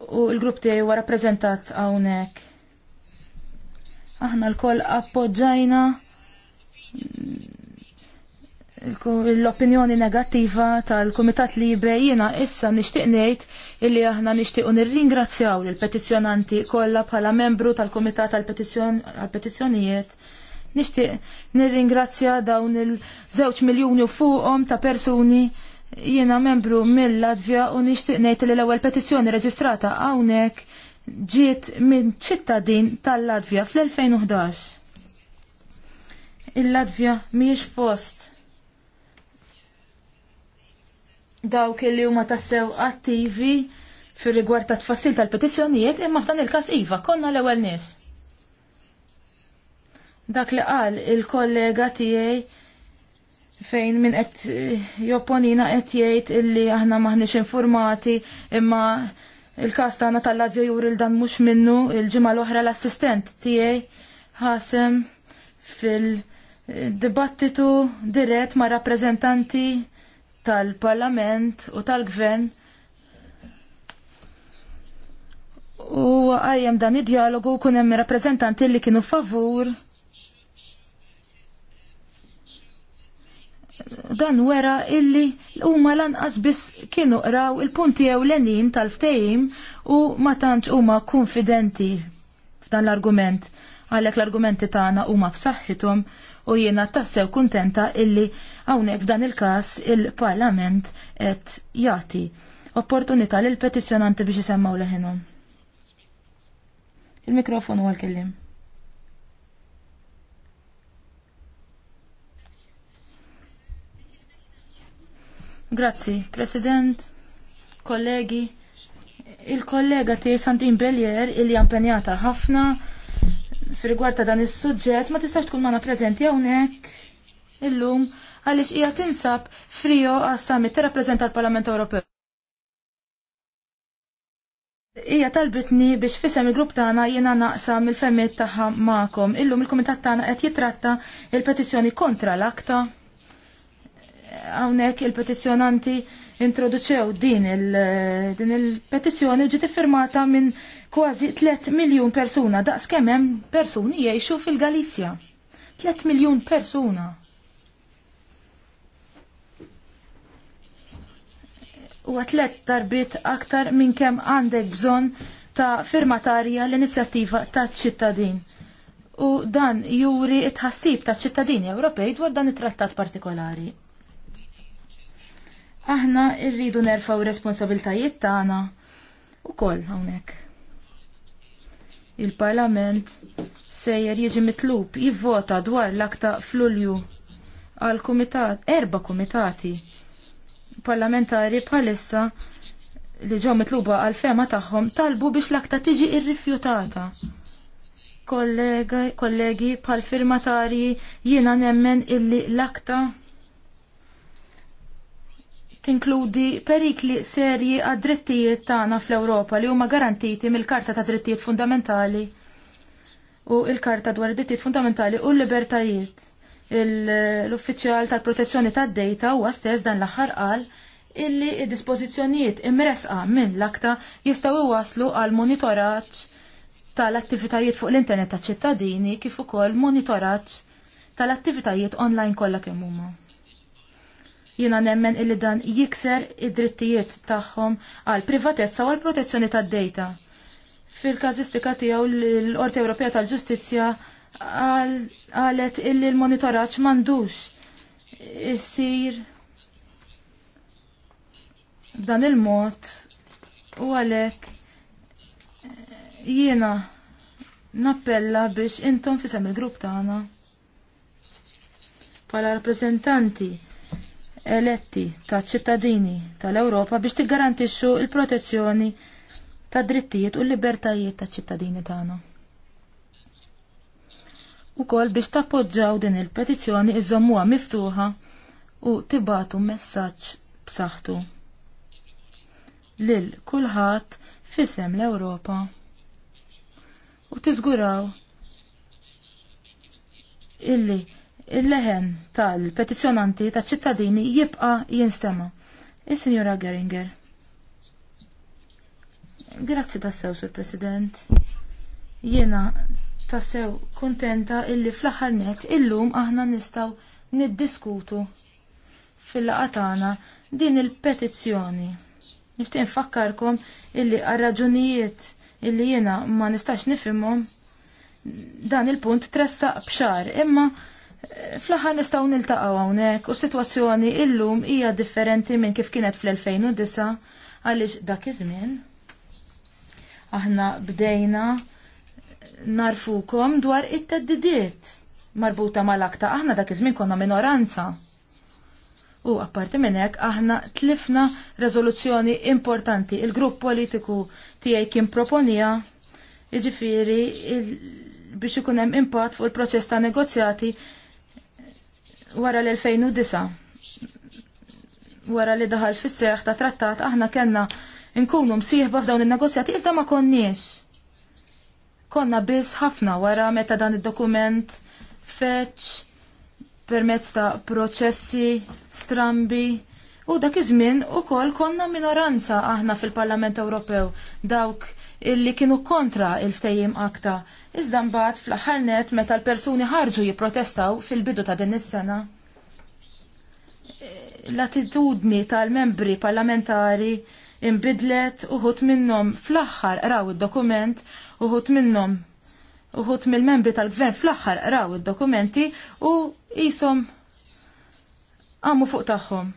Speaker 4: u l-grupp tiegħi wara prezentat għawnek. Aħna l-koll appoġġajna l-opinjoni negattiva tal-Kumitat Libre jiena issa nixtieq ngħid illi aħna nixtiequ nirringrazzjaw l petizzjonanti kollha bħala membru tal-Kumitat għall-Petizzjonijiet. Nixtieq nirringrazzja dawn il żewċ miljuni u fuqhom ta' persuni jiena membru mill-Latvja u nixtieq ngħid li l-ewwel petizzjoni reġistrata hawnhekk ġiet minn ċittadin tal-Latvja fl-2011. Il-Latvja mhijiex fost dawk li huma tassew attivi fir rigward ta' tfassil tal-petizzjonijiet imma f'dan il-każ iva konna l-ewwel nies. Dak li qal il-kollega tiegħi fejn min qed eh, jopponina qed jgħid illi aħna maħniex informati imma il-każ tagħna tal-lavja jur il dan mhux minnu il-ġimgħa l-oħra l-assistent tiegħi ħasem fil-dibattitu dirett ma' rappreżentanti tal-Parlament u tal-Gvern u għajjem dan id-dialogu kun hemm rappreżentanti li kienu favur dan wera illi huma lanqas biss kienu qraw il-punti ewlenin tal-ftehim u ma tantx huma konfidenti f'dan l-argument għalhekk l-argumenti tagħna huma f'saħħithom u jiena tassew kuntenta illi hawnhekk f'dan il-każ il-Parlament qed jagħti opportunità lil petizzjonanti biex isemmaw leħinhom. Il-mikrofonu għal-kellim. Grazzi, President, kollegi, il-kollega ti Santin Bellier il-jampenjata ħafna fil rigward ta' dan is-suġġett ma tistax tkun mana preżenti hawnhekk illum għaliex hija tinsab frio għas-summit tirrappreżenta l-Parlament Ewropew. Ija talbitni biex fisem il-grupp tagħna jiena naqsam il-femmiet tagħha magħkom. Illum il-kumitat tagħna qed jitratta il-petizzjoni kontra l-akta. Hawnhekk il-petizzjonanti introduċew din il-petizzjoni u ġiet iffirmata minn kważi 3 miljun persuna daqs kemm hemm persuni jgħixu fil-Galizja. 3 miljun persuna. Huwa tliet darbiet aktar minn kemm għandek bżonn ta' firmatarja l-inizjattiva ta' ċittadin. U dan juri t tħassib ta' ċittadini Ewropej dwar dan it-trattat partikolari. Aħna rridu nerfaw responsabiltajiet tagħna u koll hawnhekk il-Parlament sejjer jiġi mitlub jivvota dwar l-akta f'Lulju għal kumitat erba' kumitati parlamentari bħalissa li ġew mitluba għal fema tagħhom talbu biex l-akta tiġi rrifjutata. Kollegi bħal firmatarji jiena nemmen illi l-akta tinkludi perikli serji għad drittijiet tagħna fl-Ewropa li huma garantiti mill-Karta ta' Drittijiet Fundamentali u l-Karta dwar id-Drittijiet Fundamentali u l-Libertajiet. L-Uffiċjal tal-Protezzjoni tad-Dejta huwa stess dan l-aħħar qal illi id-dispożizzjonijiet imresqa minn l-akta jistgħu waslu għal monitoraġġ tal-attivitajiet fuq l-internet ta' ċittadini kif ukoll monitoraġġ tal-attivitajiet online kollha kemm huma. Jiena nemmen illi dan jikser id-drittijiet tagħhom għal privatezza u għal protezzjoni tad-dejta. Fil-kazistika tiegħu l-Qorti Ewropea tal-Ġustizzja għalet illi l-monitoraġġ m'għandux issir b'dan il-mod u għalek eh, jiena nappella biex intom fisem il-grupp tagħna bħala rappresentanti eletti ta' ċittadini tal-Ewropa biex tiggarantixxu l protezzjoni ta' drittijiet u l-libertajiet ta' ċittadini tagħna. Ukoll biex tappoġġaw din il-petizzjoni iżommuha miftuħa u tibatu messaġġ b'saħħtu lil kulħadd fisem l-Ewropa u tiżguraw illi il-leħen tal-petizjonanti taċ ċittadini jibqa' jinstema. is sinjora Geringer. Grazzi tassew, Sur President. Jiena tassew kuntenta illi fl-aħħar net illum aħna nistgħu niddiskutu fil-laqatana din il-petizzjoni. Nixtieq nfakkarkom illi għar-raġunijiet illi jiena ma nistax nifhimhom dan il-punt tressaq bxar imma fl-aħħar nistgħu niltaqgħu hawnhekk u s-sitwazzjoni illum hija differenti minn kif kienet fl-2009 għaliex dak iż-żmien aħna bdejna narfukom dwar it-teddidiet marbuta mal-akta aħna dak iż-żmien konna minoranza. U apparti minn hekk aħna tlifna rezoluzzjoni importanti. Il-grupp politiku tiegħi kien proponija jiġifieri biex ikun hemm impatt fuq il-proċess ta' negozjati wara l-2009 wara li daħal fis seħħ ta' trattat aħna kellna nkunu msieħba f'dawn in-negozjati iżda ma konniex. Konna biss ħafna wara meta dan id-dokument feċ permezz ta' proċessi strambi U dak iż-żmien ukoll konna minoranza aħna fil-Parlament Ewropew dawk illi kienu kontra il-ftejjim akta. Iżda mbagħad fl-aħħar net meta l-persuni ħarġu jipprotestaw fil-bidu ta' din is-sena. L-attitudni tal-membri parlamentari imbidlet uħut minnhom fl-aħħar raw id-dokument uħut minnhom uħut mill-membri tal-gvern fl-aħħar raw id-dokumenti u jisom għamu fuq tagħhom.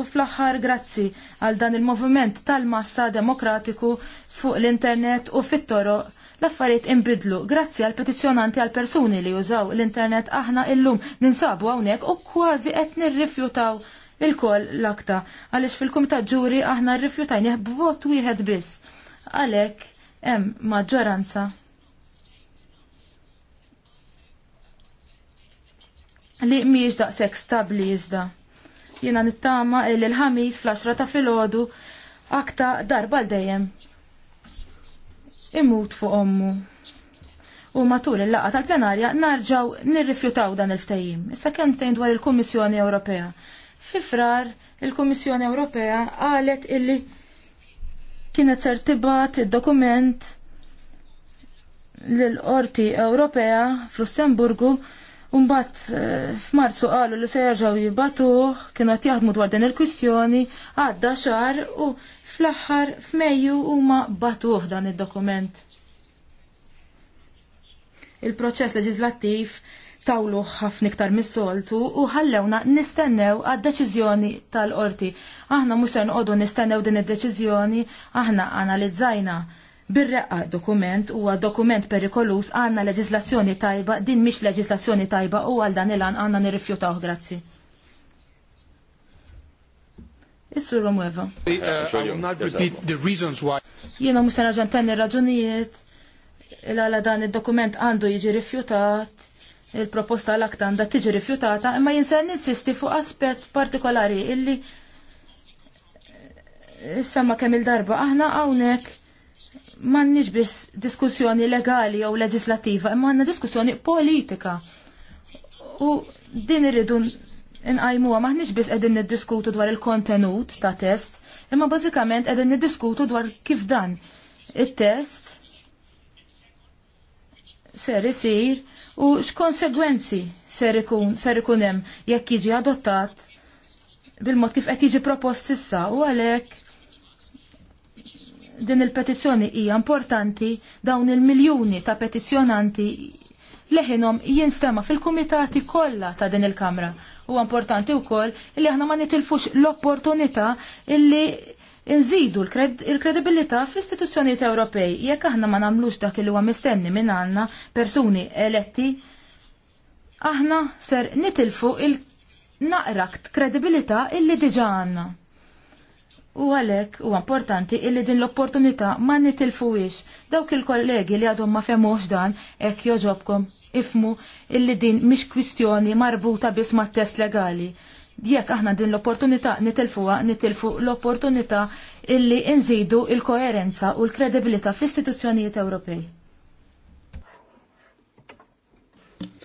Speaker 4: U fl-aħħar grazzi għal dan il movement tal-massa demokratiku fuq l-internet u fit-toro l-affarijiet imbidlu. Grazzi għal petizjonanti għal persuni li jużaw l-internet aħna illum ninsabu hawnhekk u kważi qed nirrifjutaw il-kol l-akta. Għaliex fil-kumitat ġuri aħna rrifjutajni b'vot wieħed biss. Għalhekk hemm maġġoranza li mhijiex daqshekk stabbli iżda. Jiena nittama li l-ħamis fl-10 ta' filgħodu akta darba l-dejjem. Imut fuq ommu. U matul il laqgħa tal-plenarja narġaw nirrifjutaw dan il-ftajim. Issa kemm tgħid dwar il-Kummissjoni Ewropea. Fifrar il-Kummissjoni Ewropea qalet illi kienet ser tibat id-dokument l-Qorti Ewropea f'Lussemburgu Umbat eh, f'Marzu qalu li se jibbatu, kienu qed jaħdmu dwar din il-kwistjoni, għadda xar u fl-aħħar f'Mejju huma batuh dan id-dokument. Il-proċess leġislattiv tawlu ħafna iktar mis-soltu u ħallewna nistennew għad-deċiżjoni tal-qorti. Aħna mhux se nqogħdu nistennew din id-deċiżjoni, aħna analizzajna birreqqa dokument huwa dokument perikolus għandna leġislazzjoni tajba, din mhix leġislazzjoni tajba u għal dan il-għan għandna nirrifjutaw, grazzi. Issu Romueva. Uh, Jiena mhux se nerġa' ntenni raġunijiet il-għala dan id-dokument għandu jiġi rifjutat il-proposta l-akt għandha tiġi rifjutata, imma jinser ninsisti fuq aspett partikolari illi issa eh, ma kemm il-darba aħna hawnhekk mannix biss diskussjoni legali jew leġislattiva, imma għandna diskussjoni politika. U din irridu nqajmuha m'aħniex biss qegħdin niddiskutu dwar il-kontenut ta' test, imma bażikament qegħdin niddiskutu dwar kif dan it-test ser isir u x'konsegwenzi ser ikun ser ikun hemm jekk jiġi adottat bil-mod kif qed jiġi propost issa u għalhekk Din il-petizzjoni hija importanti dawn il-miljuni ta' petizzjonanti leħinhom jinstema fil-kumitati kollha ta' din il-Kamra. U importanti wkoll li aħna ma nitilfux l-opportunità illi nżidu l-kredibilità fl-istituzzjonijiet Ewropej jekk aħna ma nagħmlux dak li huwa mistenni minn għandna persuni eletti aħna ser nitilfu il-naqrakt kredibilità illi diġa għandna. U għalek u importanti illi din l-opportunità ma nitilfuwix. Dawk il-kollegi li għadhom ma femux dan ek joġobkom ifmu illi din mish kwistjoni marbuta biss ma' test legali. Jekk aħna din l-opportunità nitilfuha nitilfu l-opportunità illi nżidu il-koerenza u l-kredibilità fl-istituzzjonijiet Ewropej.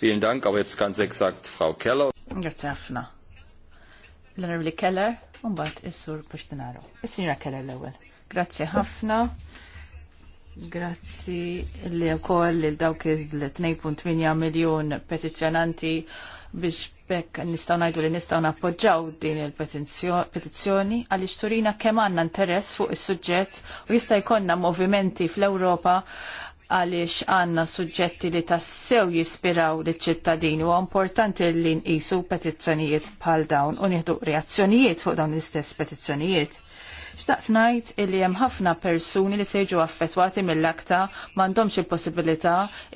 Speaker 3: Vielen Dank, auch jetzt ganz exakt Frau Keller.
Speaker 4: Grazie ħafna.
Speaker 1: L-Onorevoli Keller. Umbat, is-sur Puxtinaro. Is-sinjura Keller l-ewel. Grazzi ħafna. Grazzi li wkoll lil dawk il-2.8 miljon petizzjonanti biex bekk nistgħu ngħidu li nistgħu nappoġġaw din il-petizzjoni għaliex turina kemm għandna interess fuq is-suġġett u jista' jkollna movimenti fl-Ewropa għaliex għanna suġġetti li tassew jispiraw li ċittadini u importanti li nqisu petizzjonijiet bħal dawn u nieħdu reazzjonijiet fuq dawn l-istess petizzjonijiet. Xtaqt ngħid illi hemm ħafna persuni li se jiġu affettwati mill-akta m'għandhomx il-possibilità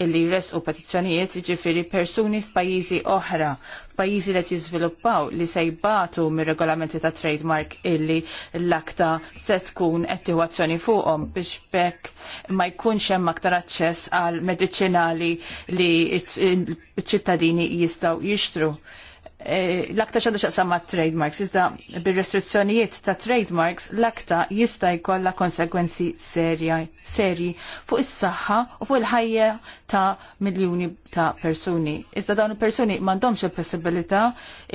Speaker 1: illi jresqu petizzjonijiet jiġifieri persuni f'pajjiżi oħra f'pajjiżi li jiżviluppaw li se jbatu mir-regolamenti ta' trademark illi l-akta se tkun qed tieħu fuqhom biex bekk ma jkunx hemm aktar aċċess għal mediċinali li ċ-ċittadini jistgħu jixtru. Eh, l aktar xandu xaqsam ma' trademarks, iżda bil-restrizzjonijiet ta' trademarks l aktar jista' jkollha konsekwenzi serji fuq is-saħħa u fuq il-ħajja ta' miljuni ta' persuni. Iżda dawn il-persuni m'għandhomx il-possibilità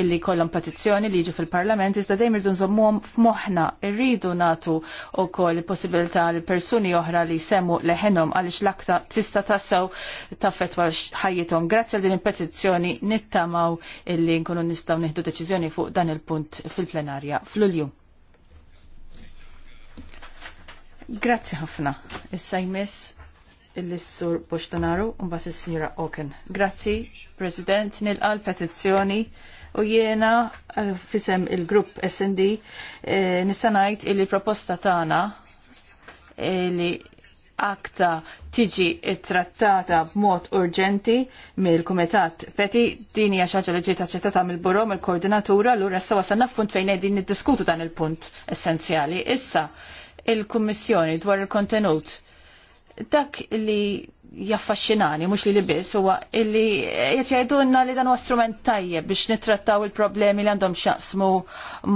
Speaker 1: illi jkollhom petizzjoni li jiġu fil-Parlament, iżda dejjem irdu nżommuhom f'moħħna, irridu nagħtu wkoll il-possibilità li persuni oħra li semmu leħenhom għaliex l aktar tista' tassew taffetwa ħajjithom. Grazzi għal din il-petizzjoni nittamaw illi nkunu nkunu nistgħu nieħdu deċiżjoni fuq dan il-punt fil-plenarja fl-ulju. Grazzi ħafna. Issa jmiss il lissur Bostonaru un bat il-sinjura Oken. Grazzi, President, nilqal petizzjoni u jiena eh, fisem il-grupp SD eh, nistanajt il-proposta tana li akta tiġi trattata b'mod urġenti mill-Kumitat Peti din hija xaġa li ġiet aċċettata mill-Buro mill-Koordinatura lura issa wasalna f'punt fejn qegħdin niddiskutu dan il-punt essenzjali. Issa il-Kummissjoni dwar il-kontenut dak li jaffaxxinani mhux li li biss huwa illi qed jgħidulna li dan huwa strument tajjeb biex nittrattaw il-problemi li għandhom x'jaqsmu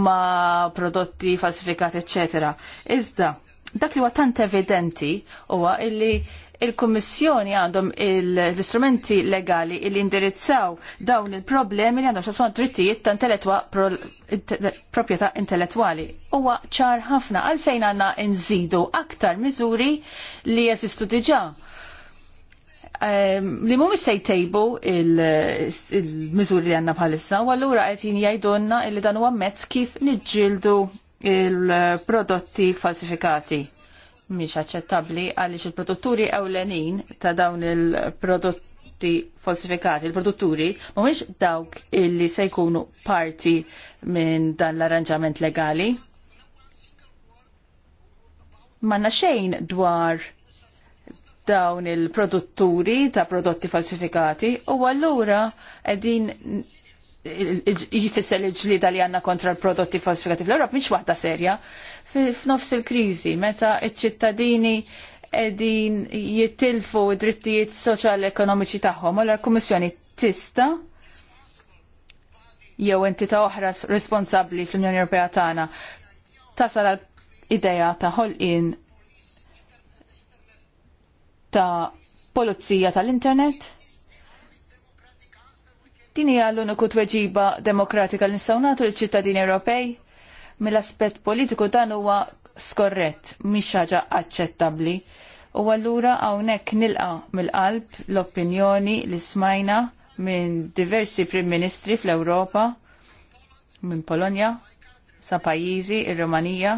Speaker 1: ma' prodotti falsifikati, eċċetera. Iżda, dak li huwa tant evidenti huwa illi il-Kummissjoni għandhom l-istrumenti legali li indirizzaw dawn il-problemi li għandhom xasma drittijiet ta' inteletwa proprjetà intellettwali. Huwa ċar ħafna għalfejn għandna nżidu aktar miżuri li jeżistu diġà. Ehm, li mhumiex se jtejbu il-miżuri li għandna bħalissa, u allura qed jgħidulna li dan huwa mezz kif niġġieldu il-prodotti falsifikati mhix aċċettabbli għaliex il-produtturi ewlenin ta' dawn il-prodotti falsifikati, il-produtturi mhumiex dawk illi se jkunu parti minn dan l-arranġament legali. Manna xejn dwar dawn il-produtturi ta' prodotti falsifikati u allura qegħdin jifisser il-ġlida li għanna kontra l-prodotti falsifikati fl-Europa miex waħda serja. F'nofs il-krizi, meta iċ-ċittadini edin jittilfu drittijiet soċjali ekonomiċi tagħhom, u l-Kummissjoni tista' jew entità oħra responsabbli fl-Unjoni Ewropea tagħna tasal idea ta' ħolqien ta' polizija tal-internet Din hija l-uniku tweġiba demokratika li nistgħu nagħtu ċittadini Ewropej mill-aspett politiku dan huwa skorrett, mhix ħaġa aċċettabbli. U allura hawnhekk nilqa mill-qalb l-opinjoni li smajna minn diversi prim ministri fl-Ewropa, minn Polonja, sa pajjiżi, ir-Romanija,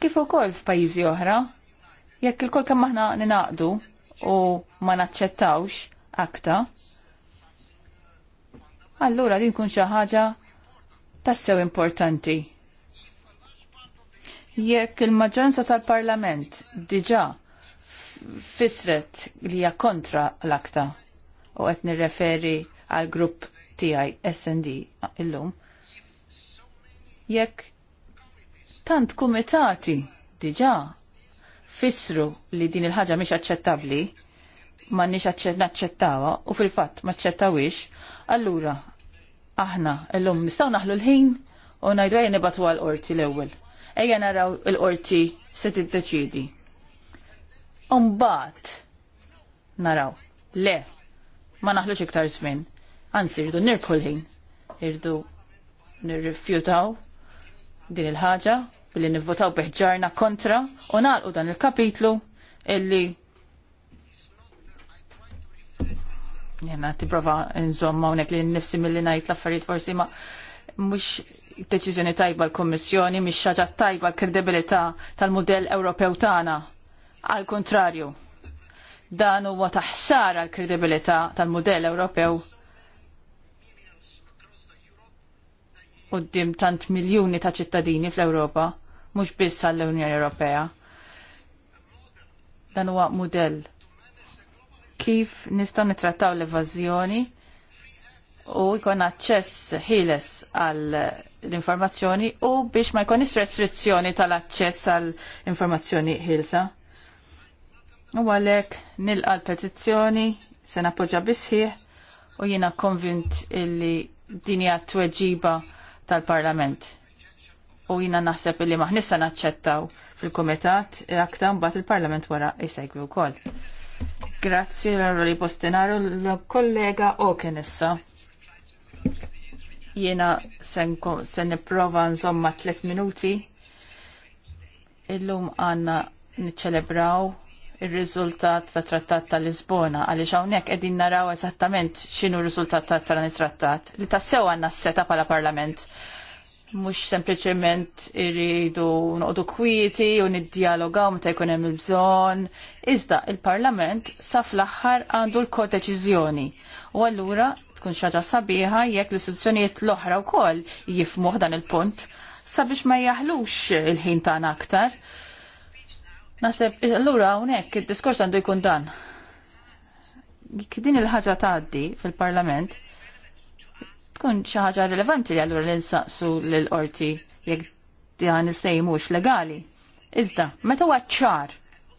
Speaker 1: kif ukoll f'pajjiżi oħra, jekk il-kol kemm aħna ninaqdu u ma naċċettawx akta, allura din kun xi ħaġa tassew importanti. Jekk il-maġġoranza tal-Parlament diġà fisret li hija kontra l-akta u qed nirreferi għal grupp tiegħi SD illum. Jekk tant kumitati diġà fisru li din il-ħaġa mhix aċċettabbli, ma nix naċċettawa u fil-fatt ma ċċettawix, Allura, aħna l-lum nistaw naħlu l-ħin u najdu għajja nibatu għal-qorti l-ewel. Ejja naraw l-qorti se deċidi Umbat, naraw, le, ma naħlux iktar żmien. Anzi, irdu nirkol ħin. Irdu nirrifjutaw din il-ħaġa billi nivvotaw biħġarna kontra u nalqu dan il-kapitlu illi Jena tiprofa nżomma unek li nifsi mill-li najt laffariet forsi ma mux deċizjoni tajba l-Kommissjoni, mux xaġa tajba l-kredibilità tal-modell Ewropew tagħna. Al kontrarju, dan huwa taħsara l-kredibilità tal-modell Ewropew qoddim tant miljuni ta' ċittadini fl-Ewropa, mhux biss għall unjoni Ewropea. Dan huwa mudell kif nistgħu nitrattaw l-evażjoni u jkun aċċess ħiles għal l-informazzjoni u biex ma jkunx restrizzjoni tal-aċċess għal informazzjoni ħilsa. U għalhekk nilqa l-petizzjoni se nappoġġa bisħieħ u jiena konvint illi din hija tweġiba tal-Parlament. U jiena naħseb illi maħnissa naċċettaw fil-Kumitat e aktar mbagħad il-Parlament wara jsegwi wkoll. Grazzi l-onorevoli Postenaro, l-kollega Okenessa. issa. Jena sen, sen niprofa nżomma tliet minuti. Illum għanna niċċelebraw il-riżultat ta' trattat ta' Lisbona, għaliex hawnhekk qegħdin naraw eżattament x'inhu r-riżultat ta' trattat li tassew għanna s-seta bħala parlament mhux sempliċement irridu noqdu kwieti u niddialogaw meta jkun hemm il-bżonn. Iżda il-Parlament sa fl-aħħar għandu l-kodeċiżjoni. U allura tkun xaġa sabiħa jekk l-istituzzjonijiet l-oħra wkoll jifmuh dan il-punt sabiex ma jaħlux il-ħin tagħna aktar. Naseb, allura hawnhekk id-diskors għandu jkun dan. Din il-ħaġa tgħaddi fil-Parlament, tkun xi ħaġa rilevanti li allura li nsaqsu lill-qorti jekk dan il-ftehim mhux legali. Iżda, meta huwa ċar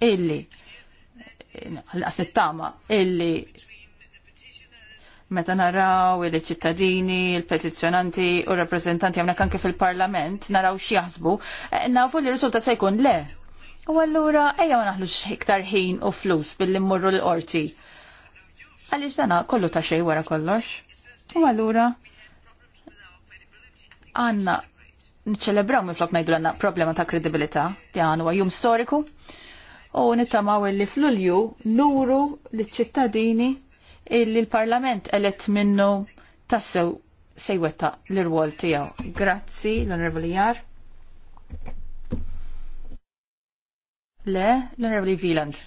Speaker 1: illi għal-qas it-tama illi meta naraw il-ċittadini, il-petizjonanti u rappresentanti għamna kanke fil-parlament, naraw xieħsbu, eh, nafu li risultat se jkun le. U għallura, ejja ma naħlux iktar ħin u flus billi mmurru l-qorti. Għalix dana kollu ta' xej wara kollox. U għallura, għanna niċċelebraw minn flok najdu għanna problema ta' kredibilità di għan huwa jum storiku u nittamaw li fl-ulju nuru l-ċittadini illi l-parlament għalet minnu tassew sejweta l-irwol tijaw. Grazzi, l-onorevoli Jar. Le, l-onorevoli Wieland.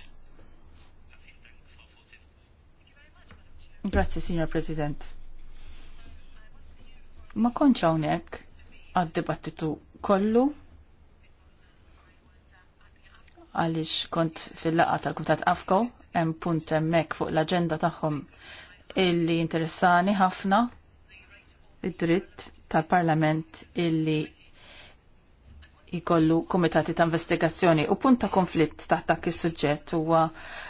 Speaker 1: Grazzi, signor President ma konċ hawnhekk għad-dibattitu kollu għaliex kont fil-laqa tal kutat Afko hemm punt hemmhekk fuq l-aġenda tagħhom illi interessani ħafna id-dritt tal-Parlament illi jkollu komitati ta' investigazzjoni u punt ta' konflitt ta' dak is-suġġett huwa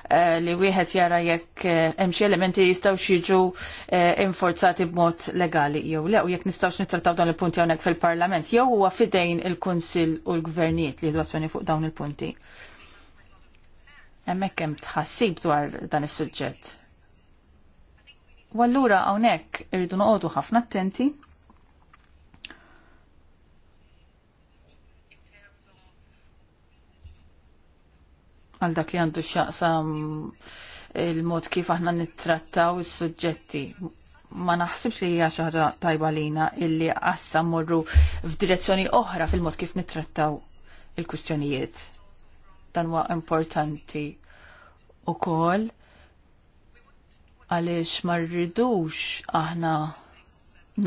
Speaker 1: eh, li wieħed jara jekk eh, hemm xi elementi jistgħu jiġu eh, inforzati b'mod legali jew le u jekk nistgħux nittrattaw dawn il-punti hawnhekk fil-Parlament jew huwa fidejn il-Kunsill u l-Gvernijiet li jidwazzjoni fuq dawn il-punti. Hemmhekk hemm tħassib dwar dan is-suġġett. U allura hawnhekk irridu noqogħdu ħafna attenti għal dak li għandu xaqsam il-mod kif aħna nittrattaw is-suġġetti. Ma naħsibx li hija xi ħaġa tajba lina illi qassa morru f'direzzjoni oħra fil-mod kif nittrattaw il-kwistjonijiet. Dan huwa importanti ukoll għaliex ma rridux aħna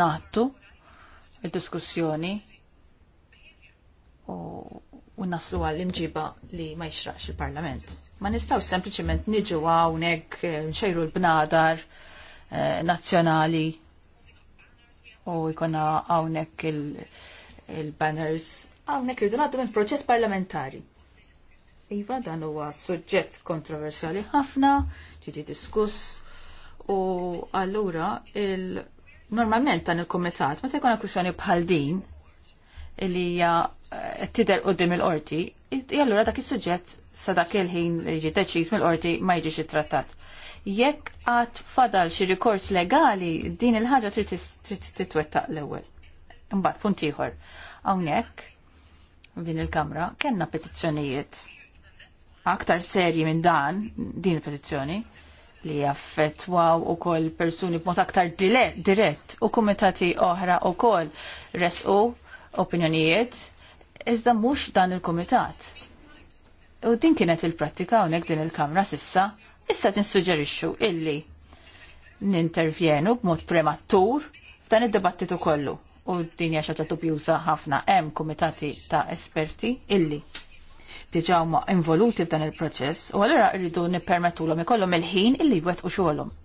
Speaker 1: nattu id-diskussjoni u u naslu għal imġiba li ma jxraqx il-parlament. Ma nistaw sempliciment niġu għawnek eh, nxajru l-bnadar eh, nazjonali u jkonna għawnek il-banners il għawnek irridu naddu minn proċess parlamentari. Iva dan huwa suġġett kontroversjali ħafna, ġiġi diskuss u allura il Normalment dan il-komitat, meta jkun kwistjoni bħal din, li hija eh, tidher qudiem il-qorti, allura dak is-suġġett sa dak il-ħin li jiġi deċiż mill-qorti ma jiġix it-trattat. Jekk għad fadal xi rikors legali, din il-ħaġa trid titwettaq l-ewwel. Imbagħad punt ieħor. Hawnhekk din il-Kamra kellna petizzjonijiet aktar serji minn dan din il-petizzjoni li jaffetwaw u koll persuni b'mod aktar dirett u kumitati oħra u koll resqu opinjonijiet, iżda mhux dan il-kumitat. U din kienet il-prattika hawnhekk din il-kamra sissa, issa tinsuġġerixxu illi nintervjenu b'mod prematur f'dan id-dibattitu kollu. U din hija ta' dubjuża ħafna hemm kumitati ta' esperti illi diġa huma involuti f'dan il-proċess u allura rridu nippermettulhom ikollhom il-ħin illi jwettqu xogħolhom.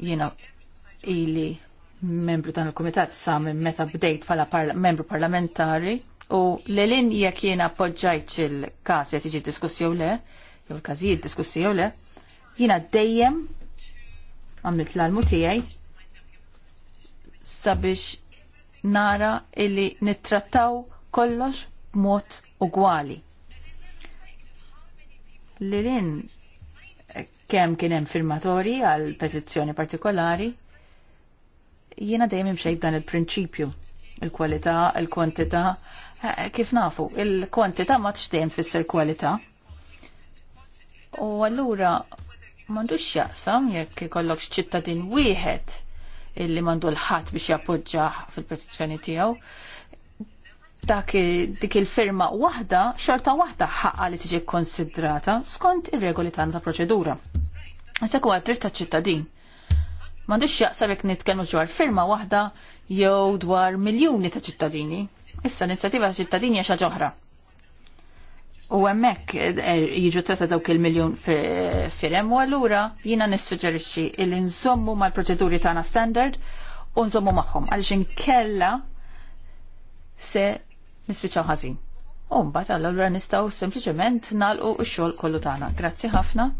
Speaker 1: Jiena ili membru dan il-Kumitat sa minn meta bdejt bħala parla membru parlamentari u l-elin jekk jena appoġġajt il-każ qed jiġi diskussi jew le, jew il-każijiet diskussi jew le, jiena dejjem għamilt l-almu tiegħi sabiex nara illi nittrattaw kollox b'mod ugwali. L-elin kemm kien hemm firmatori għal petizzjoni partikolari, Jiena dejjem imxej dan il-prinċipju, il-kwalità, il-kwantità, eh, eh, kif nafu, il-kwantità ma tixtejn tfisser kwalità. U allura m'għandux jaqsam jekk ikollokx ċittadin wieħed illi mandu l-ħadd biex jappoġġaħ fil-petizzjoni tiegħu dak dik il-firma waħda, xorta waħda ħaqqa li tiġi konsidrata skont ir-regoli tagħna ta' proċedura. Għasek huwa dritt ta' ċittadin M'għandux jaqsam jek nitkellmu dwar firma waħda jew dwar miljuni ta' ċittadini. Issa l-inizjattiva ta' ċittadini hija xi U hemmhekk eh, jiġu tratta dawk il-miljun firem u allura jiena nissuġġerixxi li nżommu mal-proċeduri tagħna standard u nżommu magħhom għaliex inkella se nispiċċaw ħażin. U mbagħad allura nistgħu sempliċement nagħlqu x-xogħol kollu tagħna. Grazzi ħafna.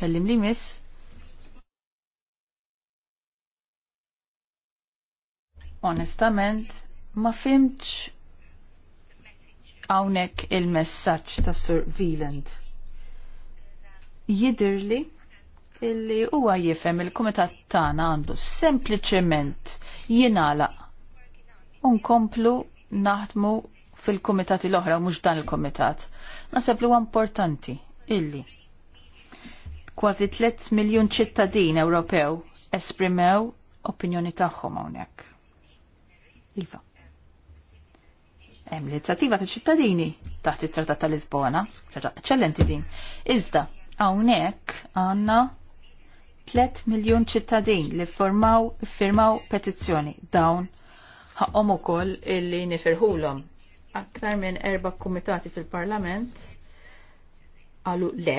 Speaker 1: Kellim li miss. Onestament, ma fimx hawnhekk il-messaġġ ta' Sur Wieland. Jidirli illi huwa jifhem il-kumitat tagħna għandu sempliċement jingħalaq u nkomplu naħdmu fil-kumitati l-oħra u mhux dan il-kumitat. Naseb li huwa importanti illi kważi 3 miljun ċittadin Ewropew esprimew opinjoni tagħhom hawnhekk. Iva. Hemm l-inizjattiva ta' ċittadini taħt it-Trattat ta' Lisbona, ċaġa eċċellenti din. Iżda hawnhekk għandna 3 miljun ċittadin li formaw firmaw petizzjoni dawn ħaqhom ukoll illi nifirħulhom. Aktar minn erba' kumitati fil-Parlament qalu le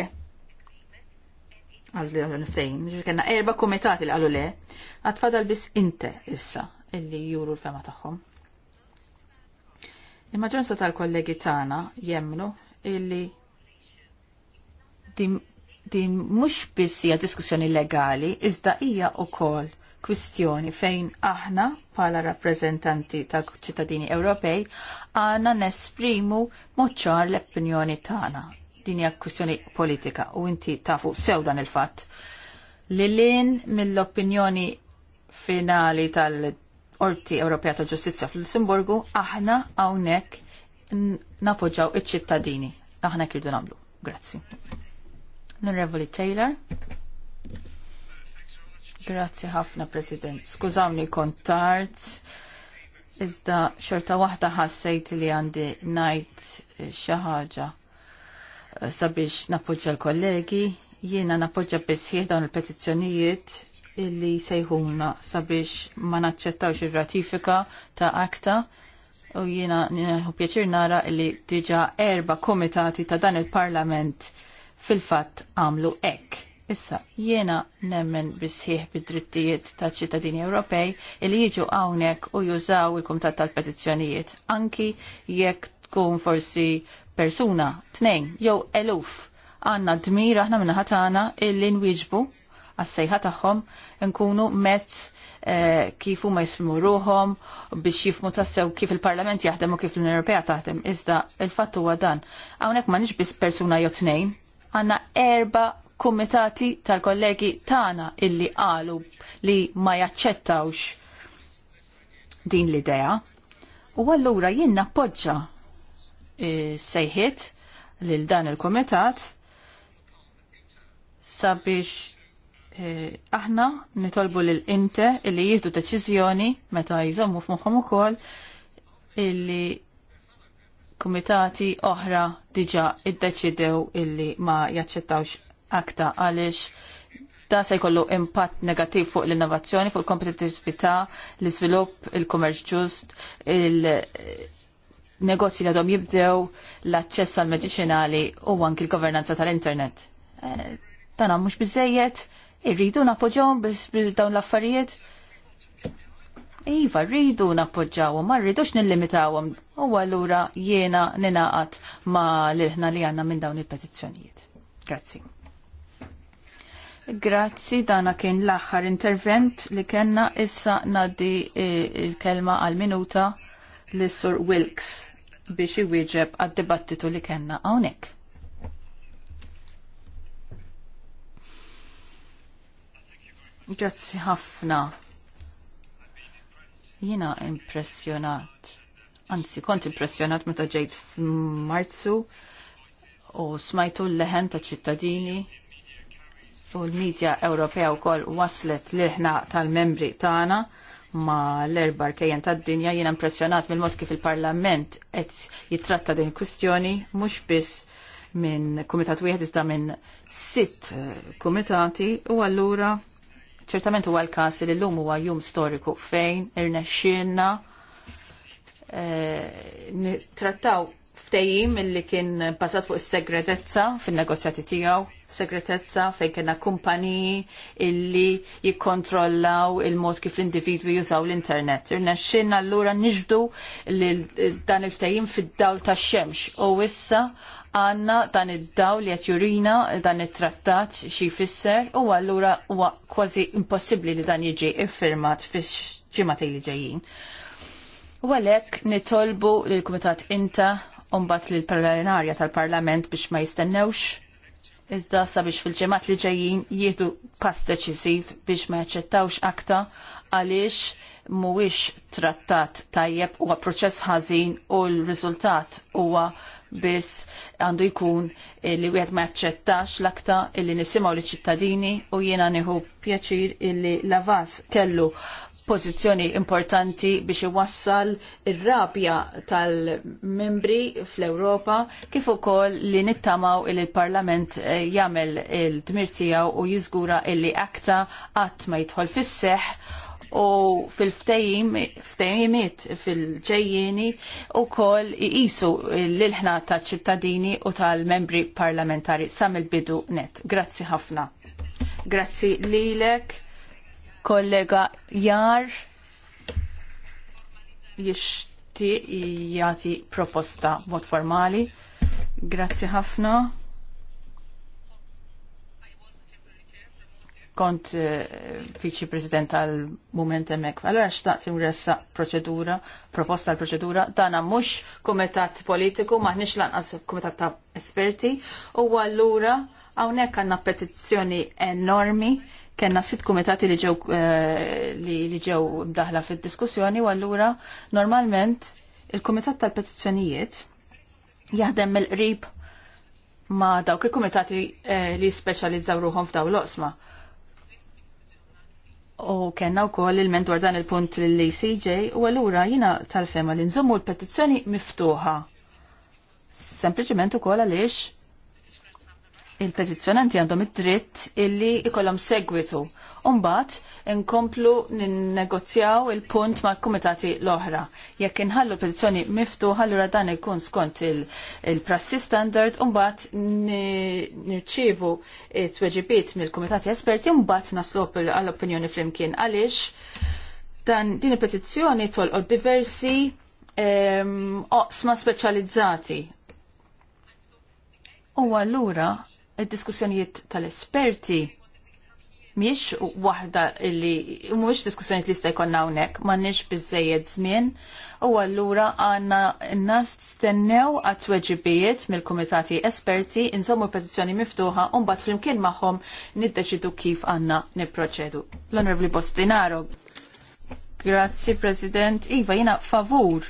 Speaker 1: għal niftejn, kena erba komitati li għalu le, għatfadal bis inte issa illi juru l-fema tagħhom. Il-maġġoranza tal-kollegi tagħna jemnu illi din, mux mhux biss hija diskussjoni legali, iżda hija wkoll kwistjoni fejn aħna bħala rappreżentanti ta' ċittadini Ewropej għana nesprimu moċar l-opinjoni tagħna. Din hija kwistjoni politika u inti tafu sew dan il-fatt. Lilin mill-opinjoni finali tal- Orti Ewropea ta' Ġustizzja fl lussemburgu aħna hawnhekk napoġġaw iċ-ċittadini. Aħna kirdu nagħmlu. Grazzi. l Taylor. Grazzi ħafna, President. Skużawni kontart. Iżda xorta waħda ħassejt li għandi ngħid xi ħaġa eh, sabiex napoġġa l-kollegi. Jiena napoġġa biss dawn il-petizzjonijiet illi sejħuna sabiex ma naċċettawx ir-ratifika ta' akta u jiena nieħu pjaċir nara illi diġa erba komitati ta' dan il-Parlament fil-fatt għamlu hekk. Issa, jiena nemmen bisħieħ bid-drittijiet ta' ċittadini Ewropej li jiġu hawnhekk u jużaw il komitat tal-Petizzjonijiet, anki jekk tkun forsi persuna, tnejn, jew eluf. Għanna dmir aħna minna ħatana illi nwieġbu għas-sejħa tagħhom nkunu mezz eh, kif huma jisfmu ruhom biex jifmu tassew kif il-Parlament jaħdem u kif l-Unjoni Ewropea taħdem. Iżda il-fatt huwa dan. Hawnhekk m'għandix biss persuna jew tnejn, għandna erba' kumitati tal-kollegi tagħna illi qalu li ma jaċċettawx din l-idea. U allura jien nappoġġa eh, sejħiet lil dan il-kumitat sabiex Eh, aħna nitolbu lil inte illi jieħdu deċiżjoni meta jżommu f'moħħhom ukoll illi kumitati oħra diġa iddeċidew illi ma jaċċettawx akta għaliex da se jkollu impatt negattiv fuq l-innovazzjoni, fuq il-kompetitività, l-iżvilupp, il-kummerċ ġust, il-negozji li għadhom jibdew, l-aċċess għal mediċinali u anki l-governanza tal-internet. Eh, tana mhux biżejjed Irridu napoġaw biex dawn l-affarijiet? Iva, rridu napoġaw, ma rridux nillimitawhom. U allura jiena ninaqat ma l-ħna li għandna minn dawn il-petizzjonijiet. Grazzi. Grazzi, dana kien l-aħħar intervent li kellna issa naddi eh, il-kelma għal-minuta l-sur Wilkes biex iwieġeb għad-dibattitu li kellna hawnhekk. Grazzi ħafna. Jina impressjonat. Anzi, kont impressjonat meta ġejt f'Marzu u smajtu l-leħen ta' ċittadini u l-medja Ewropea wkoll waslet l-ħna tal-membri tagħna ma l-erba kejjen tad dinja jiena impressjonat mill-mod kif il-Parlament qed jitratta din kwistjoni mhux biss minn kumitat wieħed iżda minn sitt eh, kumitati u allura ċertament huwa l-każ li llum huwa jum storiku fejn irnexxielna eh, trattaw ftejim illi kien passat fuq is-segretezza fin-negozjati tiegħu, segretezza fejn kienna kumpaniji illi jikkontrollaw il-mod kif l-individwi jużaw l-internet. Irnexxinna allura niġdu dan il-ftejim fid-dawl tax-xemx u issa għanna dan id-daw li qed jurina dan it-trattat xi jfisser u allura huwa kważi impossibbli li dan jiġi iffirmat fix-ġimgħatej li ġejjin. U għalhekk nitolbu lill kumitat Inta u mbagħad lill plenarja tal-Parlament biex ma jistennewx iżda sabiex fil-ġemat li ġejjin jieħdu pass deċisiv biex ma jaċċettawx akta għaliex mhuwiex trattat tajjeb huwa proċess ħażin u l-riżultat huwa biss għandu jkun li wieħed ma jaċċettax l-akta illi nisimgħu li ċittadini u jiena nieħu pjaċir illi Lavas kellu pożizzjoni importanti biex iwassal ir-rabja tal-membri fl-Ewropa kif ukoll li nittamaw il parlament eh, jagħmel il-dmir tiegħu u jiżgura illi akta qatt ma jidħol fis-seħħ u fil-ftejimiet fil ġejjeni u kol jisu l-ilħna ta' ċittadini u tal-membri parlamentari sam il-bidu net. Grazzi ħafna. Grazzi lilek, kollega Jar, jixti jati proposta mod formali. Grazzi ħafna. kont eh, viċi president tal mument Mek, Allora xtaqt imressa proċedura, proposta l-proċedura, dana mux komitat politiku, maħnix lanqas komitat ta' esperti, u għallura għawnek għanna petizzjoni enormi, kena sitt komitati li ġew eh, li ġew daħla fil-diskussjoni, u għallura normalment il-komitat tal-petizzjonijiet jaħdem mill-qrib ma dawk il-komitati eh, li speċalizzaw ruħom f'daw l-osma. U kena u koll il mentor dan il-punt l acj u għallura jina tal-fema li nżommu l-petizzjoni miftuħa. Sempliciment u koll għalix il-petizzjonanti għandhom id-dritt illi ikollhom segwitu. Umbat, inkomplu ninnegozjaw il-punt ma' kumitati l-oħra. Jekk inħallu petizzjoni miftu, allura dan ikun skont il-prassi standard, umbat nirċivu t-tweġibiet mill-kumitati esperti, umbat naslu għall-opinjoni flimkien għaliex. Dan din il-petizzjoni tolqod diversi ehm, oqsma speċjalizzati. U allura diskussjonijiet tal-esperti miex waħda li mhux diskussjonijiet li sta jkollna hawnhekk m'għandniex biżejjed żmien u allura għandna n-nas stennew għat tweġibijiet mill-kumitati esperti insommu petizzjoni miftuħa u mbagħad flimkien magħhom niddeċidu kif għandna nipproċedu. L-Onorevoli Bostinaro. Grazzi President. Iva, jina favur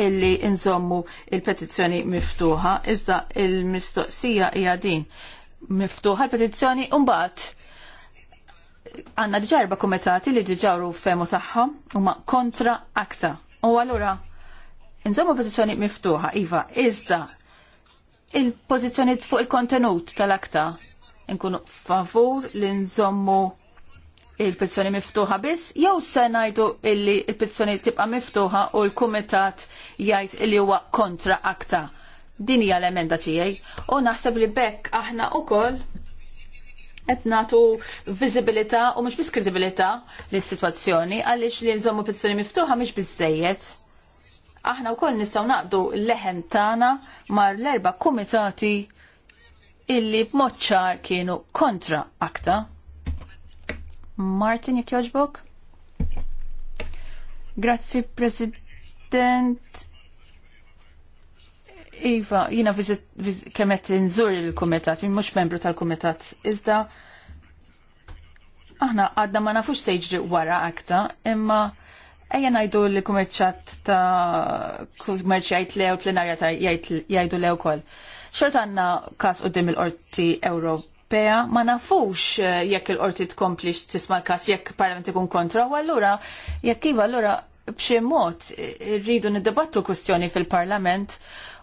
Speaker 1: illi nżommu il-petizzjoni miftuħa, iżda il-mistoqsija hija din miftuħa l-petizzjoni mbagħad għandna diġà erba' kumitati li diġà femu tagħhom huma kontra akta. U allura nżommu pozizjoni miftuħa, Iva, iżda il-pozizjoni fuq il-kontenut tal-akta nkunu favur li nżommu il-pozizjoni miftuħa biss, jew se ngħidu illi il-pozizjoni tibqa' miftuħa u l-kumitat jgħid li huwa kontra akta. Din hija l-emenda tiegħi u naħseb li bekk aħna ukoll qed nagħtu viżibilità u mhux biss kredibilità lis-sitwazzjoni għaliex li nżommu petizzjoni miftuħa mhix biżejjed. Aħna wkoll nistgħu naqdu l-leħen tagħna mar l-erba' kumitati illi b'mod ċar kienu kontra akta. Martin jekk joġbok? Grazzi President Iva, jina kemet nżur il-komitat, minn mux membru tal-komitat, iżda aħna għadna ma nafux sejġri wara akta, imma ejja najdu li kummerċat ta' kummerċ jajt lew, plenarja ta' jajdu lew kol. Xort għanna kas u dim il-orti Ewropea, ma nafux eh, jekk il-orti tkomplix tisma kas jekk parlament ikun kontra, u allura jekk iva allura b'xi mod rridu niddebattu kustjoni fil-parlament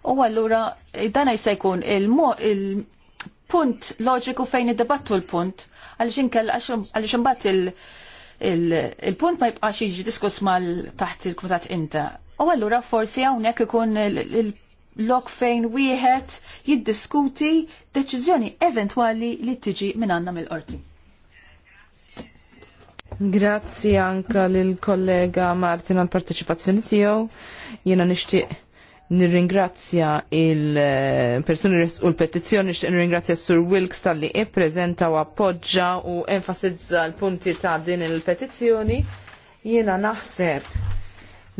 Speaker 1: U allura dan jista' jkun il-punt loġiku fejn iddibattu l-punt għaliex inkell għaliex imbagħad il-punt ma jibqax jiġi diskuss mal taħt il-kumitat inta. U allura forsi hawnhekk ikun il- lok fejn wieħed jiddiskuti deċiżjoni eventwali li tiġi minn għandna mill-qorti.
Speaker 2: Grazzi anka lil kollega Martin għal partecipazzjoni tiegħu. Jiena nixtieq nirringrazzja il-persuni u l-petizzjoni, nirringrazzja Sur Wilks tal-li ippreżenta u appoġġa u enfasizza l-punti ta' din il-petizzjoni. Jiena naħseb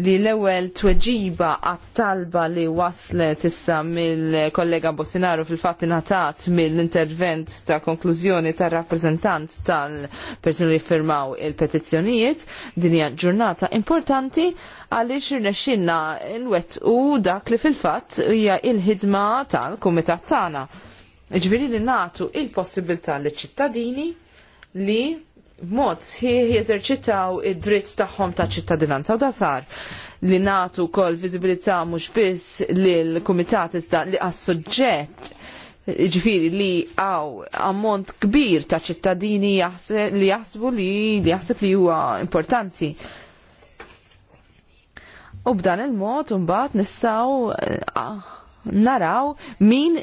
Speaker 2: li l-ewel tweġiba għat-talba li waslet issa mill-kollega Bossinaru fil-fatti natat mill-intervent ta' konklużjoni ta' rappresentant tal-persuni li firmaw il-petizzjonijiet, dinja ġurnata importanti għaliex irnexxinna nwettqu dak li fil-fatt hija il-ħidma tal-kumitat tagħna. Ġifieri li nagħtu il-possibilità liċ-ċittadini li b'mod sħiħ jeżerċitaw id-dritt tagħhom ta' ċittadinanza u da sar li nagħtu wkoll viżibilità mhux biss lill kumitat iżda li għas-suġġett ġifiri li għaw ammont kbir ta' ċittadini li jaħsbu li jaħseb li huwa importanti. U b'dan il-mod mbagħad nistgħu eh, naraw min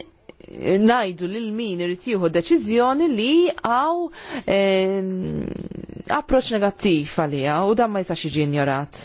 Speaker 2: najdu lil min irid jieħu deċiżjoni li għaw eh, approċ negattiv għalija u dan ma jistax jiġi ignorat.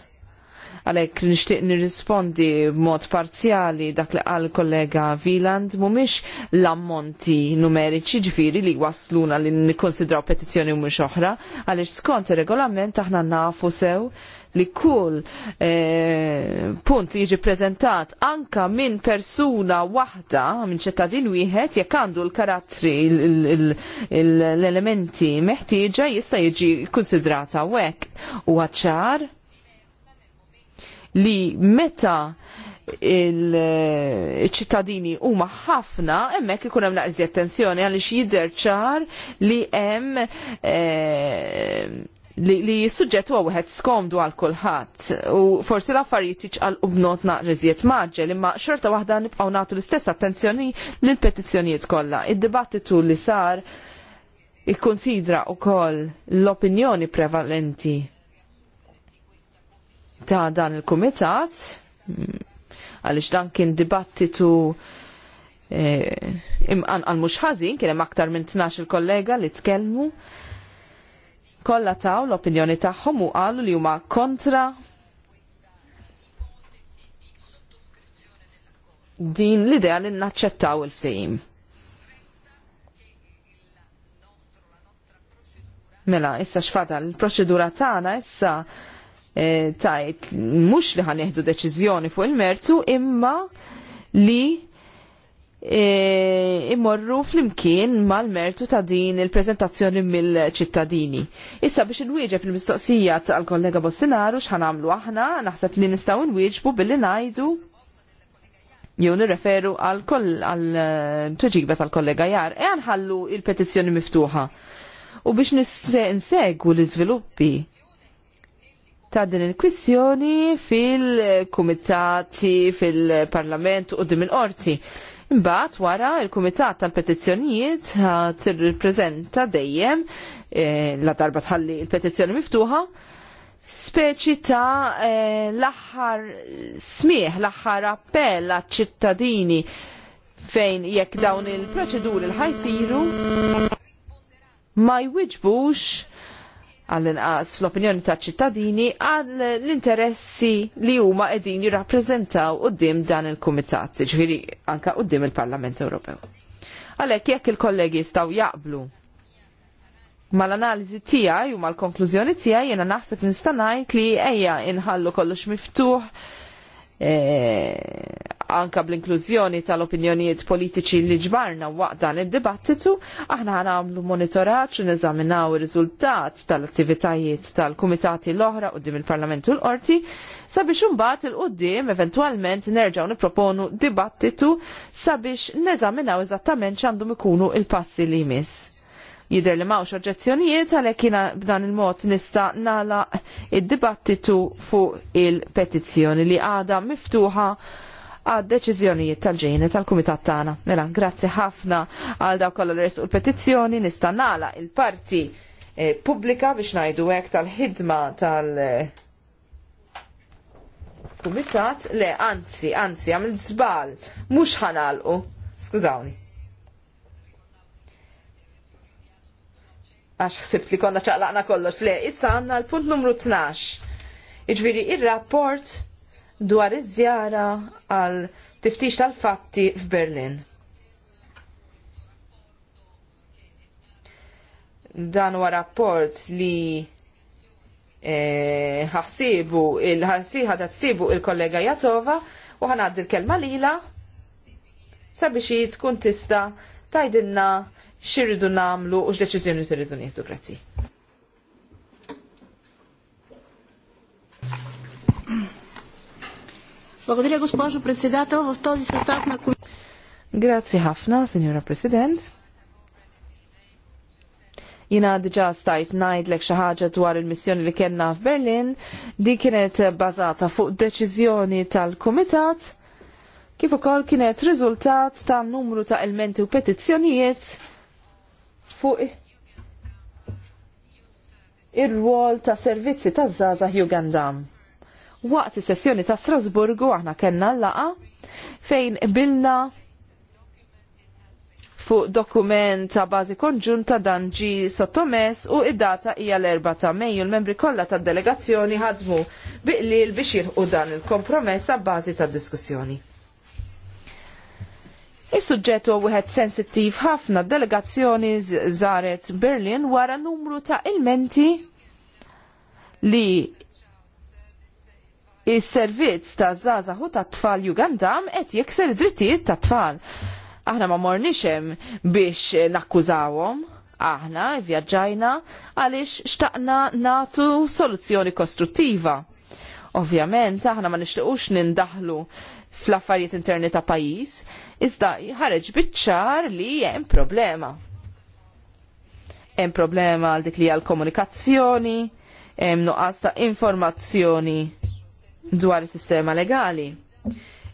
Speaker 2: Għalhekk nixtieq nirrispondi b'mod parzjali dak li qal kollega Viland mhumiex l-ammonti numeriċi ġifieri li wasluna li nikkonsidraw petizzjoni mhumiex oħra, għaliex skont ir-regolament aħna nafu sew li kull eh, punt li jiġi prezentat anka minn persuna waħda, minn ċittadin wieħed, jekk għandu l-karattri l-elementi meħtieġa jista' jiġi konsidrata hekk. U ċar li meta il-ċittadini huma ħafna, hemmhekk ikun hemm naqriżi attenzjoni għaliex jidher ċar li hemm eh, li, li suġġett huwa wieħed skomdu għal kulħadd u forsi l-affarijiet jiġqal u bnot naqriżiet maġġel imma xorta waħda nibqgħu nagħtu l-istess attenzjoni lill petizzjonijiet kollha. Id-dibattitu li sar ikkunsidra wkoll l-opinjoni prevalenti ta' dan il-kumitat mm, għaliex dan kien dibattitu eh, imqan għal mhux ħażin kien hemm aktar minn tnax il kollega li tkellmu kollha taw l-opinjoni tagħhom u qalu li huma kontra din l-idea li naċċettaw il-ftehim. Mela, issa xfata, l-proċedura tagħna issa eh, tajt mhux li ħanieħdu deċiżjoni fuq il-merzu imma li E, imorru fl-imkien mal-mertu ta' din il-prezentazzjoni mill-ċittadini. Issa biex nwieġeb il-mistoqsija tal-kollega Bostinaru xħanamlu aħna, naħseb li nistaw nwieġbu billi najdu jew nirreferu għal eh, tweġiba tal-kollega jar, e għanħallu il-petizzjoni miftuħa. U biex nsegwu l-iżviluppi ta' din il-kwissjoni fil-kumitati, fil-parlament u dim il-qorti Imbagħad wara il-Kumitat tal-Petizzjonijiet tirrippreżenta dejjem eh, la darba tħalli il-petizzjoni miftuħa speċi ta' eh, l-aħħar smieħ, l-aħħar appell għat-ċittadini fejn jekk dawn il-proċeduri l-ħajsiru ma jwiġbux għall-inqas fl-opinjoni ta' ċittadini għal l-interessi li huma qegħdin jirrappreżentaw quddiem dan il-kumitat, anka anke quddiem il-Parlament Ewropew. Għalhekk jekk il-kollegi jistgħu jaqblu mal-analiżi tiegħi u mal-konklużjoni tiegħi jiena naħseb nista' ngħid li ejja inħallu kollox miftuħ eh, anka bl-inklużjoni tal-opinjonijiet politiċi li ġbarna waqt dan id-dibattitu, aħna għamlu monitoraċ u neżaminaw ir-riżultat tal-attivitajiet tal-kumitati l-oħra dim il-Parlament u l-Qorti sabiex imbagħad il qudiem eventwalment nerġgħu nipproponu dibattitu sabiex neżaminaw eżattament x'għandhom ikunu il-passi li jmiss. Jidher li mawx oġġezzjonijiet għalhekk jiena b'dan il-mod nista' nagħlaq id-dibattitu fuq il-petizzjoni li għadha miftuħa għad deċiżjonijiet tal-ġejni tal-Kumitat tagħna. Mela, grazzi ħafna għal dawk kollha l u l-petizzjoni nista' nagħlaq il-parti eh, pubblika biex ngħidu hekk tal-ħidma tal-, Kumitat le anzi, anzi, għamil żball, mhux ħanalqu. Skużawni. Għax ħsibt li konna ċaqlaqna kollox, le, issa għandna l-punt numru 12. Iġviri, r rapport dwar iż-żjara għal tiftix tal-fatti f'Berlin. Dan huwa rapport li eh, ħassibu e, il-ħassiħa ta' tsibu il-kollega Jatova u ħanaddi l-kelma lila sabiex tkun tista' tajdilna xirridu namlu u x'deċiżjoni irridu nieħdu. Grazzi. Grazie ħafna, Signora President. Jina diġa stajt najdlek xaħġa dwar il-missjoni li kellna f'Berlin, di kienet bazata fuq deċiżjoni tal-Kumitat, kif ukoll kienet riżultat ta' numru ta' elmenti u petizzjonijiet fuq ir-rwol ta' servizzi ta' Zaza Jugandam waqt is-sessjoni ta' Strasburgu aħna kellna laqa fejn bilna fuq dokument ta' bażi konġunta dan ġi sottomess u id-data hija l-4 ta' Mejju l-membri kollha tad-delegazzjoni ħadmu biqlil biex jilħu dan il-kompromess ta' bażi tad-diskussjoni. Is-suġġett huwa wieħed sensittiv ħafna delegazzjoni żaret Berlin wara numru ta' ilmenti li is-servizz ta' żgħażagħ u ta' tfal Jugandam qed jekser drittijiet ta' tfal. Aħna ma morniex hemm biex nakkużawhom, aħna vjaġġajna għaliex xtaqna natu soluzzjoni kostruttiva. Ovvjament, aħna ma nixtiequx nindaħlu fl-affarijiet interni ta' pajjiż, iżda ħareġ biċ-ċar li hemm problema. Hemm problema għal dik li għal komunikazzjoni hemm nuqqas ta' informazzjoni dwar is-sistema legali.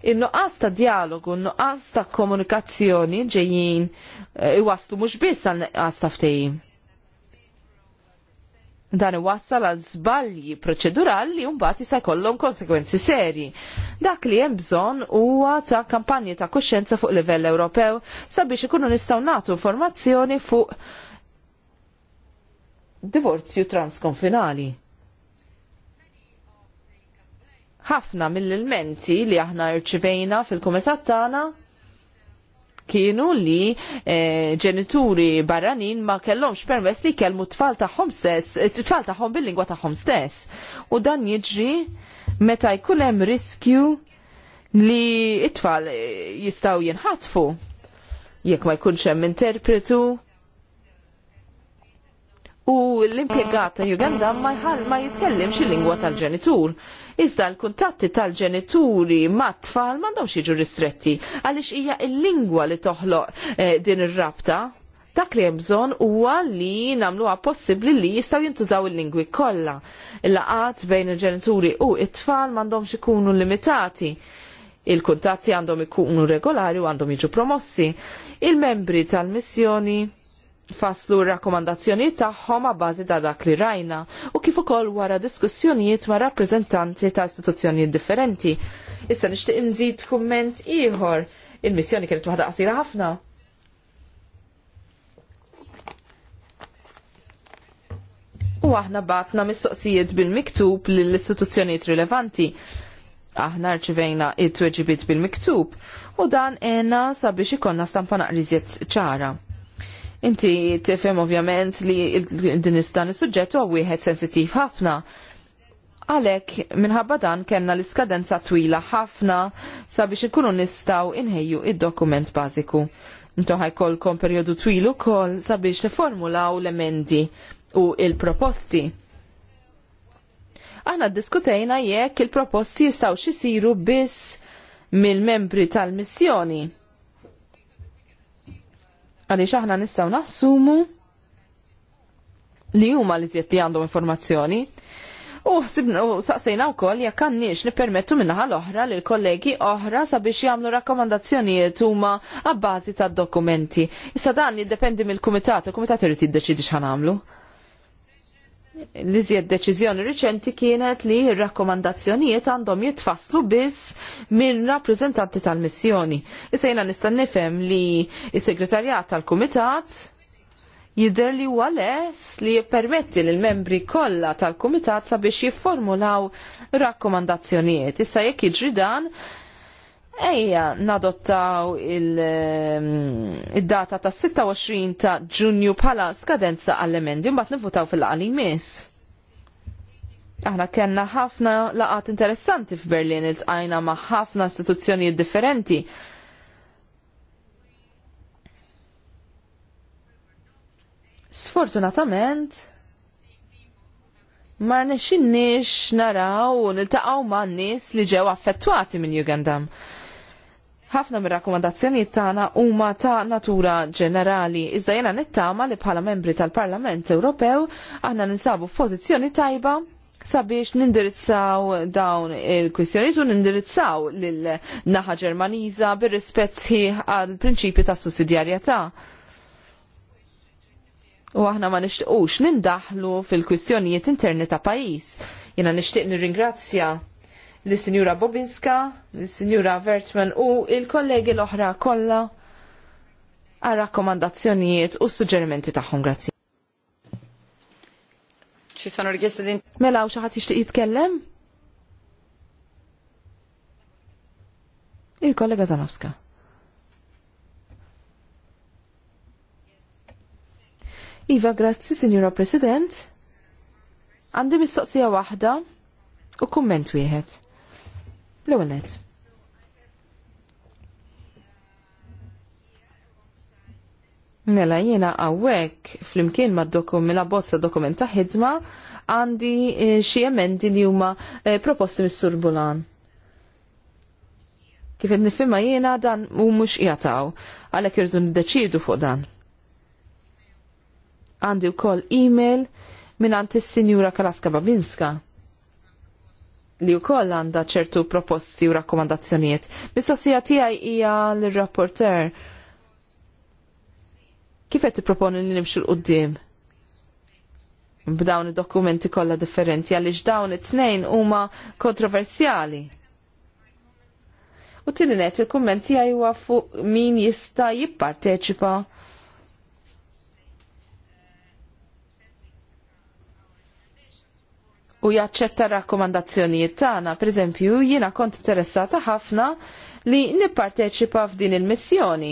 Speaker 2: In-nuqqas ta' dialogu, in-nuqqas ta' komunikazzjoni ġejjin eh, iwaslu mhux biss għal nuqqas ta' ftehim. Dan iwassal għal żbalji proċedurali u mbagħad jista' jkollhom konsekwenzi serji. Dak li hemm bżonn huwa ta' kampanji ta' kuxjenza fuq livell Ewropew sabiex ikunu nistgħu nagħtu informazzjoni fuq divorzju transkonfinali ħafna mill ilmenti li aħna rċivejna fil-kumitat tagħna kienu li eh, ġenituri barranin ma kellhomx permess li kellmu tfal tagħhom stess, eh, tfal tagħhom bil-lingwa tagħhom stess. U dan jiġri meta jkun hemm riskju li it-tfal eh, jistgħu jinħatfu jekk ma jkunx hemm interpretu. U l-impjegata ta' ma, ma jitkellimx il-lingwa tal-ġenitur. Iżda l-kuntatti tal-ġenituri mat-tfal m'għandhomx jiġu ristretti għaliex hija il lingwa li toħloq eh, din ir-rabta. Dak li hemm bżonn huwa li nagħmluha possibbli li jistgħu jintużaw il-lingwi kollha. Il-laqat bejn il-ġenituri u t tfal m'għandhomx ikunu limitati il-kuntatti għandhom ikunu regolari u għandhom jiġu promossi. Il-membri tal-missjoni faslu rakkomandazzjoni tagħhom ma' bażi ta' dak li rajna u kif ukoll wara diskussjonijiet ma' rappreżentanti ta' istituzzjonijiet differenti. Issa nixtieq inżid kumment ieħor. Il-missjoni kienet waħda qasira ħafna. U aħna batna mistoqsijiet bil-miktub lill-istituzzjonijiet rilevanti aħna rċivejna it-tweġibiet bil-miktub u dan għena sabiex ikonna stampa naqriżiet ċara. Inti tifhem ovvjament li din istan is-suġġett huwa wieħed sensittiv ħafna. Għalhekk minħabba dan kellna l-iskadenza twila ħafna sabiex ikunu nistgħu inħejju id-dokument bażiku. Intom ħajkolkom perjodu twil ukoll sabiex tiformulaw l-emendi u il-proposti. Aħna diskutejna jekk il-proposti jistgħu xisiru biss mill-membri tal-missjoni għaliex aħna nistgħu naħsumu li huma li zjetti għandhom informazzjoni. U saqsejna u koll jek għannix nipermettu minnaħa l-oħra li l-kollegi oħra sabiex jagħmlu rakkomandazzjonijiet huma għabbażi ta' dokumenti. Issa dan jiddependi mill-kumitat, il-kumitat irid jiddeċidi x'ħan għamlu l-iżjed deċiżjoni riċenti kienet li r-rakkomandazzjonijiet għandhom jitfasslu biss minn rappreżentanti tal-missjoni. Issa nista' nifhem li s-segretarjat tal-kumitat jidher li huwa les li jippermetti lill membri kollha tal-kumitat sabiex jifformulaw rakkomandazzjonijiet. Issa jekk jiġri dan, Ejja, nadottaw il-data il ehm, ta' 26 ta' ġunju bħala skadenza għall-emendi, mbagħad nifutaw fil-qali mis. Aħna kellna ħafna laqat interessanti f'Berlin il-tqajna ma' ħafna istituzzjonijiet differenti. Sfortunatament, ma nix naraw u niltaqgħu ma' nies li ġew affettwati minn Jugendam ħafna mir rakkomandazzjonijiet tagħna huma ta' natura ġenerali. Iżda jiena nittama li bħala membri tal-Parlament Ewropew aħna ninsabu f'pożizzjoni tajba sabiex nindirizzaw dawn il-kwistjoniet u nindirizzaw lil naħa Ġermaniża bir-rispett sħiħ għal prinċipju ta' sussidjarjetà. U aħna ma nixtiequx nindaħlu fil-kwistjonijiet interni ta' pajjiż. Jiena nixtieq nirringrazzja l-Sinjura Bobinska, l-Sinjura Vertman u il-kollegi l-oħra kollha għal rakkomandazzjonijiet u suġġerimenti tagħhom grazzi.
Speaker 1: Ci sono richieste di...
Speaker 2: Mela, u xaħat jishtiq jitkellem? Il-kollega Zanowska. Iva, grazzi, Signora President. Għandi mistoqsija waħda u kumment wieħed. L-għonet. Mela jena għawek fl-imkien ma' dokum, la bozza ta' ħidma għandi eh, xie emendi li huma eh, proposti mis-sur Bulan kif qed nifhimha jiena dan u mhux jataw għalhekk irdu niddeċiedu fuq dan. Għandi wkoll email minn għand is-Sinjura Kalaska Babinska li wkoll għandha ċertu proposti u rakkomandazzjonijiet. Mistoqsija tiegħi hija lir-rapporter. Kif qed tipproponi li nimxu l-qudiem? B'dawn id-dokumenti kollha differenti għaliex dawn it-tnejn huma kontroversjali. U tieni il-kummenti huwa fuq min jista' jipparteċipa u jaċċetta r rakkomandazzjonijiet tagħna. Pereżempju, jiena kont interessata ħafna li nipparteċipa f'din il-missjoni.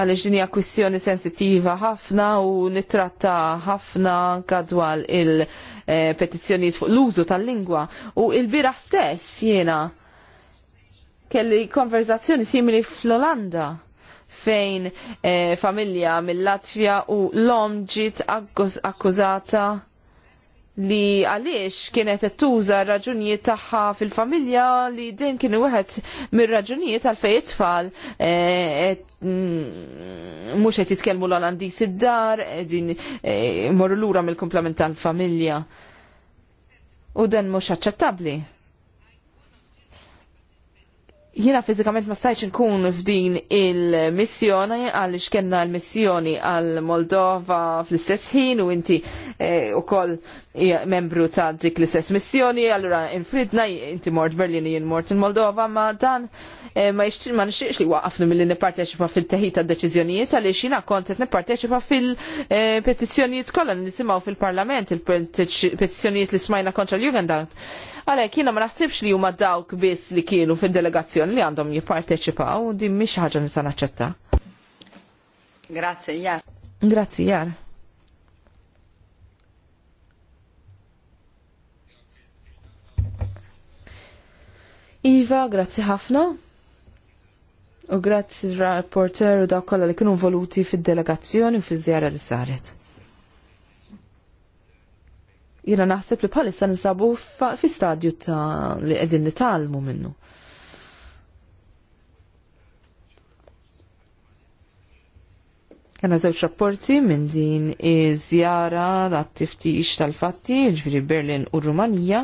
Speaker 2: Għaliex din hija kwistjoni sensittiva ħafna u nitratta ħafna kadwal il-petizzjonijiet eh, fuq l-użu tal-lingwa u il-biraħ stess jiena kelli konverzazzjoni simili fl-Olanda fejn e, familja mill-Latvja u l-om ġiet akkużata li għaliex kienet tuża raġunijiet tagħha fil-familja li din kienu wieħed mir-raġunijiet għal fejn it-tfal eh, mm, mhux qed jitkellmu l olandis id-dar, qegħdin eh, morru lura mill-kumplament tal-familja. U dan mhux aċċettabbli. Jina fizikament ma stajċ nkun f'din il-missjoni għal xkenna l-missjoni għal Moldova fl-istess ħin u inti eh, u koll membru ta' dik l-istess missjoni għallura infridna inti mort Berlin jien mort in Moldova ma dan eh, ma jixtri ma nixtiex li waqafnu mill-li nipparteċipa fil-teħid ta' deċiżjonijiet għaliex jina kont qed nipparteċipa fil-petizzjonijiet eh, kollha nisimaw fil-Parlament il-petizzjonijiet li smajna kontra l-Jugendamt Għalek, jina ma naħsibx li huma dawk biss li kienu fid-delegazzjoni li għandhom jipparteċipaw u din mhix ħaġa nista' naċċetta.
Speaker 1: Grazie, Jar.
Speaker 2: Grazie, Jar. Iva, grazzi ħafna. U grazzi rapporter u dawk kollha li kienu voluti fid-delegazzjoni u fil żjara li saret. Jina naħseb li bħalissa ninsabu fi stadju ta' li qegħdin nitalmu minnu. Kena zewċ rapporti minn din iż-żjara tat tiftix tal-fatti, ġviri Berlin u Rumanija.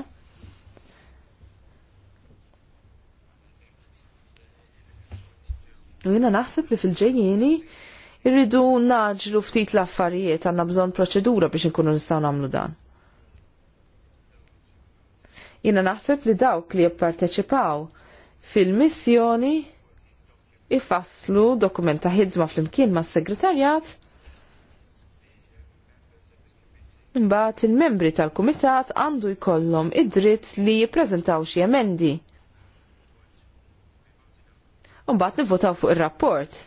Speaker 2: U jina naħseb li fil-ġejjeni irridu naġlu ftit l-affarijiet għanna bżon proċedura biex nkunu nistaw namlu dan. Jina naħseb li dawk li jipparteċipaw fil-missjoni ifasslu dokumenta ħidżma fl-imkien ma' segretarjat Imbagħad il-membri tal-kumitat għandu jkollhom id-dritt li jippreżentaw xi emendi. Imbagħad nivvotaw fuq ir-rapport.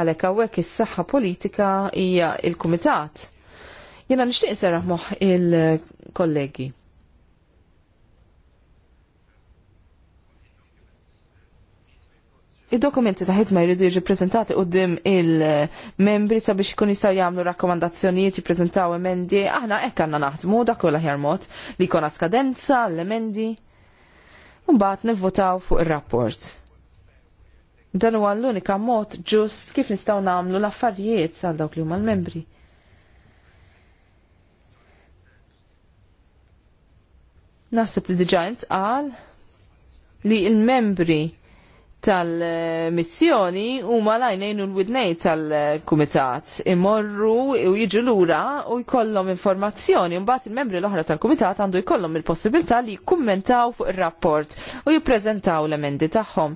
Speaker 2: Għalhekk hawnhekk is-saħħa politika hija il-kumitat. Jiena nixtieq serraħ moħħ il-kollegi. Id-dokumenti ta' ħidma jridu jiġu prezentati qudiem il-membri sabiex ikun jistgħu jagħmlu rakkomandazzjonijiet jippreżentaw emendi, aħna hekk għandna naħdmu dak kull aħjar mod li jkollna skadenza l-emendi. Mbagħad nivvotaw fuq ir-rapport. Dan huwa l-unika mod ġust kif nistgħu nagħmlu l-affarijiet għal dawk li huma l-membri. Naħseb li diġà qal li l-membri tal-missjoni u malajnejn u l-widnej tal-kumitat imorru u jiġu lura u jkollhom informazzjoni un bat il-membri l-oħra tal-kumitat għandu jkollhom il-possibilità li jkommentaw fuq ir-rapport u jippreżentaw l-emendi tagħhom.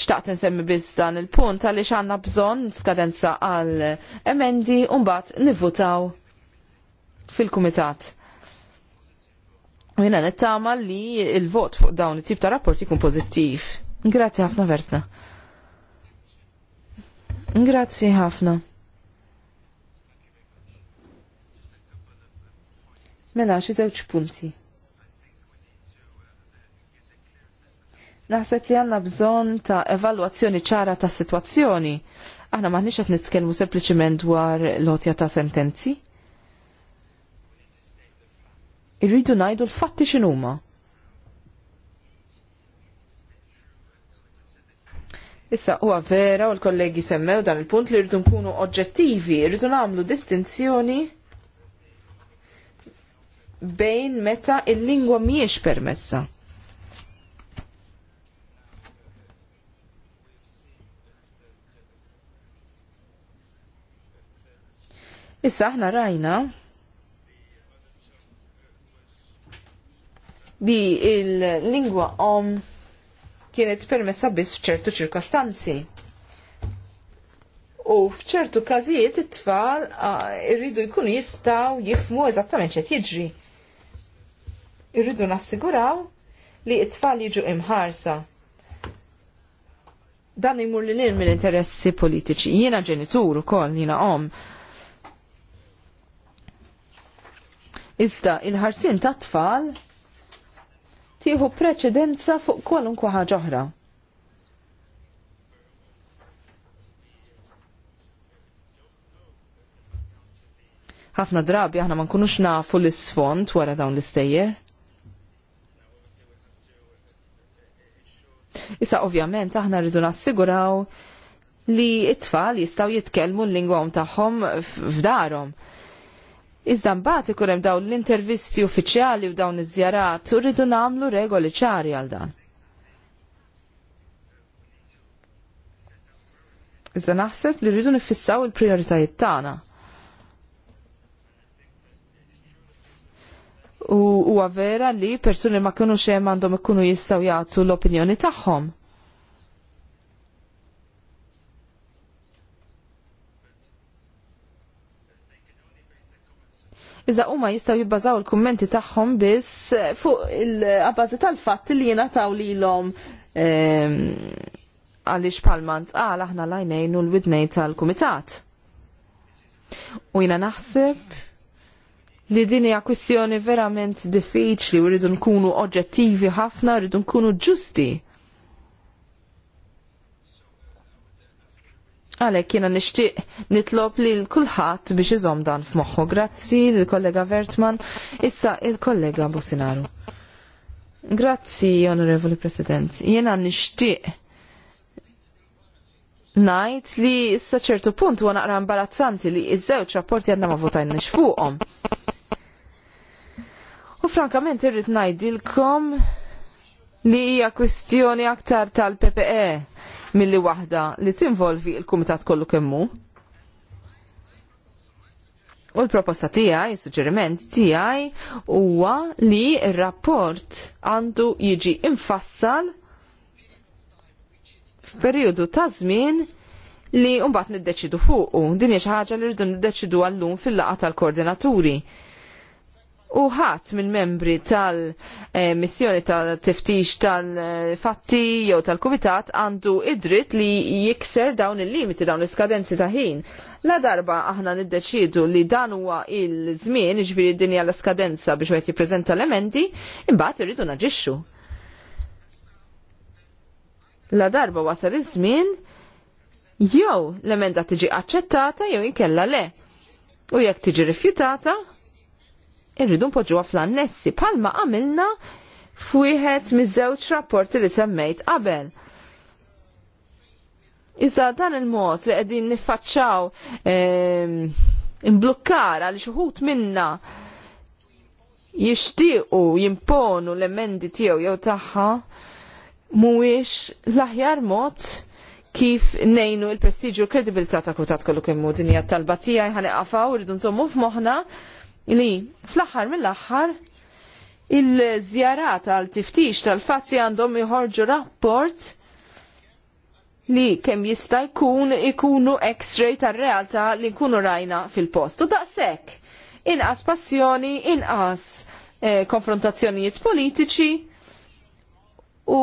Speaker 2: Xtaqt nsemmi biss dan il-punt għaliex għandna bżonn skadenza għal emendi un bat nivvutaw fil-kumitat. U jena nittama li il-vot fuq dawn it-tip ta' rapport jkun pożittiv. Grazzi ħafna vertna. Grazzi ħafna. Mela, xi żewġ punti. Naħseb li għanna bżon ta' evalwazzjoni ċara ta' situazzjoni. Aħna maħniċ għat nitkellmu sempliciment dwar lotja ta' sentenzi. Irridu najdu l-fatti x'inhuma. Issa huwa vera u l-kollegi semmew dan il-punt li rridu nkunu oġġettivi, rridu nagħmlu distinzjoni bejn meta il-lingwa mhijiex permessa. Issa aħna rajna li il-lingwa om kienet permessa biss f'ċertu ċirkostanzi. U f'ċertu każijiet it-tfal irridu jkunu jistgħu jifmu eżattament x'qed jiġri. Irridu nassiguraw li it-tfal jiġu imħarsa. Dan imur li lil mill-interessi politiċi. Jiena ġenitur ukoll, jiena om. Iżda il-ħarsin tat-tfal tieħu preċedenza fuq kwalunkwe ħaġa oħra. ħafna drabi aħna ma nkunux nafu l-isfond wara dawn l-istejjer. Issa ovvjament aħna rridu nassiguraw li t-tfal jistgħu jitkellmu l-lingwa tagħhom f'darhom. Iżda mbagħad ikun hemm dawn l-intervisti uffiċjali u dawn iż-żjarat u rridu nagħmlu regoli ċari għal dan. Iżda naħseb li rridu nifissaw il-prijoritajiet tagħna. U huwa vera li persuni ma kienu hemm għandhom ikunu jistgħu jagħtu l-opinjoni tagħhom. iżda huma jistgħu jibbażaw il-kummenti tagħhom biss fuq il-qabażi tal-fatt li jingħataw lilhom ehm, għaliex palmant għal aħna l u l-widnej tal-kumitat. U jiena naħseb li din hija kwistjoni verament diffiċli u rridu nkunu oġġettivi ħafna, rridu nkunu ġusti Għalek jena nishtiq nitlob li l-kulħat biex iżom dan f'moħħu. Grazzi l-kollega Vertman, issa il-kollega Bosinaru. Grazzi, Onorevoli President. Jena nishtiq najt li issa ċertu punt huwa naqra imbarazzanti li iż-żewġ rapporti għandna ma votajniex fuqhom. U frankament irrid ngħidilkom li hija kwistjoni aktar tal-PPE milli waħda li tinvolvi il-kumitat kollu kemmu. U l-proposta tiegħi, il-suġġeriment tiegħi huwa li r-rapport għandu jiġi infassal f'perjodu ta' żmien li mbagħad niddeċidu fuqu. Din hija xi ħaġa li rridu niddeċidu għallum fil-laqgħa tal-koordinaturi u ħadd mill-membri tal-missjoni tal-tiftix tal-fatti jew tal-kumitat għandu id-dritt li jikser dawn il-limiti dawn l-iskadenzi ta' ħin. La darba aħna niddeċidu li dan huwa il-żmien ġifieri d-dinja l-iskadenza biex wieħed jippreżenta l-emendi, imbagħad irridu naġixxu. La darba wasal iż-żmien jew l-emenda tiġi aċċettata jew inkella le. U jekk tiġi rifjutata, irridu npoġġuha fl-annessi bħalma għamilna f'wieħed miż-żewġ rapporti li semmejt qabel. Iżda dan il-mod li qegħdin niffaċċaw ehm, imblokkara għal xuħut minna jixtiequ jimponu l-emendi tiegħu jew tagħha mhuwiex l-aħjar mod kif nejnu il-prestiġu u l-kredibilità ta' kutat kollu kemmu dinja talba tiegħi ħaneqafaw irridu nsommu f'moħħna li fl-aħħar mill-aħħar il żjarata għal tiftix tal-fatti għandhom iħorġu rapport li kemm jista' jkun ikunu x-ray tar-realtà li nkunu rajna fil-post. U daqshekk inqas passjoni, inqas eh, konfrontazzjonijiet politiċi u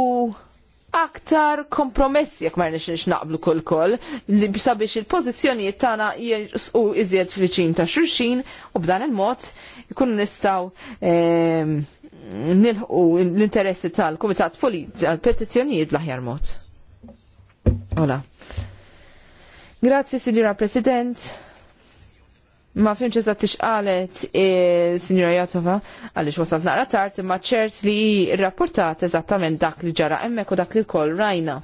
Speaker 2: aktar kompromessi jekk ma rnexx naqblu kol kol li sabiex il-pożizzjonijiet tagħna jersqu iżjed fiċin ta' xulxin u b'dan il-mod ikunu nistgħu ehm, nilħu l-interessi tal-Kumitat tal-Petizzjonijiet bl-aħjar mod. Ola. Grazie, Signora President. Ma fimx eżatt tixqalet il-Sinjora Jatova, għalix wasant naqra tard, imma ċert li rapportat eżattament dak li ġara hemmhekk u dak li l-koll rajna.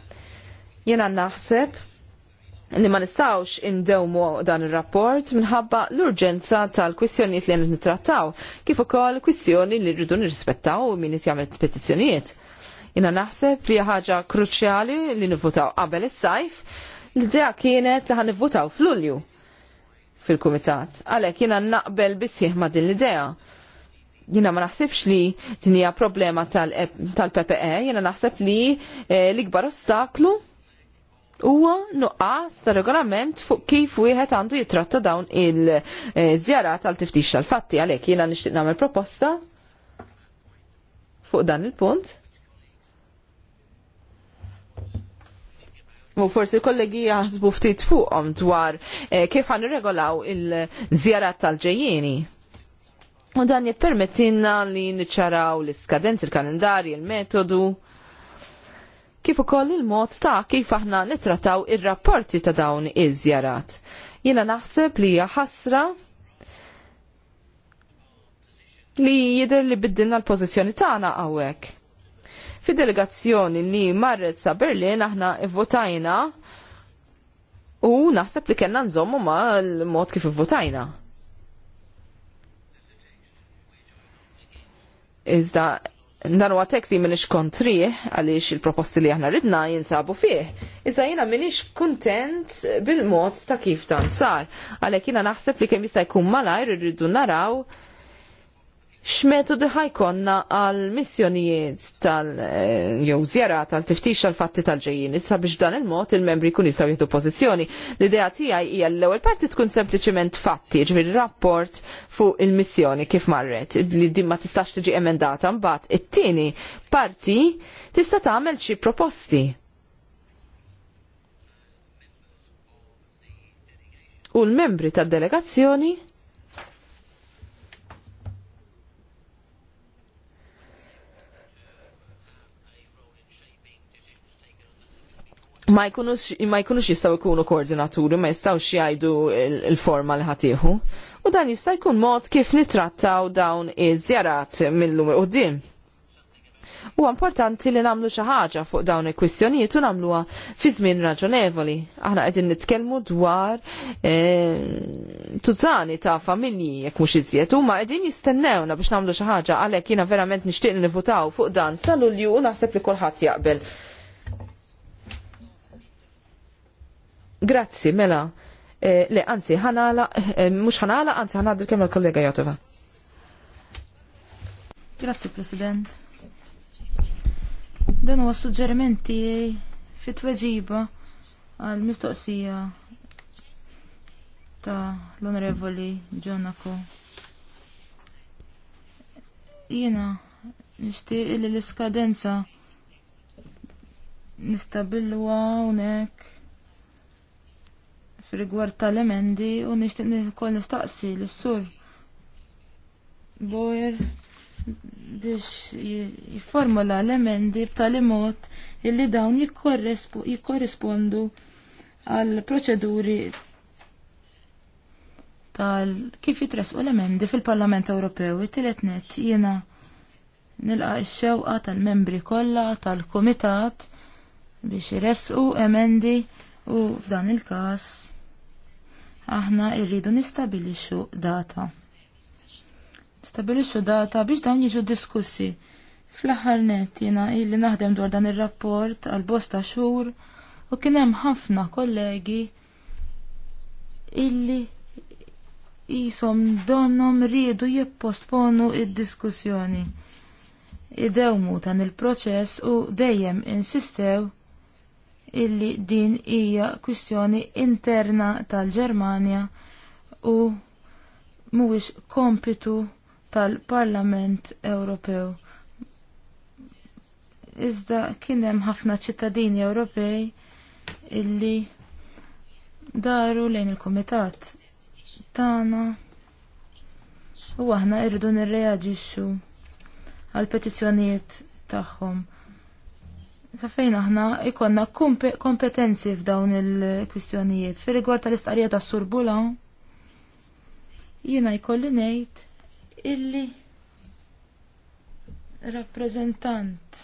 Speaker 2: Jena naħseb li ma nistawx indewmu dan ir-rapport minħabba l-urġenza tal-kwistjonijiet li nittrattaw, kif ukoll kwistjoni li rridu nirrispettaw min qed jagħmel petizzjonijiet. Jena naħseb li ħaġa kruċjali li nivvutaw qabel is-sajf, l-idea kienet li ħanivvutaw fl-Ulju fil-kumitat. Għalhekk jiena naqbel bisih ma' din l-idea jina ma naħsibx li hija problema tal-PPE, jina naħseb li eh, l-ikbar ostaklu huwa nuqqas ta' regolament fuq kif wieħed għandu jitratta dawn il-żjarat tal tiftix tal-fatti għalhekk jiena nixtieq nagħmel proposta fuq dan il-punt u forsi kollegi jaħsbu ftit fuqhom dwar eh, kif ħan regolaw il-żjarat tal-ġejjieni. U dan jippermettilna li niċċaraw l-iskadenzi, il-kalendarji, il-metodu, kif ukoll il-mod ta' kif aħna nitrataw ir-rapporti ta' dawn iż-żjarat. Jiena naħseb li hija ħasra li jidher li biddilna l-pożizzjoni tagħna hawnhekk Fi delegazzjoni li marret sa Berlin aħna votajna u naħseb li kellna nżommu ma l-mod kif votajna. Iżda dan huwa tekst li minix kontri għaliex il-proposti li aħna ridna jinsabu fih. Iżda jiena minix kuntent bil-mod ta' kif dan sar. Għalhekk jiena naħseb li kemm jista' jkun malajr irridu naraw x'metodi ħajkonna għal missjonijiet tal eh, jew tal-tiftix tal-fatti tal-ġejjin issa biex dan il-mod il-membri jkun jistgħu jieħdu pożizzjoni. L-idea tiegħi hija l-ewwel parti tkun sempliċement fatti, ġifieri rapport fuq il-missjoni kif marret li din ma tistax tiġi emendata mbagħad it-tieni parti tista' tagħmel xi proposti. U l-membri tad-delegazzjoni ma jkunux jistaw ikunu koordinaturi, ma jistawx jgħidu il-forma li ħatiħu. U dan jista' jkun mod kif nitrattaw dawn iż-żjarat mill-lum qudiem. U importanti li namlu xi ħaġa fuq dawn il-kwistjonijiet u namluha fi żmien raġonevoli. Aħna qegħdin nitkellmu dwar eh, tużani ta' familji jekk mhux iżjed huma qegħdin jistennewna biex nagħmlu xi ħaġa għalhekk jiena verament nixtieq nivutaw fuq dan salulju lulju u naħseb li kulħadd jaqbel Grazzi, mela. Eh, le, anzi, ħanala, eh, mux ħanala, anzi, ħanadil kemm l-kollega Jotova.
Speaker 4: Grazzi, President. Dan huwa suġġerimenti fit tweġiba għal mistoqsija ta' l-Onorevoli Ġonako. Jena, nixtieq li l-iskadenza Nistabillu hawnhekk fil-rigward tal-emendi u nixtieq nkoll nistaqsi lis-sur Boer biex jiformula l-emendi b'tali mod illi dawn jikkorrispondu għal proċeduri tal kif jitresqu l-emendi fil-Parlament Ewropew it-tielet net jiena nilqa' x-xewqa tal-membri kollha tal-kumitat biex jresqu emendi u f'dan il-każ aħna irridu nistabilixxu data. Nistabilixxu data biex dawn jiġu diskussi. Fl-aħħar net jiena illi naħdem dwar dan ir-rapport għal bosta xhur u kien hemm ħafna kollegi illi jisom donnom rridu jippostponu id-diskussjoni. Idewmu tan il-proċess u dejjem insistew illi din hija kwistjoni interna tal-Ġermanja u mhuwiex kompitu tal-Parlament Ewropew. Iżda kien hemm ħafna ċittadini Ewropej illi daru lejn il-Kumitat tagħna u aħna irridu nirreaġixxu għal petizzjonijiet tagħhom sa fejn aħna ikonna kompetenzi f'dawn il-kwistjonijiet. Fi rigward tal-istqarrija ta' surbula, jiena jkolli ngħid illi rappreżentant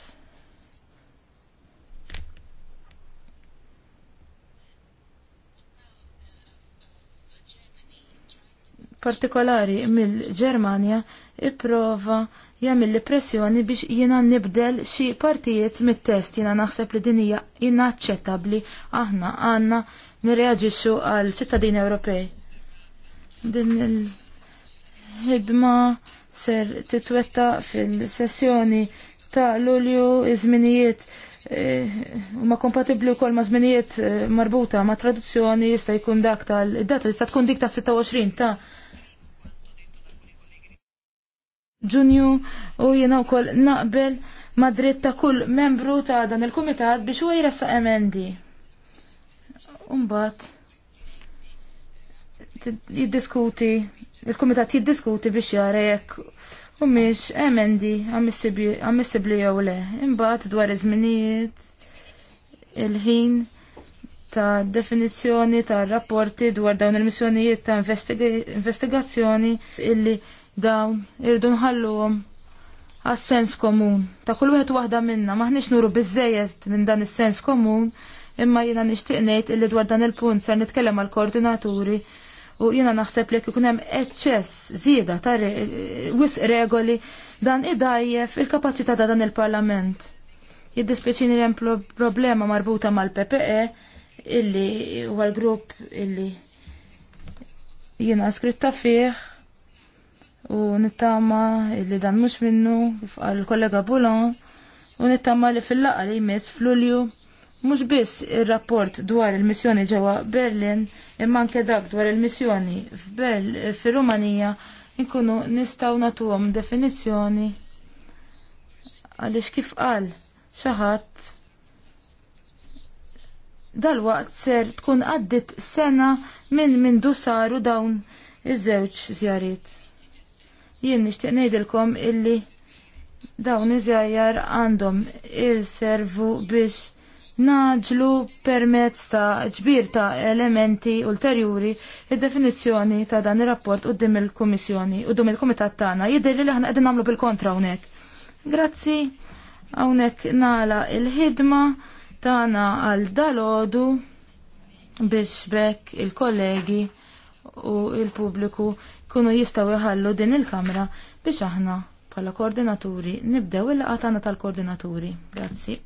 Speaker 4: partikolari mill-Ġermanja ipprova jagħmel li pressjoni biex jiena nibdel xi partijiet mit-test jiena naħseb li din hija inaċċettabbli aħna għandna nirreaġixxu għal ċittadini Ewropej. Din il-ħidma ser titwetta fil-sessjoni ta' Lulju iż-żminijiet eh, huma kompatibbli wkoll ma' żminijiet eh, marbuta ma' traduzzjoni jista' jkun dak tal-data jista' tkun dik ta' 26 ta' ġunju u jiena wkoll naqbel madrid ta' kull membru ta' dan il-kumitat biex huwa jressa emendi. Umbat jiddiskuti, il-kumitat jiddiskuti biex jara jekk u miex emendi ammissibbli jew le. Imbagħad dwar iż-żminijiet il-ħin ta' definizzjoni ta' rapporti dwar dawn il-missjonijiet ta' investigazzjoni illi dawn irridu nħalluhom għas-sens komun. Ta' kull wieħed waħda minna, maħniex nuru biżejjed minn dan is-sens komun, imma jiena nixtieq ngħid illi dwar dan il-punt sar nitkellem għall koordinaturi u jiena naħseb li jkun hemm eċċess żieda ta' wisq regoli dan idajjef il-kapaċità ta' dan il-Parlament. Jiddispjaċini li hemm problema marbuta mal-PPE illi huwa l-grupp illi jiena skritta fih u nittama li dan mhux minnu għal kollega Bulon u nittama li fil-laqa li jmiss f'Lulju mhux biss ir-rapport dwar il-missjoni ġewwa Berlin imma anke dak dwar il-missjoni fir-Rumanija nkunu nistgħu nagħtuhom definizzjoni għaliex kif qal xaħat dal waqt ser tkun għaddit sena minn minn saru dawn iż-żewġ żjariet. Jien nixtieq ngħidilkom illi dawn iżjajjar għandhom il-servu biex naġlu permezz ta' ġbir ta' elementi ulterjuri id-definizzjoni ta' dan ir-rapport dim il-Kummissjoni u dim il-Kumitat tagħna jidher li aħna qegħdin nagħmlu bil-kontra hawnhekk. Grazzi hawnhekk nala il-ħidma tagħna għal dalodu biex bekk il-kollegi u il-pubbliku kunu jistaw jħallu din il-kamra biex aħna bħala koordinaturi nibdew il-laqatana tal-koordinaturi. Grazzi.